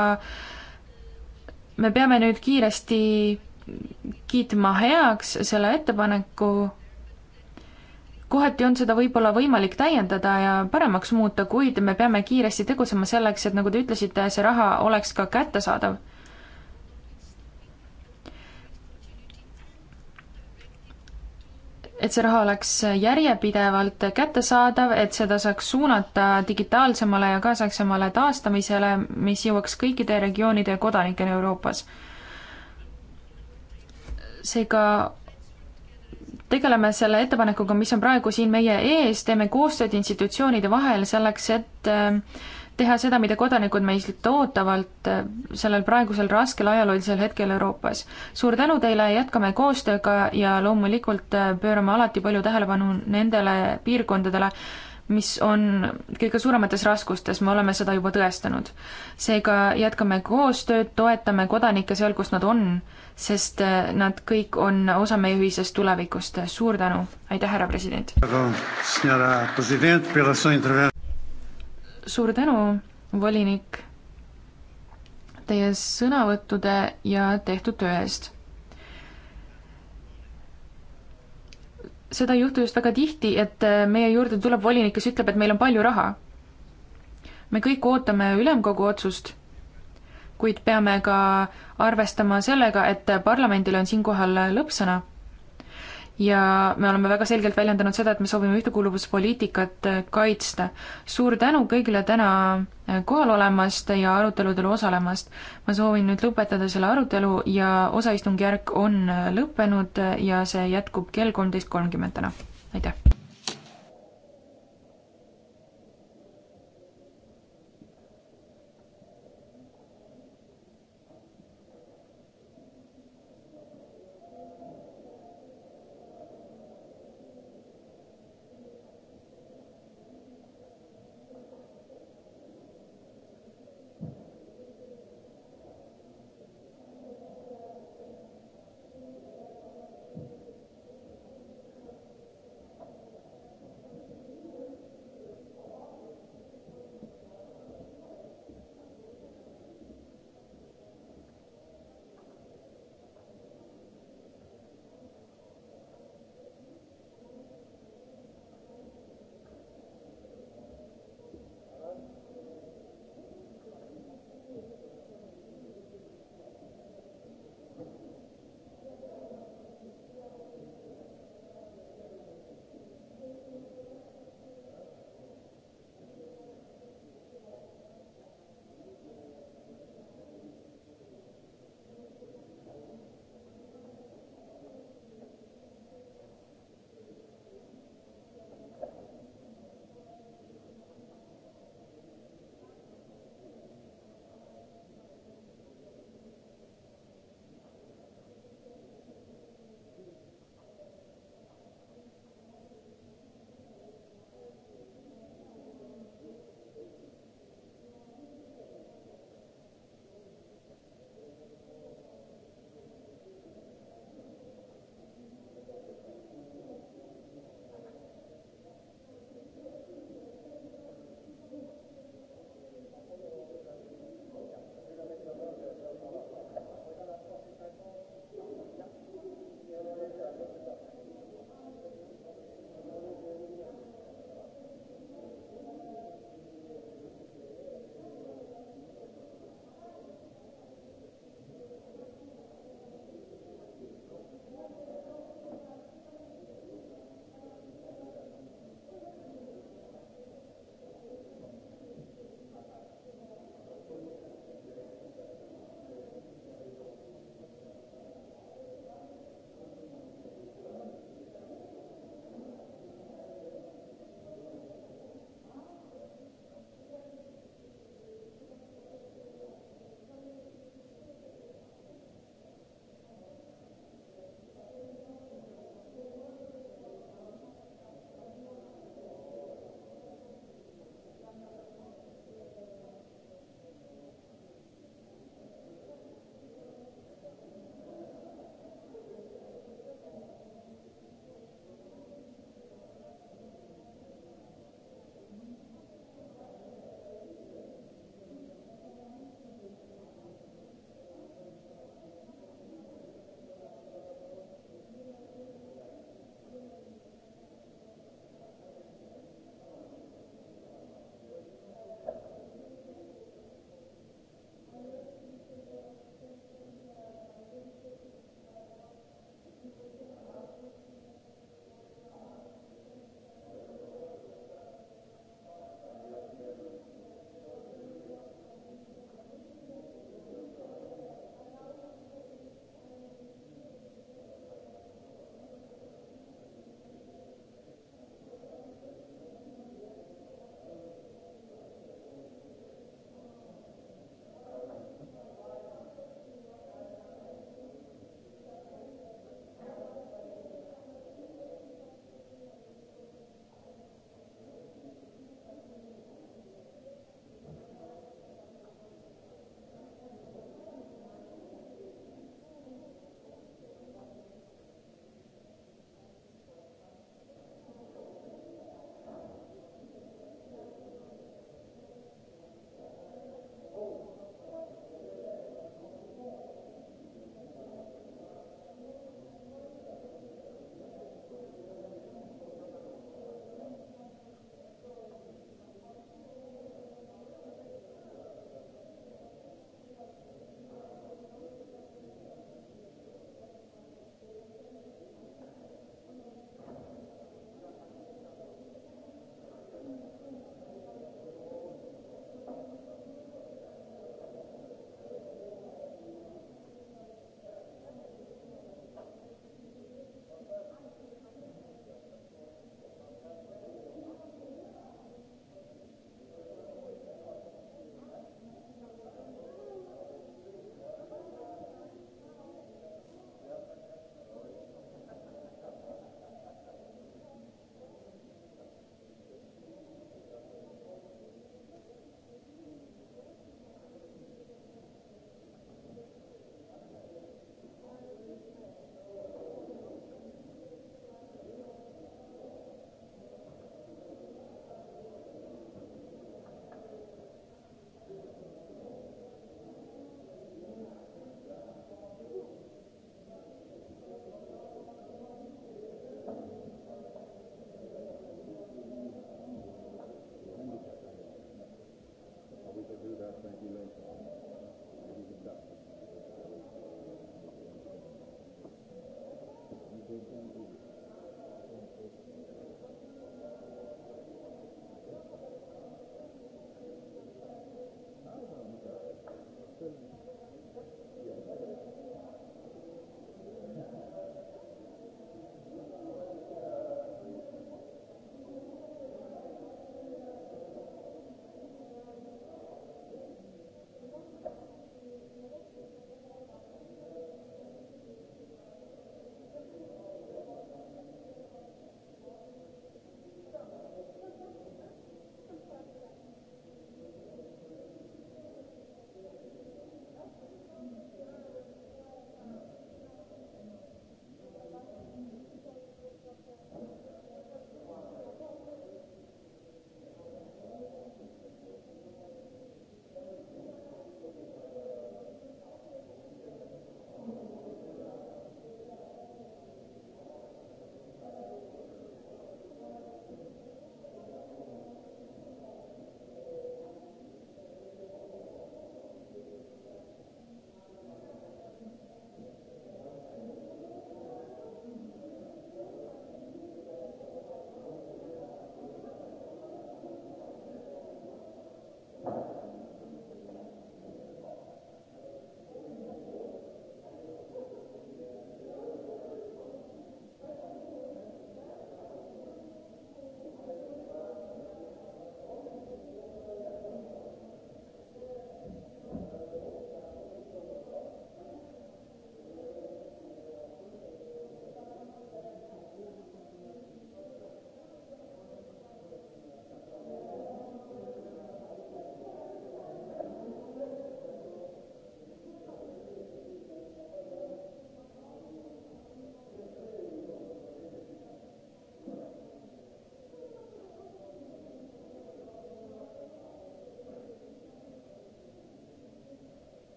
me peame nüüd kiiresti kiitma heaks selle ettepaneku. kohati on seda võib-olla võimalik täiendada ja paremaks muuta, kuid me peame kiiresti tegutsema selleks, et nagu te ütlesite, see raha oleks ka kättesaadav. et see raha oleks järjepidevalt kättesaadav, et seda saaks suunata digitaalsemale ja kaasaegsemale taastamisele, mis jõuaks kõikide regioonide ja kodanikeni Euroopas. seega tegeleme selle ettepanekuga, mis on praegu siin meie ees, teeme koostööd institutsioonide vahel selleks, et äh, teha seda, mida kodanikud meilt ootavalt äh, sellel praegusel raskel ajaloolisel hetkel Euroopas. suur tänu teile, jätkame koostööga ja loomulikult äh, pöörame alati palju tähelepanu nendele piirkondadele, mis on kõige suuremates raskustes, me oleme seda juba tõestanud. seega jätkame koostööd, toetame kodanikke seal, kus nad on, sest äh, nad kõik on osa meie ühisest tulevikust. suur tänu, aitäh, härra president! suur tänu, volinik, teie sõnavõttude ja tehtud töö eest. seda ei juhtu just väga tihti, et meie juurde tuleb volinik, kes ütleb, et meil on palju raha. me kõik ootame ülemkogu otsust, kuid peame ka arvestama sellega, et parlamendil on siinkohal lõppsõna ja me oleme väga selgelt väljendanud seda, et me soovime ühtekuuluvuspoliitikat äh, kaitsta. suur tänu kõigile täna äh, kohal olemast ja aruteludel osalemast. ma soovin nüüd lõpetada selle arutelu ja osaistungjärk on äh, lõppenud ja see jätkub kell kolmteist kolmkümmend täna. aitäh!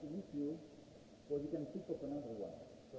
you can pick up another one. So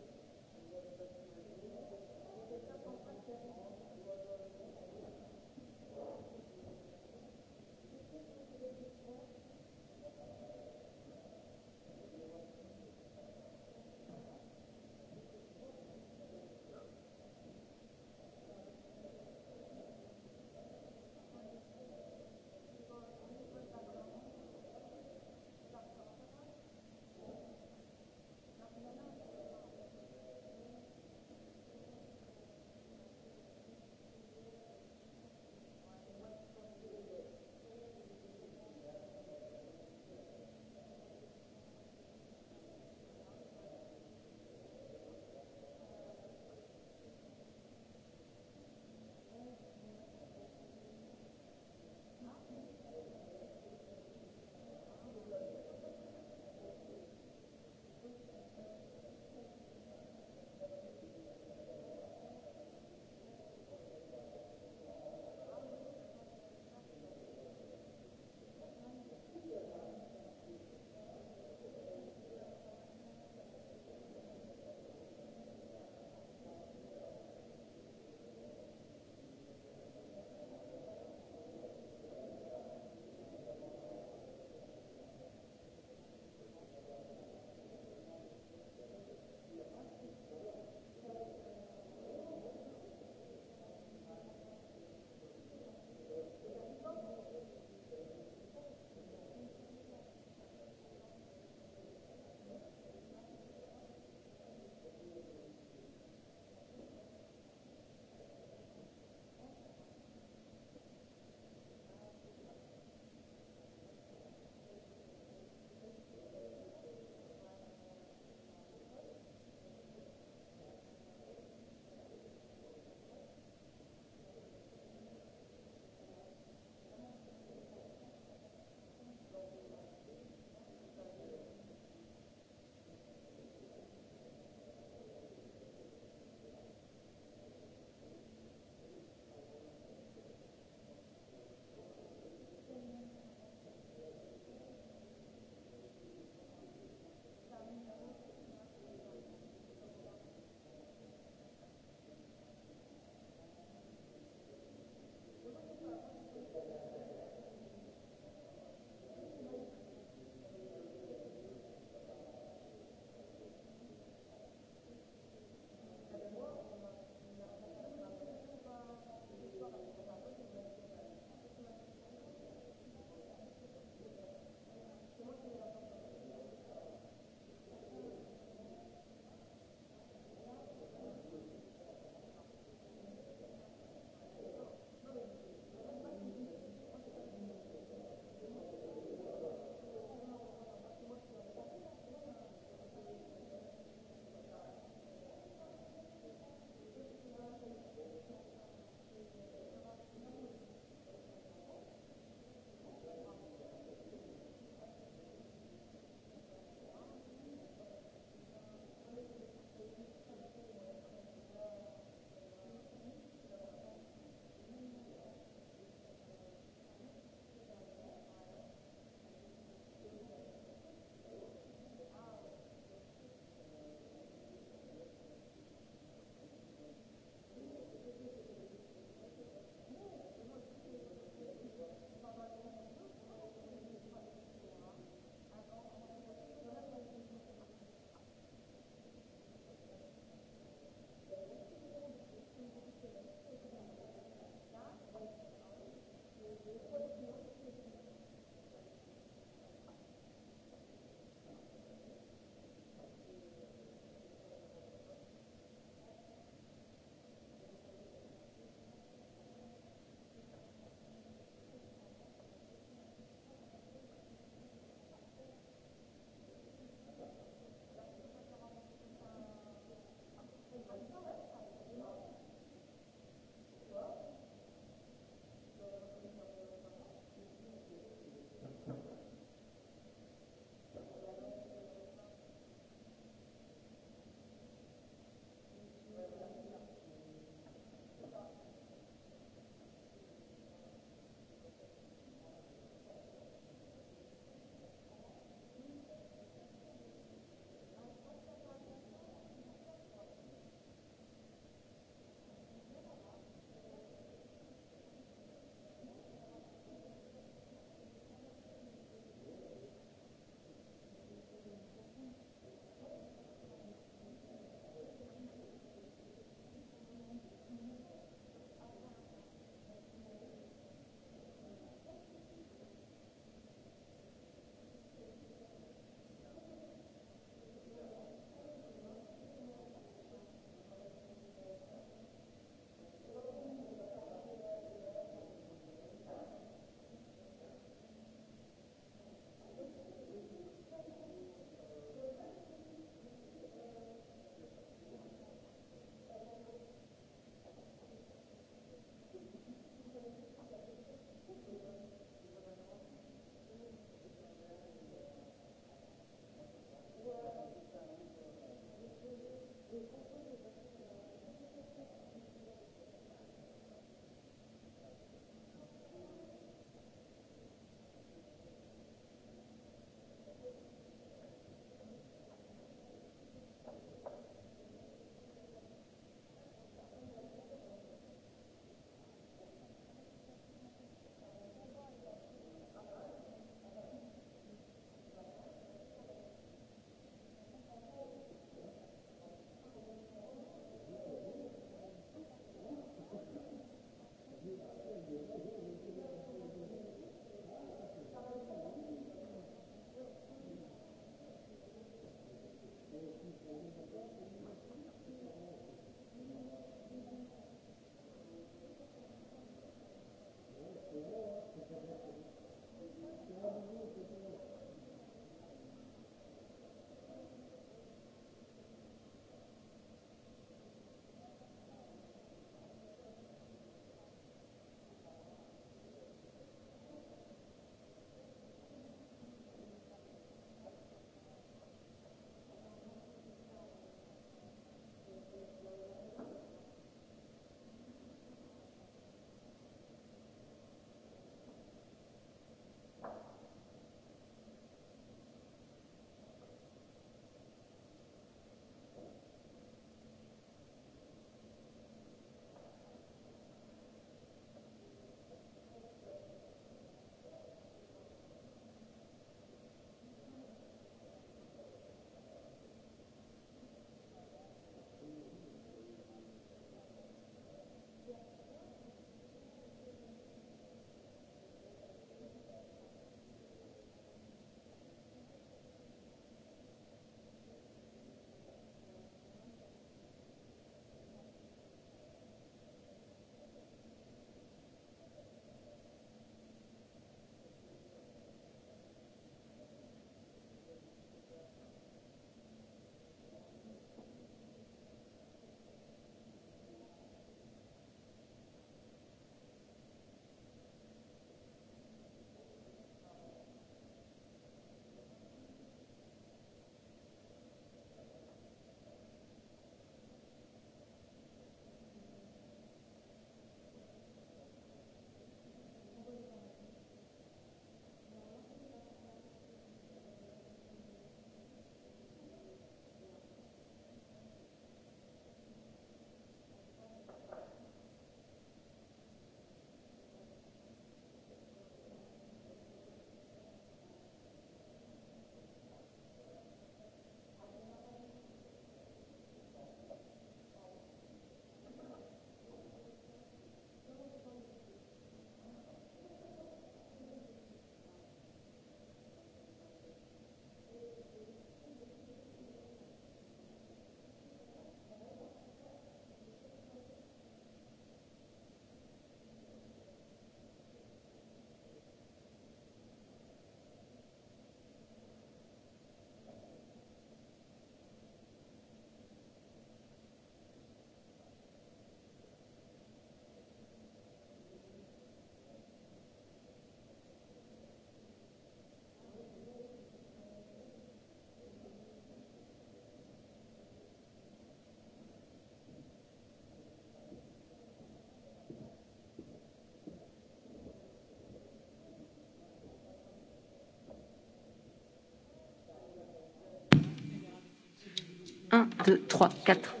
1, 2, 3, 4.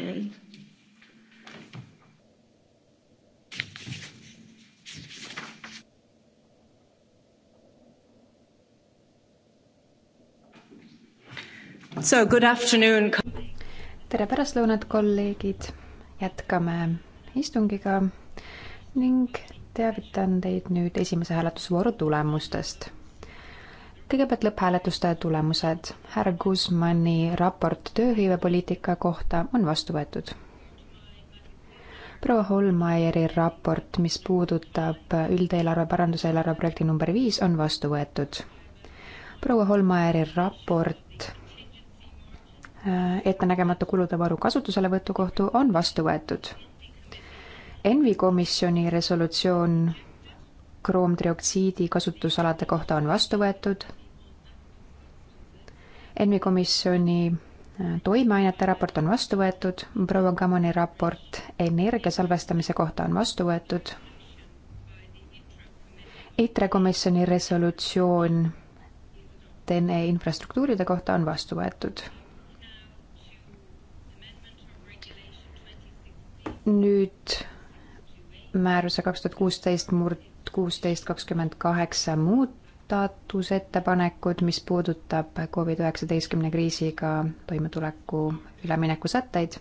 carried. So good afternoon. tere pärastlõunat, kolleegid. jätkame istungiga ning teavitan teid nüüd esimese hääletusvooru tulemustest kõigepealt lõpphääletuste tulemused. härra Guzmani raport tööhõivepoliitika kohta on vastu võetud. proua Holmeieri raport, mis puudutab üldeelarve paranduseelarve projekti number viis, on vastu võetud. proua Holmeieri raport äh, ettenägematu kulude varu kasutuselevõtu kohtu on vastu võetud. Envi komisjoni resolutsioon kroomtrioksiidi kasutusalade kohta on vastu võetud ENMi komisjoni äh, toimeainete raport on vastu võetud, proua Kamoni raport energia salvestamise kohta on vastu võetud. ITRE komisjoni resolutsioon TNE infrastruktuuride kohta on vastu võetud. nüüd määruse kaks tuhat kuusteist murd kuusteist kakskümmend kaheksa muut-, muudatusettepanekud, mis puudutab Covid-19 kriisiga toimetuleku ülemineku sätteid.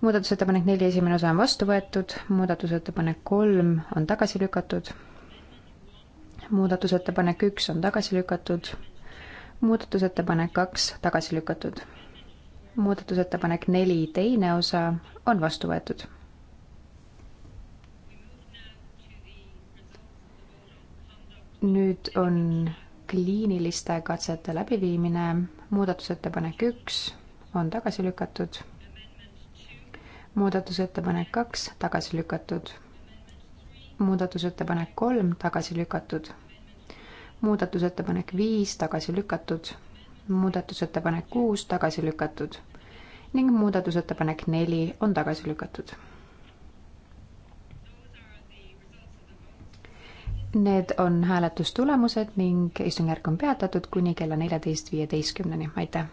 muudatusettepanek neli esimene osa on vastu võetud, muudatusettepanek kolm on tagasi lükatud, muudatusettepanek üks on tagasi lükatud, muudatusettepanek kaks tagasi lükatud, muudatusettepanek neli teine osa on vastu võetud nüüd on kliiniliste katsete läbiviimine, muudatusettepanek üks on tagasi lükatud, muudatusettepanek kaks tagasi lükatud, muudatusettepanek kolm tagasi lükatud, muudatusettepanek viis tagasi lükatud, muudatusettepanek kuus tagasi lükatud ning muudatusettepanek neli on tagasi lükatud Need on hääletustulemused ning istungjärk on peatatud kuni kella neljateist viieteistkümneni, aitäh!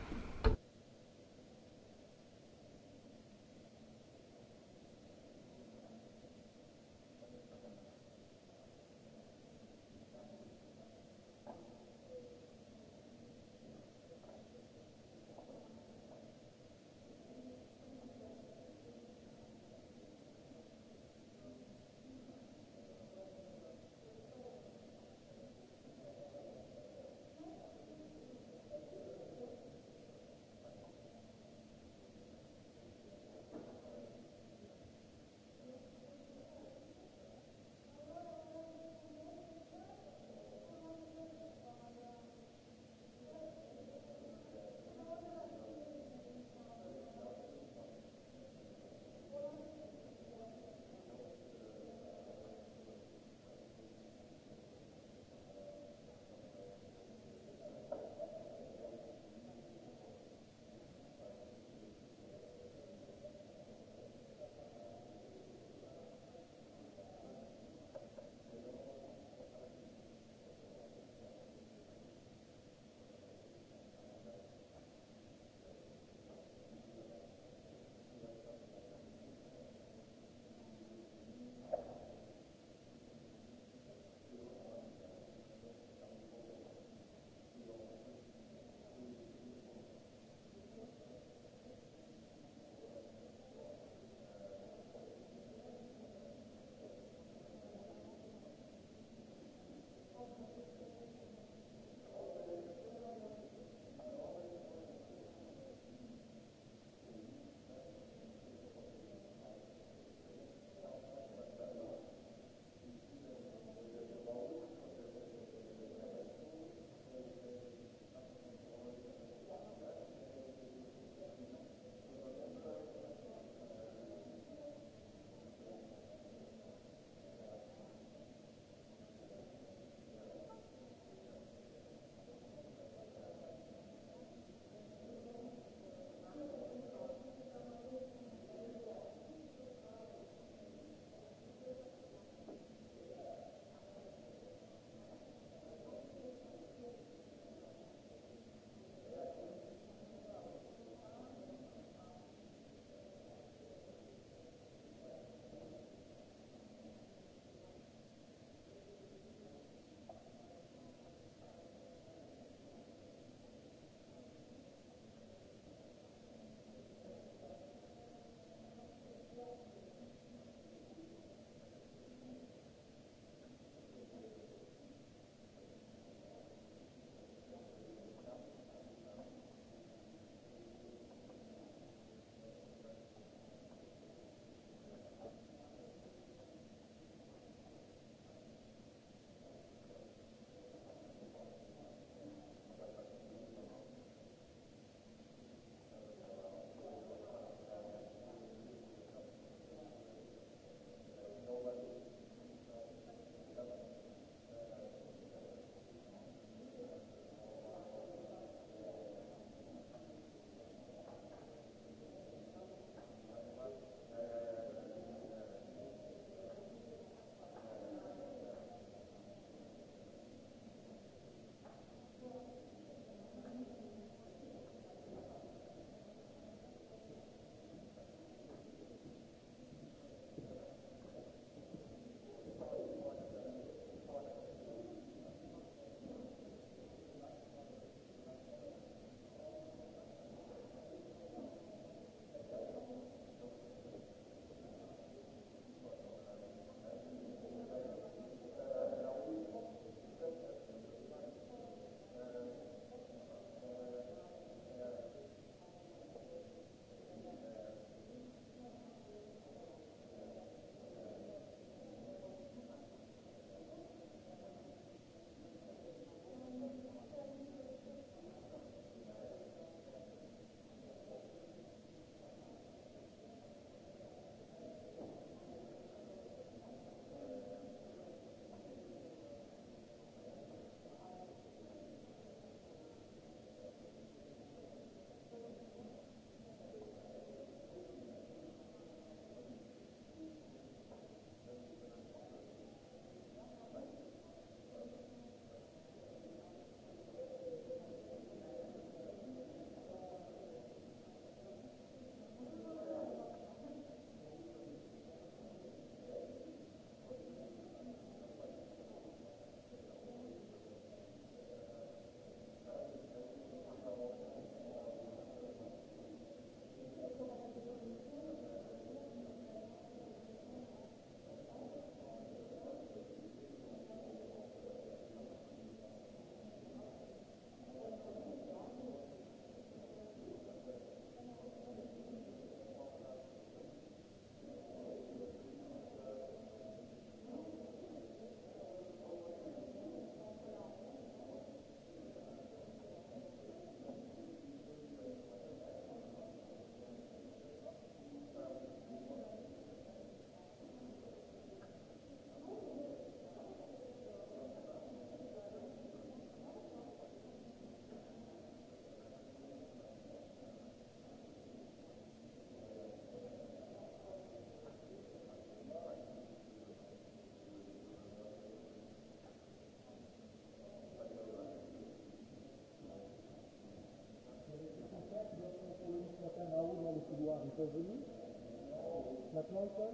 Maintenant, ça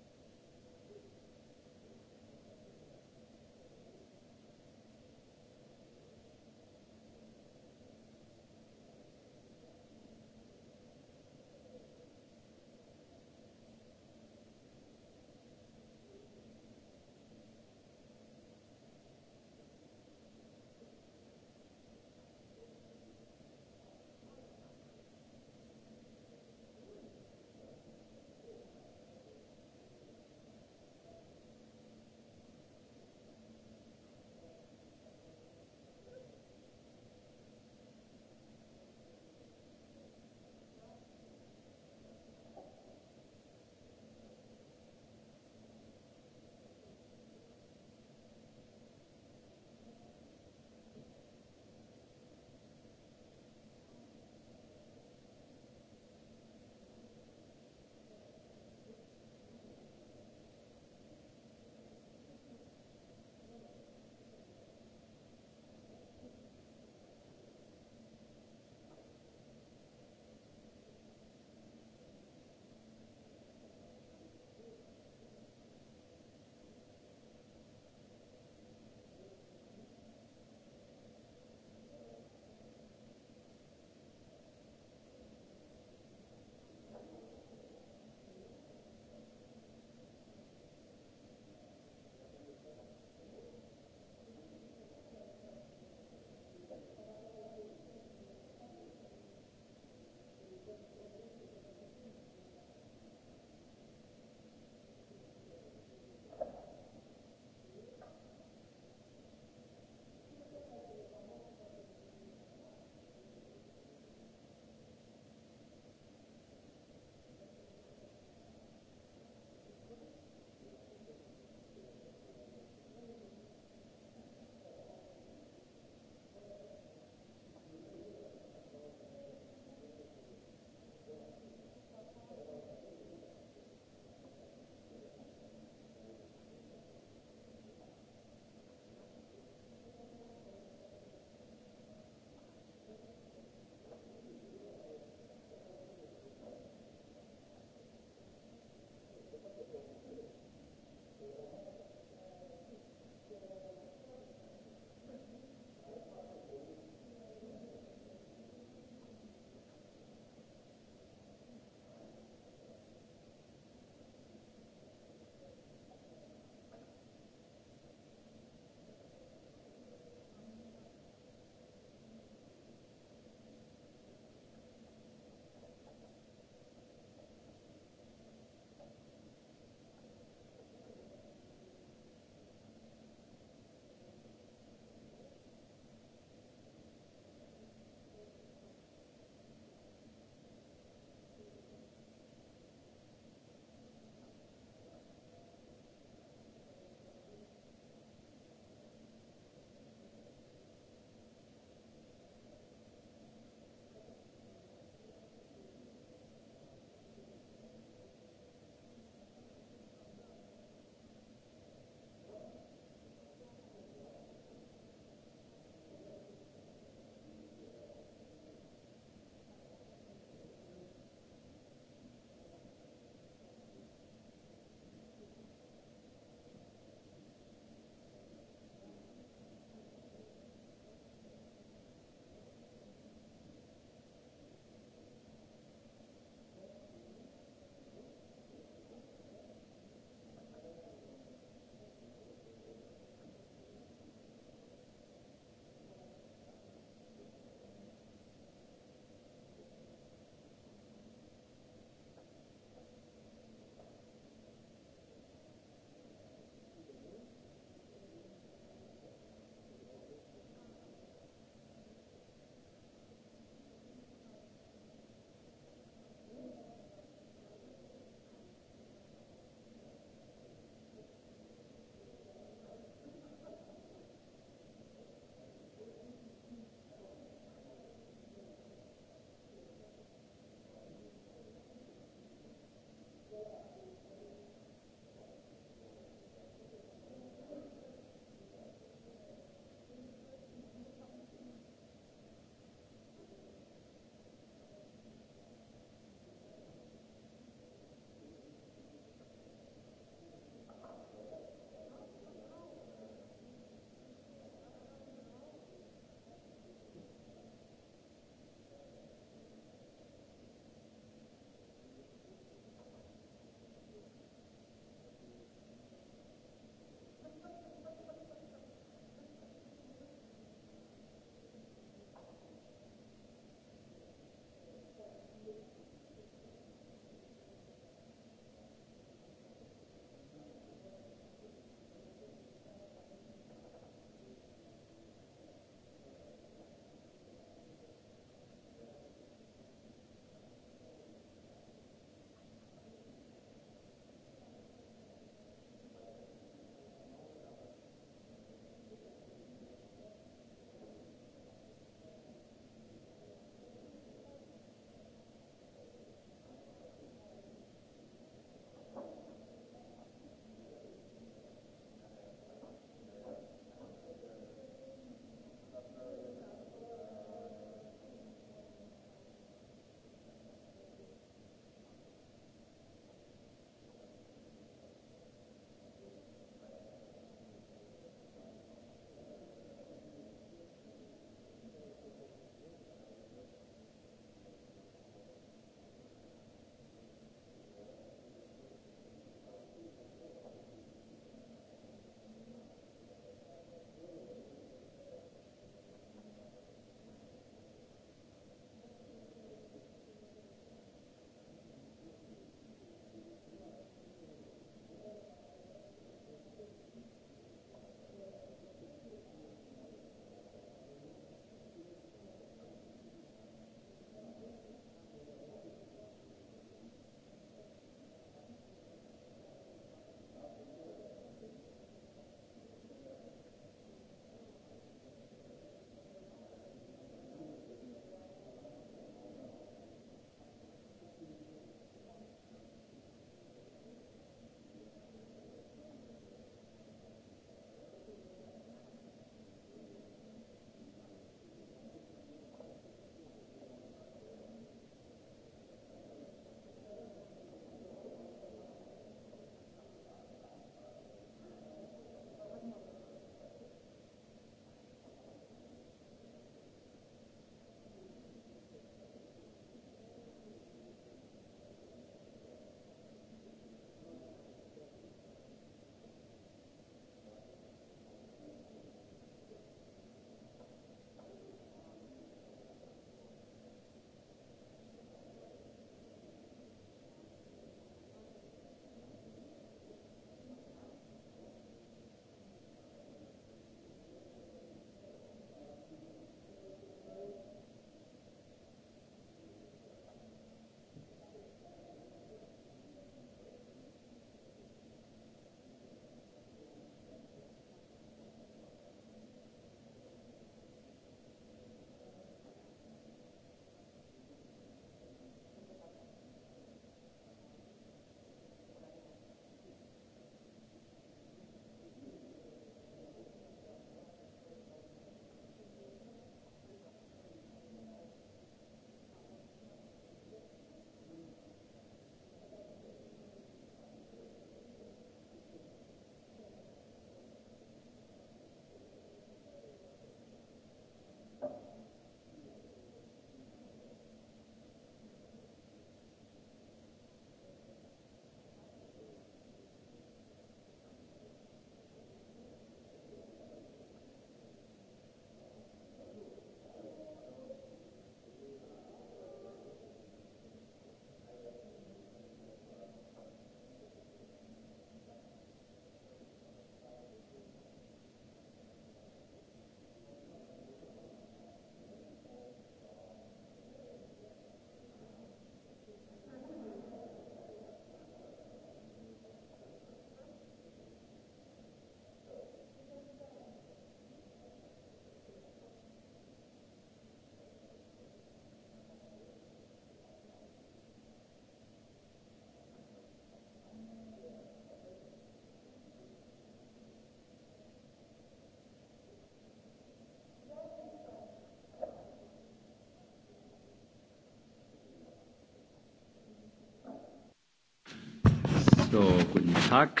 Guten Tag,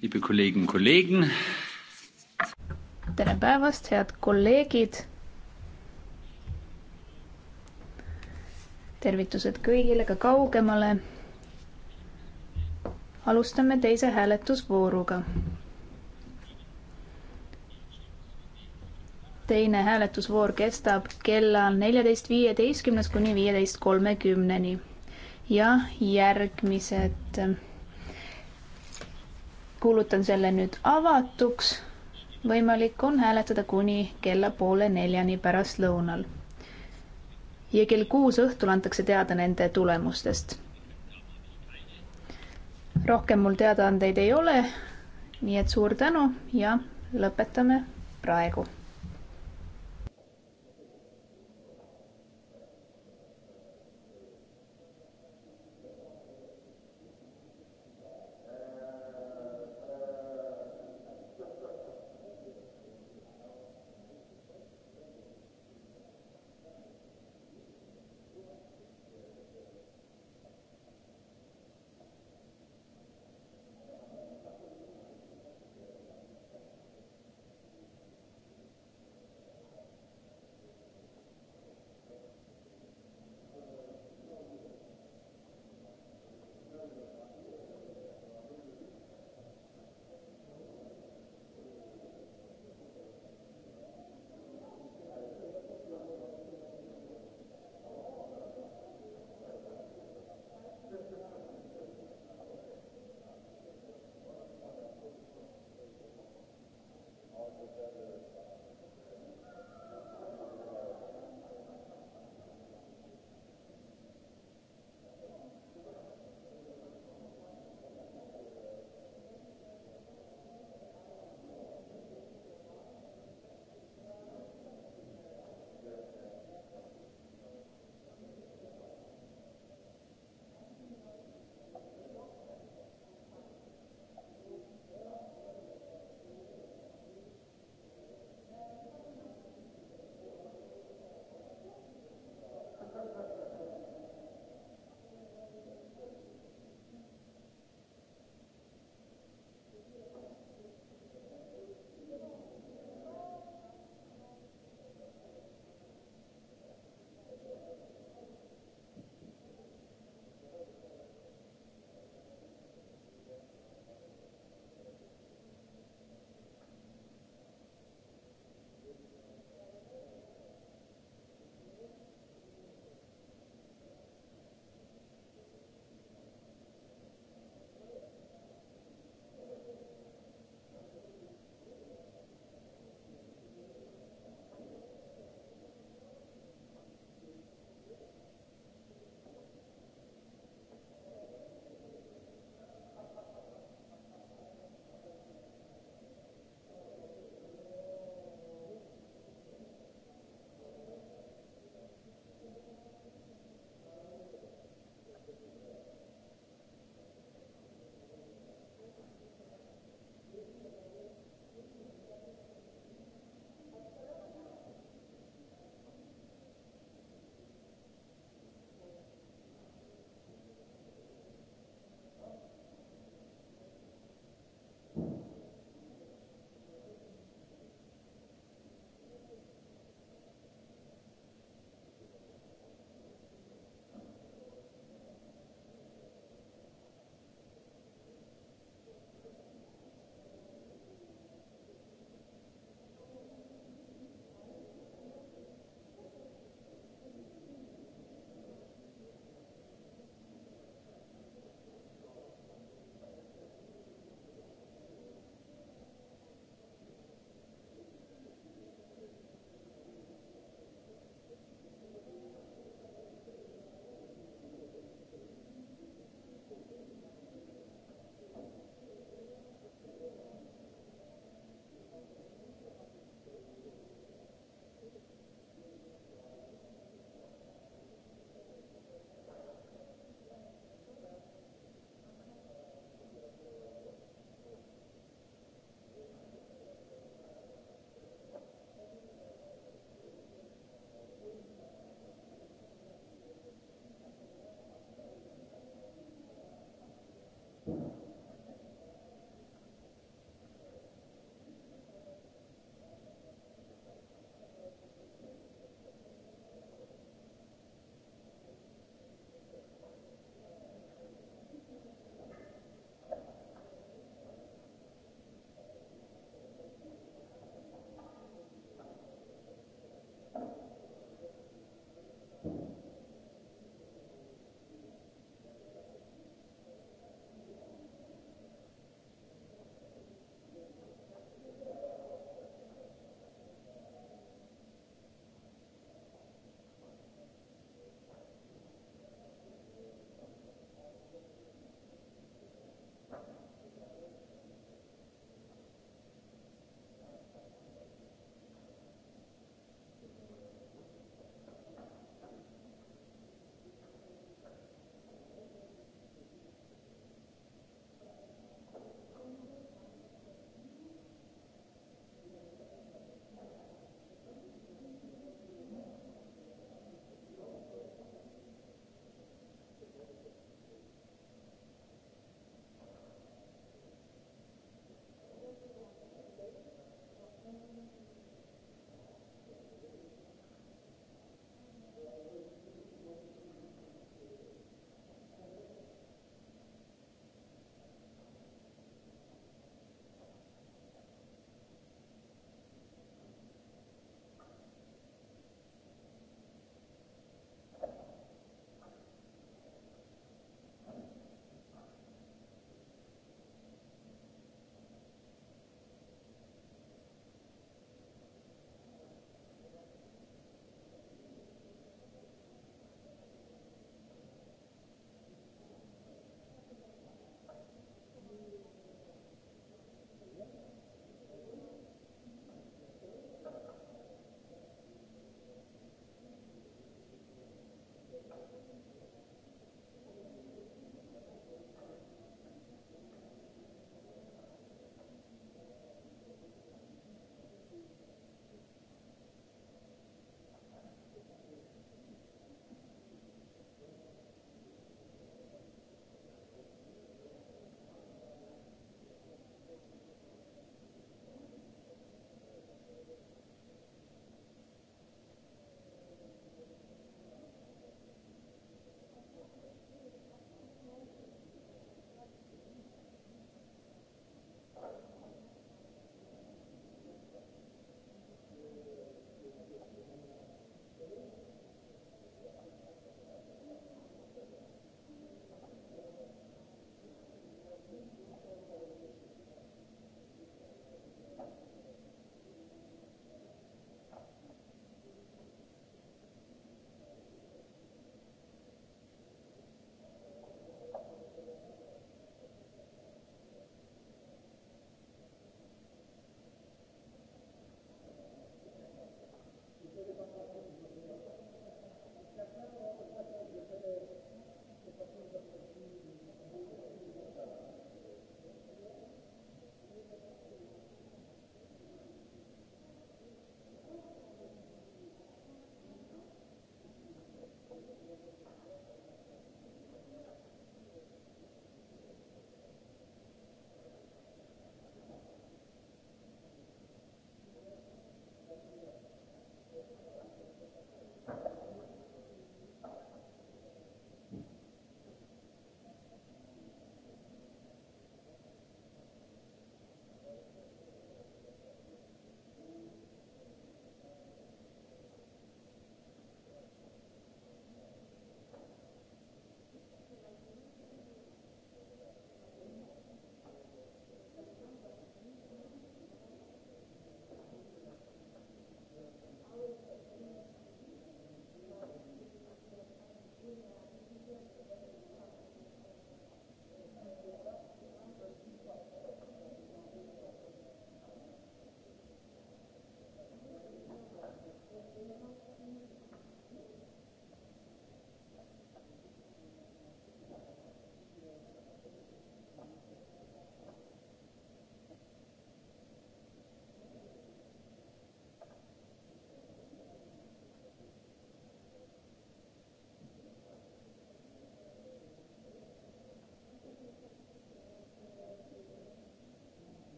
liebe Kolleginnen und Kollegen. tere päevast, head kolleegid. tervitused kõigile ka kaugemale. alustame teise hääletusvooruga. teine hääletusvoor kestab kella neljateist viieteistkümnest kuni viieteist kolmekümneni ja järgmised. kuulutan selle nüüd avatuks. võimalik on hääletada kuni kella poole neljani pärastlõunal. ja kell kuus õhtul antakse teada nende tulemustest. rohkem mul teadaandeid ei ole. nii et suur tänu ja lõpetame praegu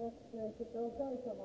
rechtssector och samma.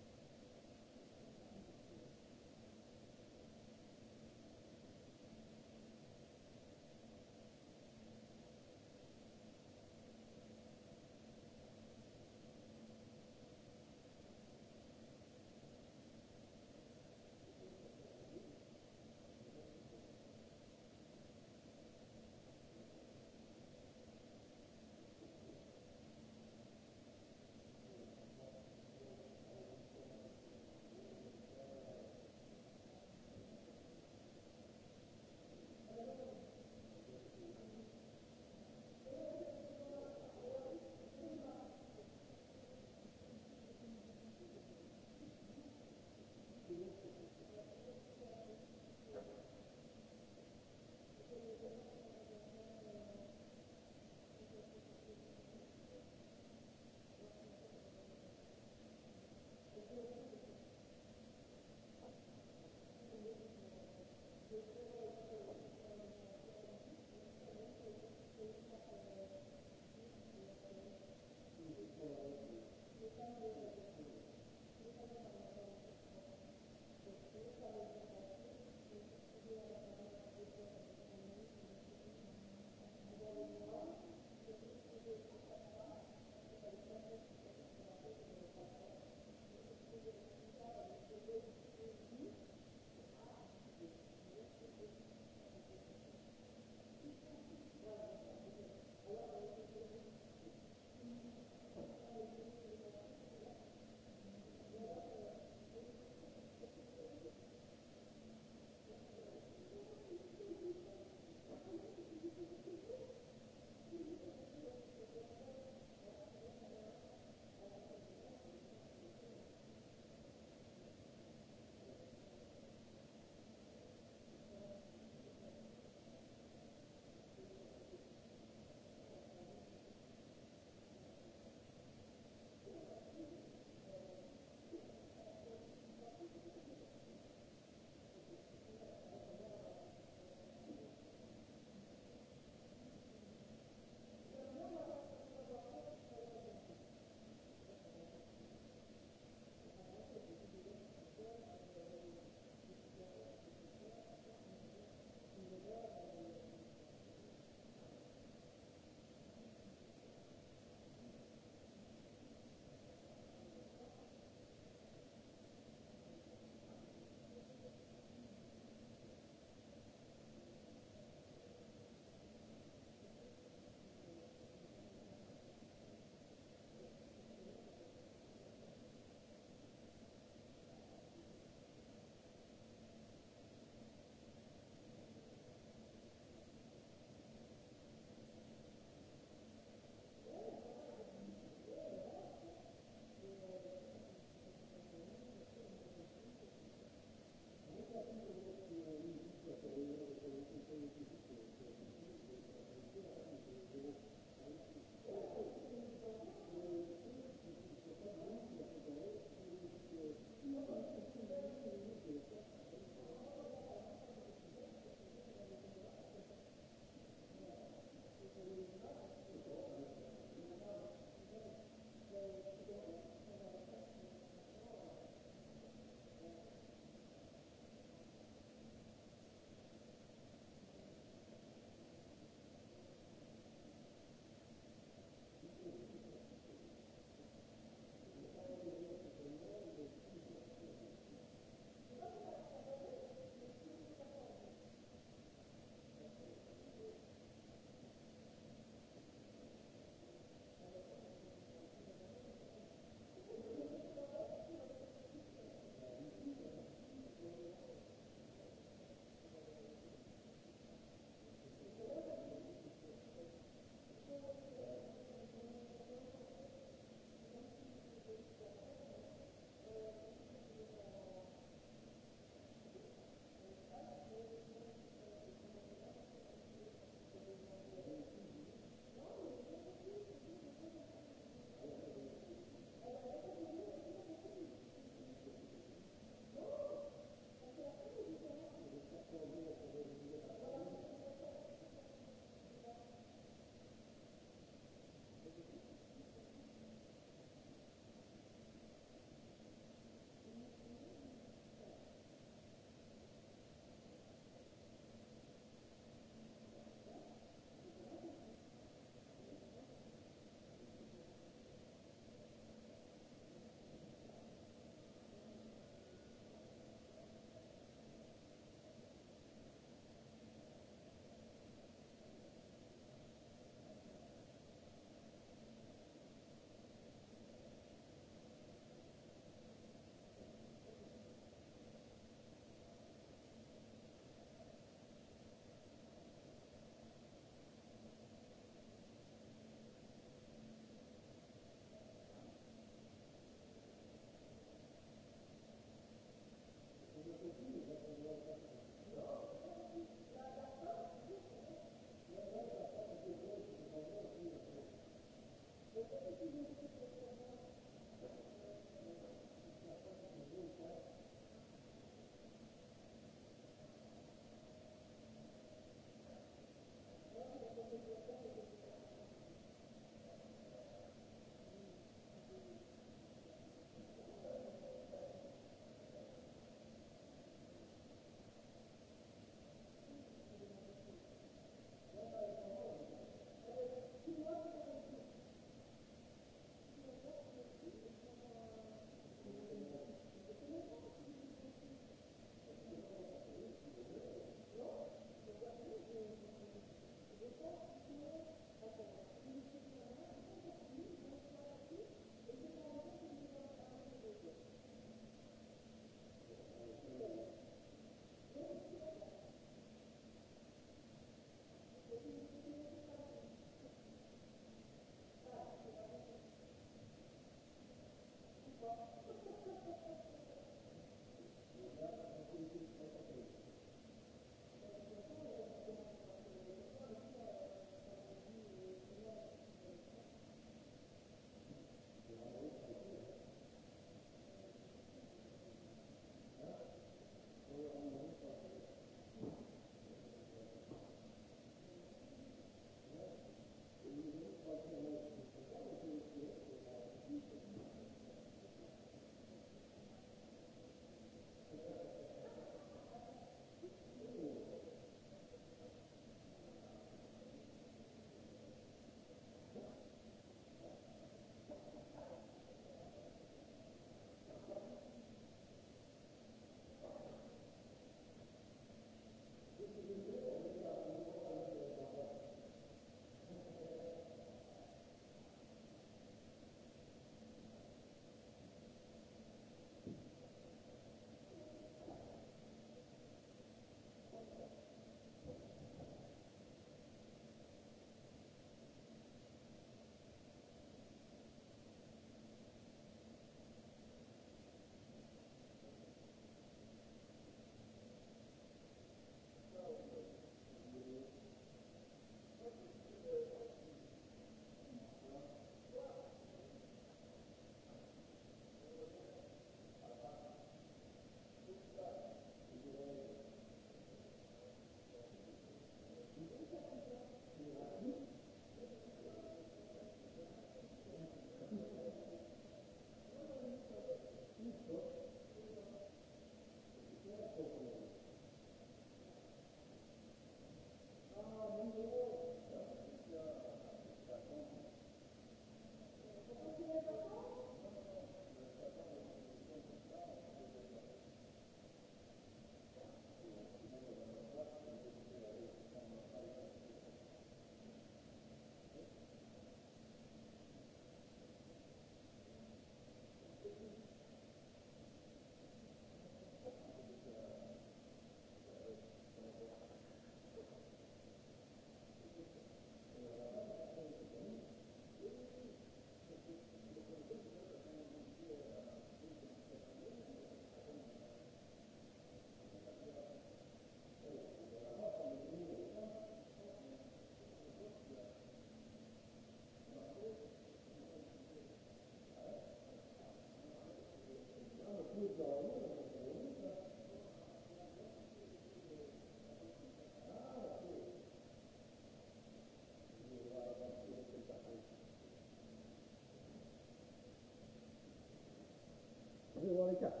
จะโก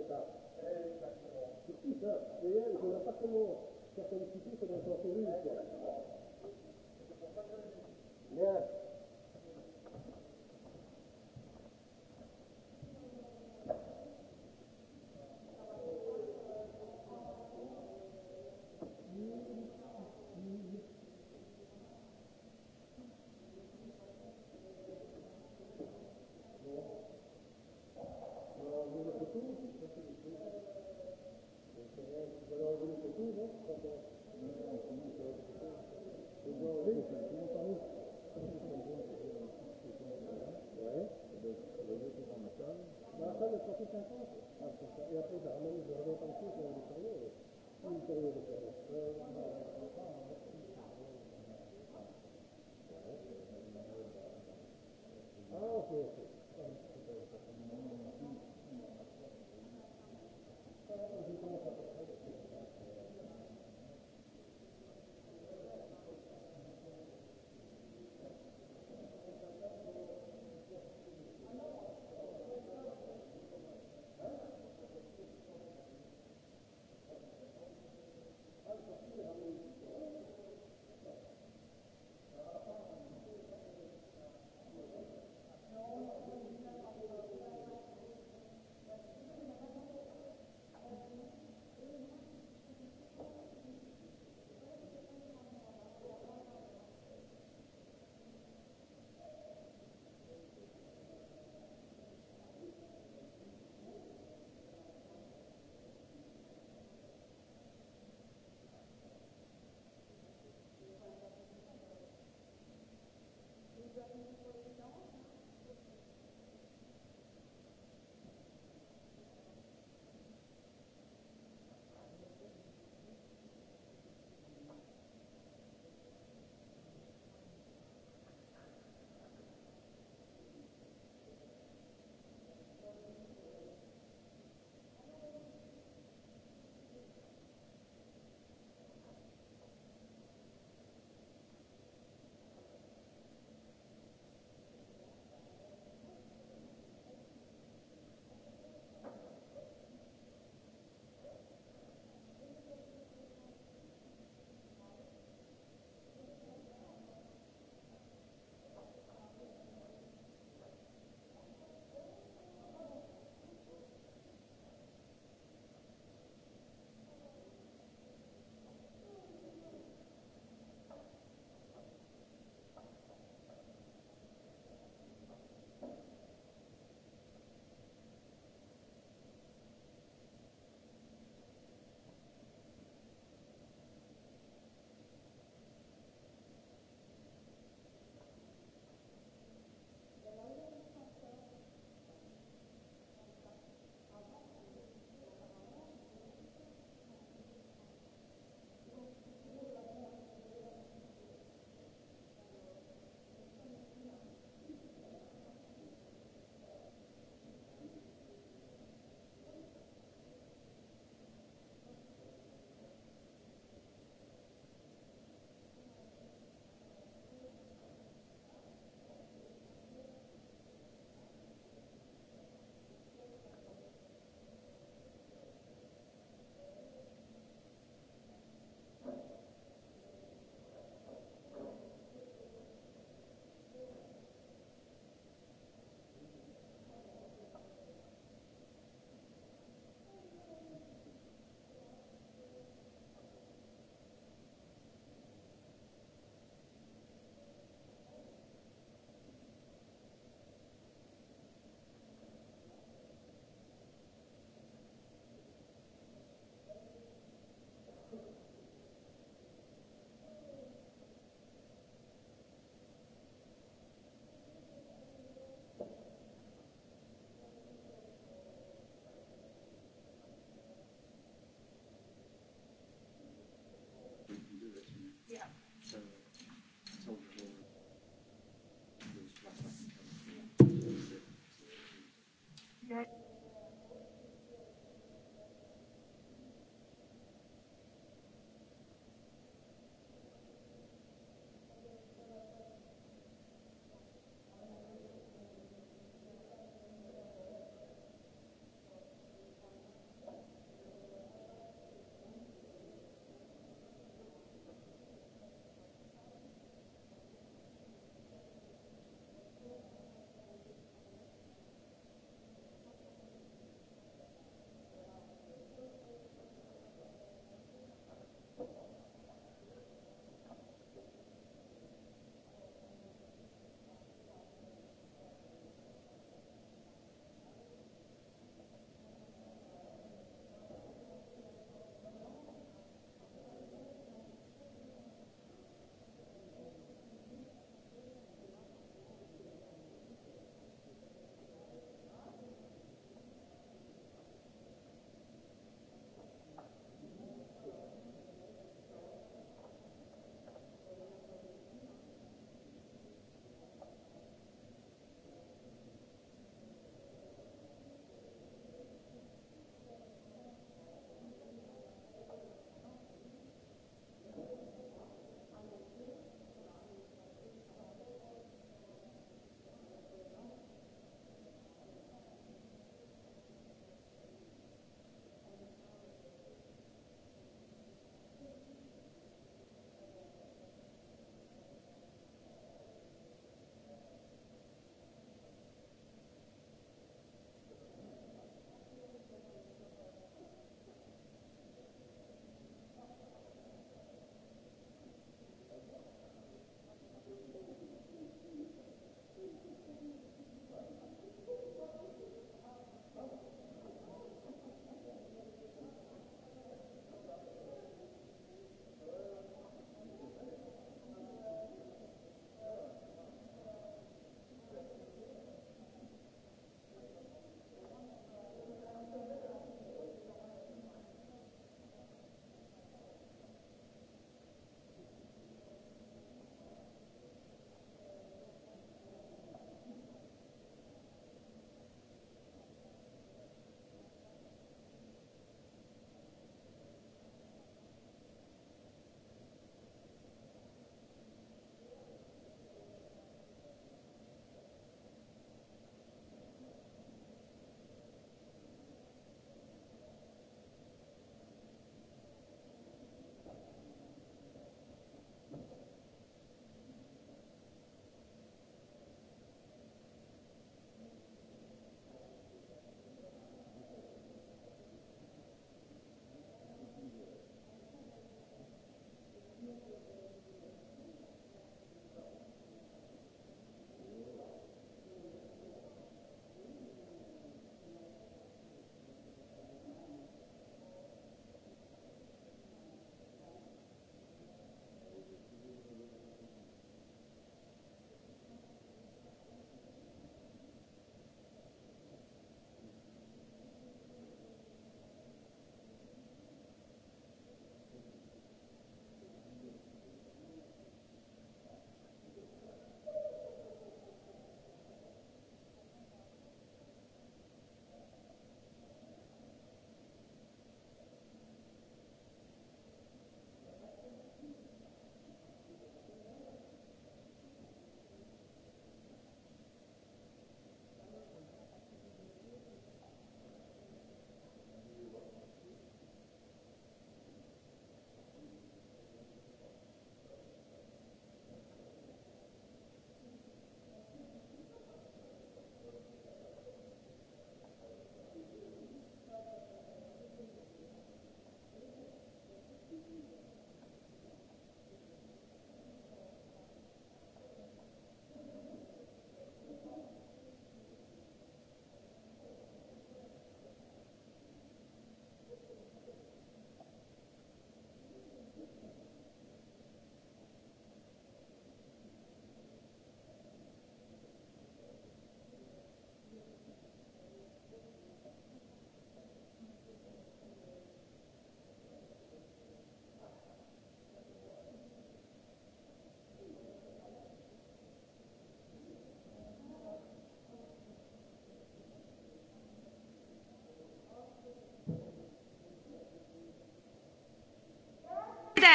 resultados.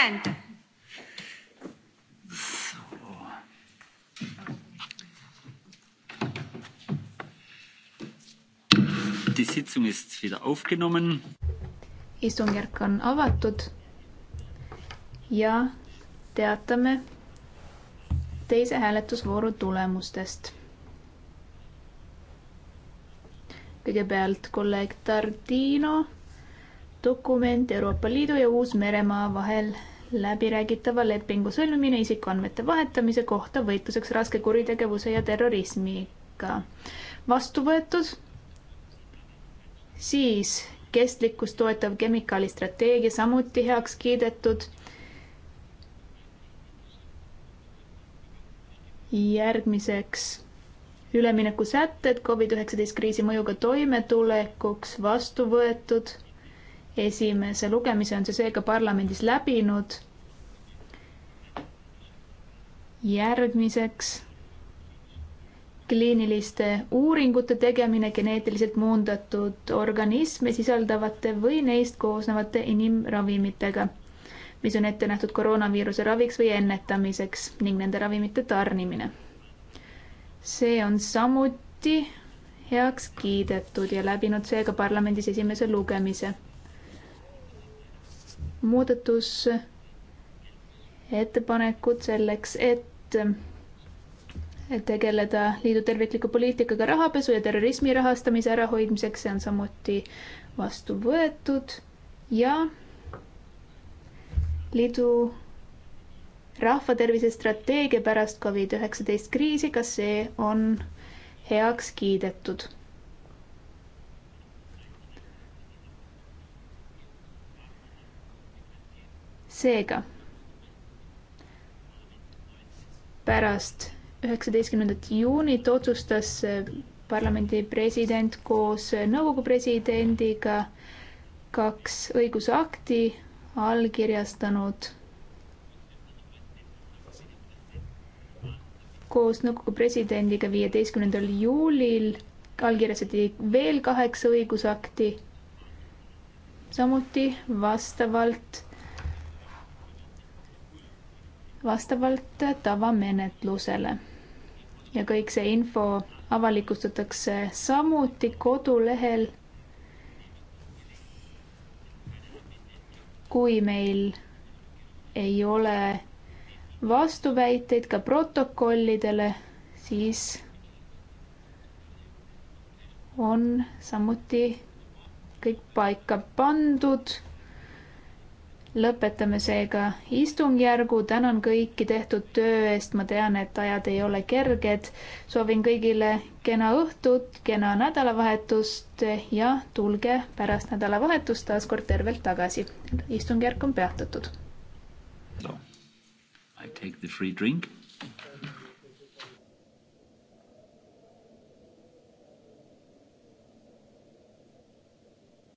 Präsident! So. Die Sitzung ist wieder aufgenommen. istungjärk on avatud ja teatame teise hääletusvooru tulemustest. kõigepealt kolleeg Tardino dokument Euroopa Liidu ja Uus-Meremaa vahel läbiräägitava lepingu sõlmimine isikuandmete vahetamise kohta võitluseks raske kuritegevuse ja terrorismiga. vastu võetud, siis kestlikkust toetav kemikaalistrateegia samuti heaks kiidetud. järgmiseks üleminekusätted Covid-19 kriisi mõjuga toimetulekuks vastu võetud esimese lugemise on see seega parlamendis läbinud. järgmiseks kliiniliste uuringute tegemine geneetiliselt muundatud organisme sisaldavate või neist koosnevate inimravimitega, mis on ette nähtud koroonaviiruse raviks või ennetamiseks ning nende ravimite tarnimine. see on samuti heaks kiidetud ja läbinud seega parlamendis esimese lugemise muudatusettepanekud selleks, et tegeleda liidu tervikliku poliitikaga rahapesu ja terrorismi rahastamise ärahoidmiseks, see on samuti vastu võetud ja liidu rahvatervise strateegia pärast Covid-19 kriisi, kas see on heaks kiidetud? seega pärast üheksateistkümnendat juunit otsustas parlamendi president koos nõukogu presidendiga kaks õigusakti allkirjastanud koos nõukogu presidendiga viieteistkümnendal juulil allkirjastati veel kaheksa õigusakti, samuti vastavalt vastavalt tavamenetlusele. ja kõik see info avalikustatakse samuti kodulehel. kui meil ei ole vastuväiteid ka protokollidele, siis on samuti kõik paika pandud lõpetame seega istungjärgu, tänan kõiki tehtud töö eest, ma tean, et ajad ei ole kerged. soovin kõigile kena õhtut, kena nädalavahetust ja tulge pärast nädalavahetust taas kord tervelt tagasi. istungjärk on peatatud no.. I take the free drink.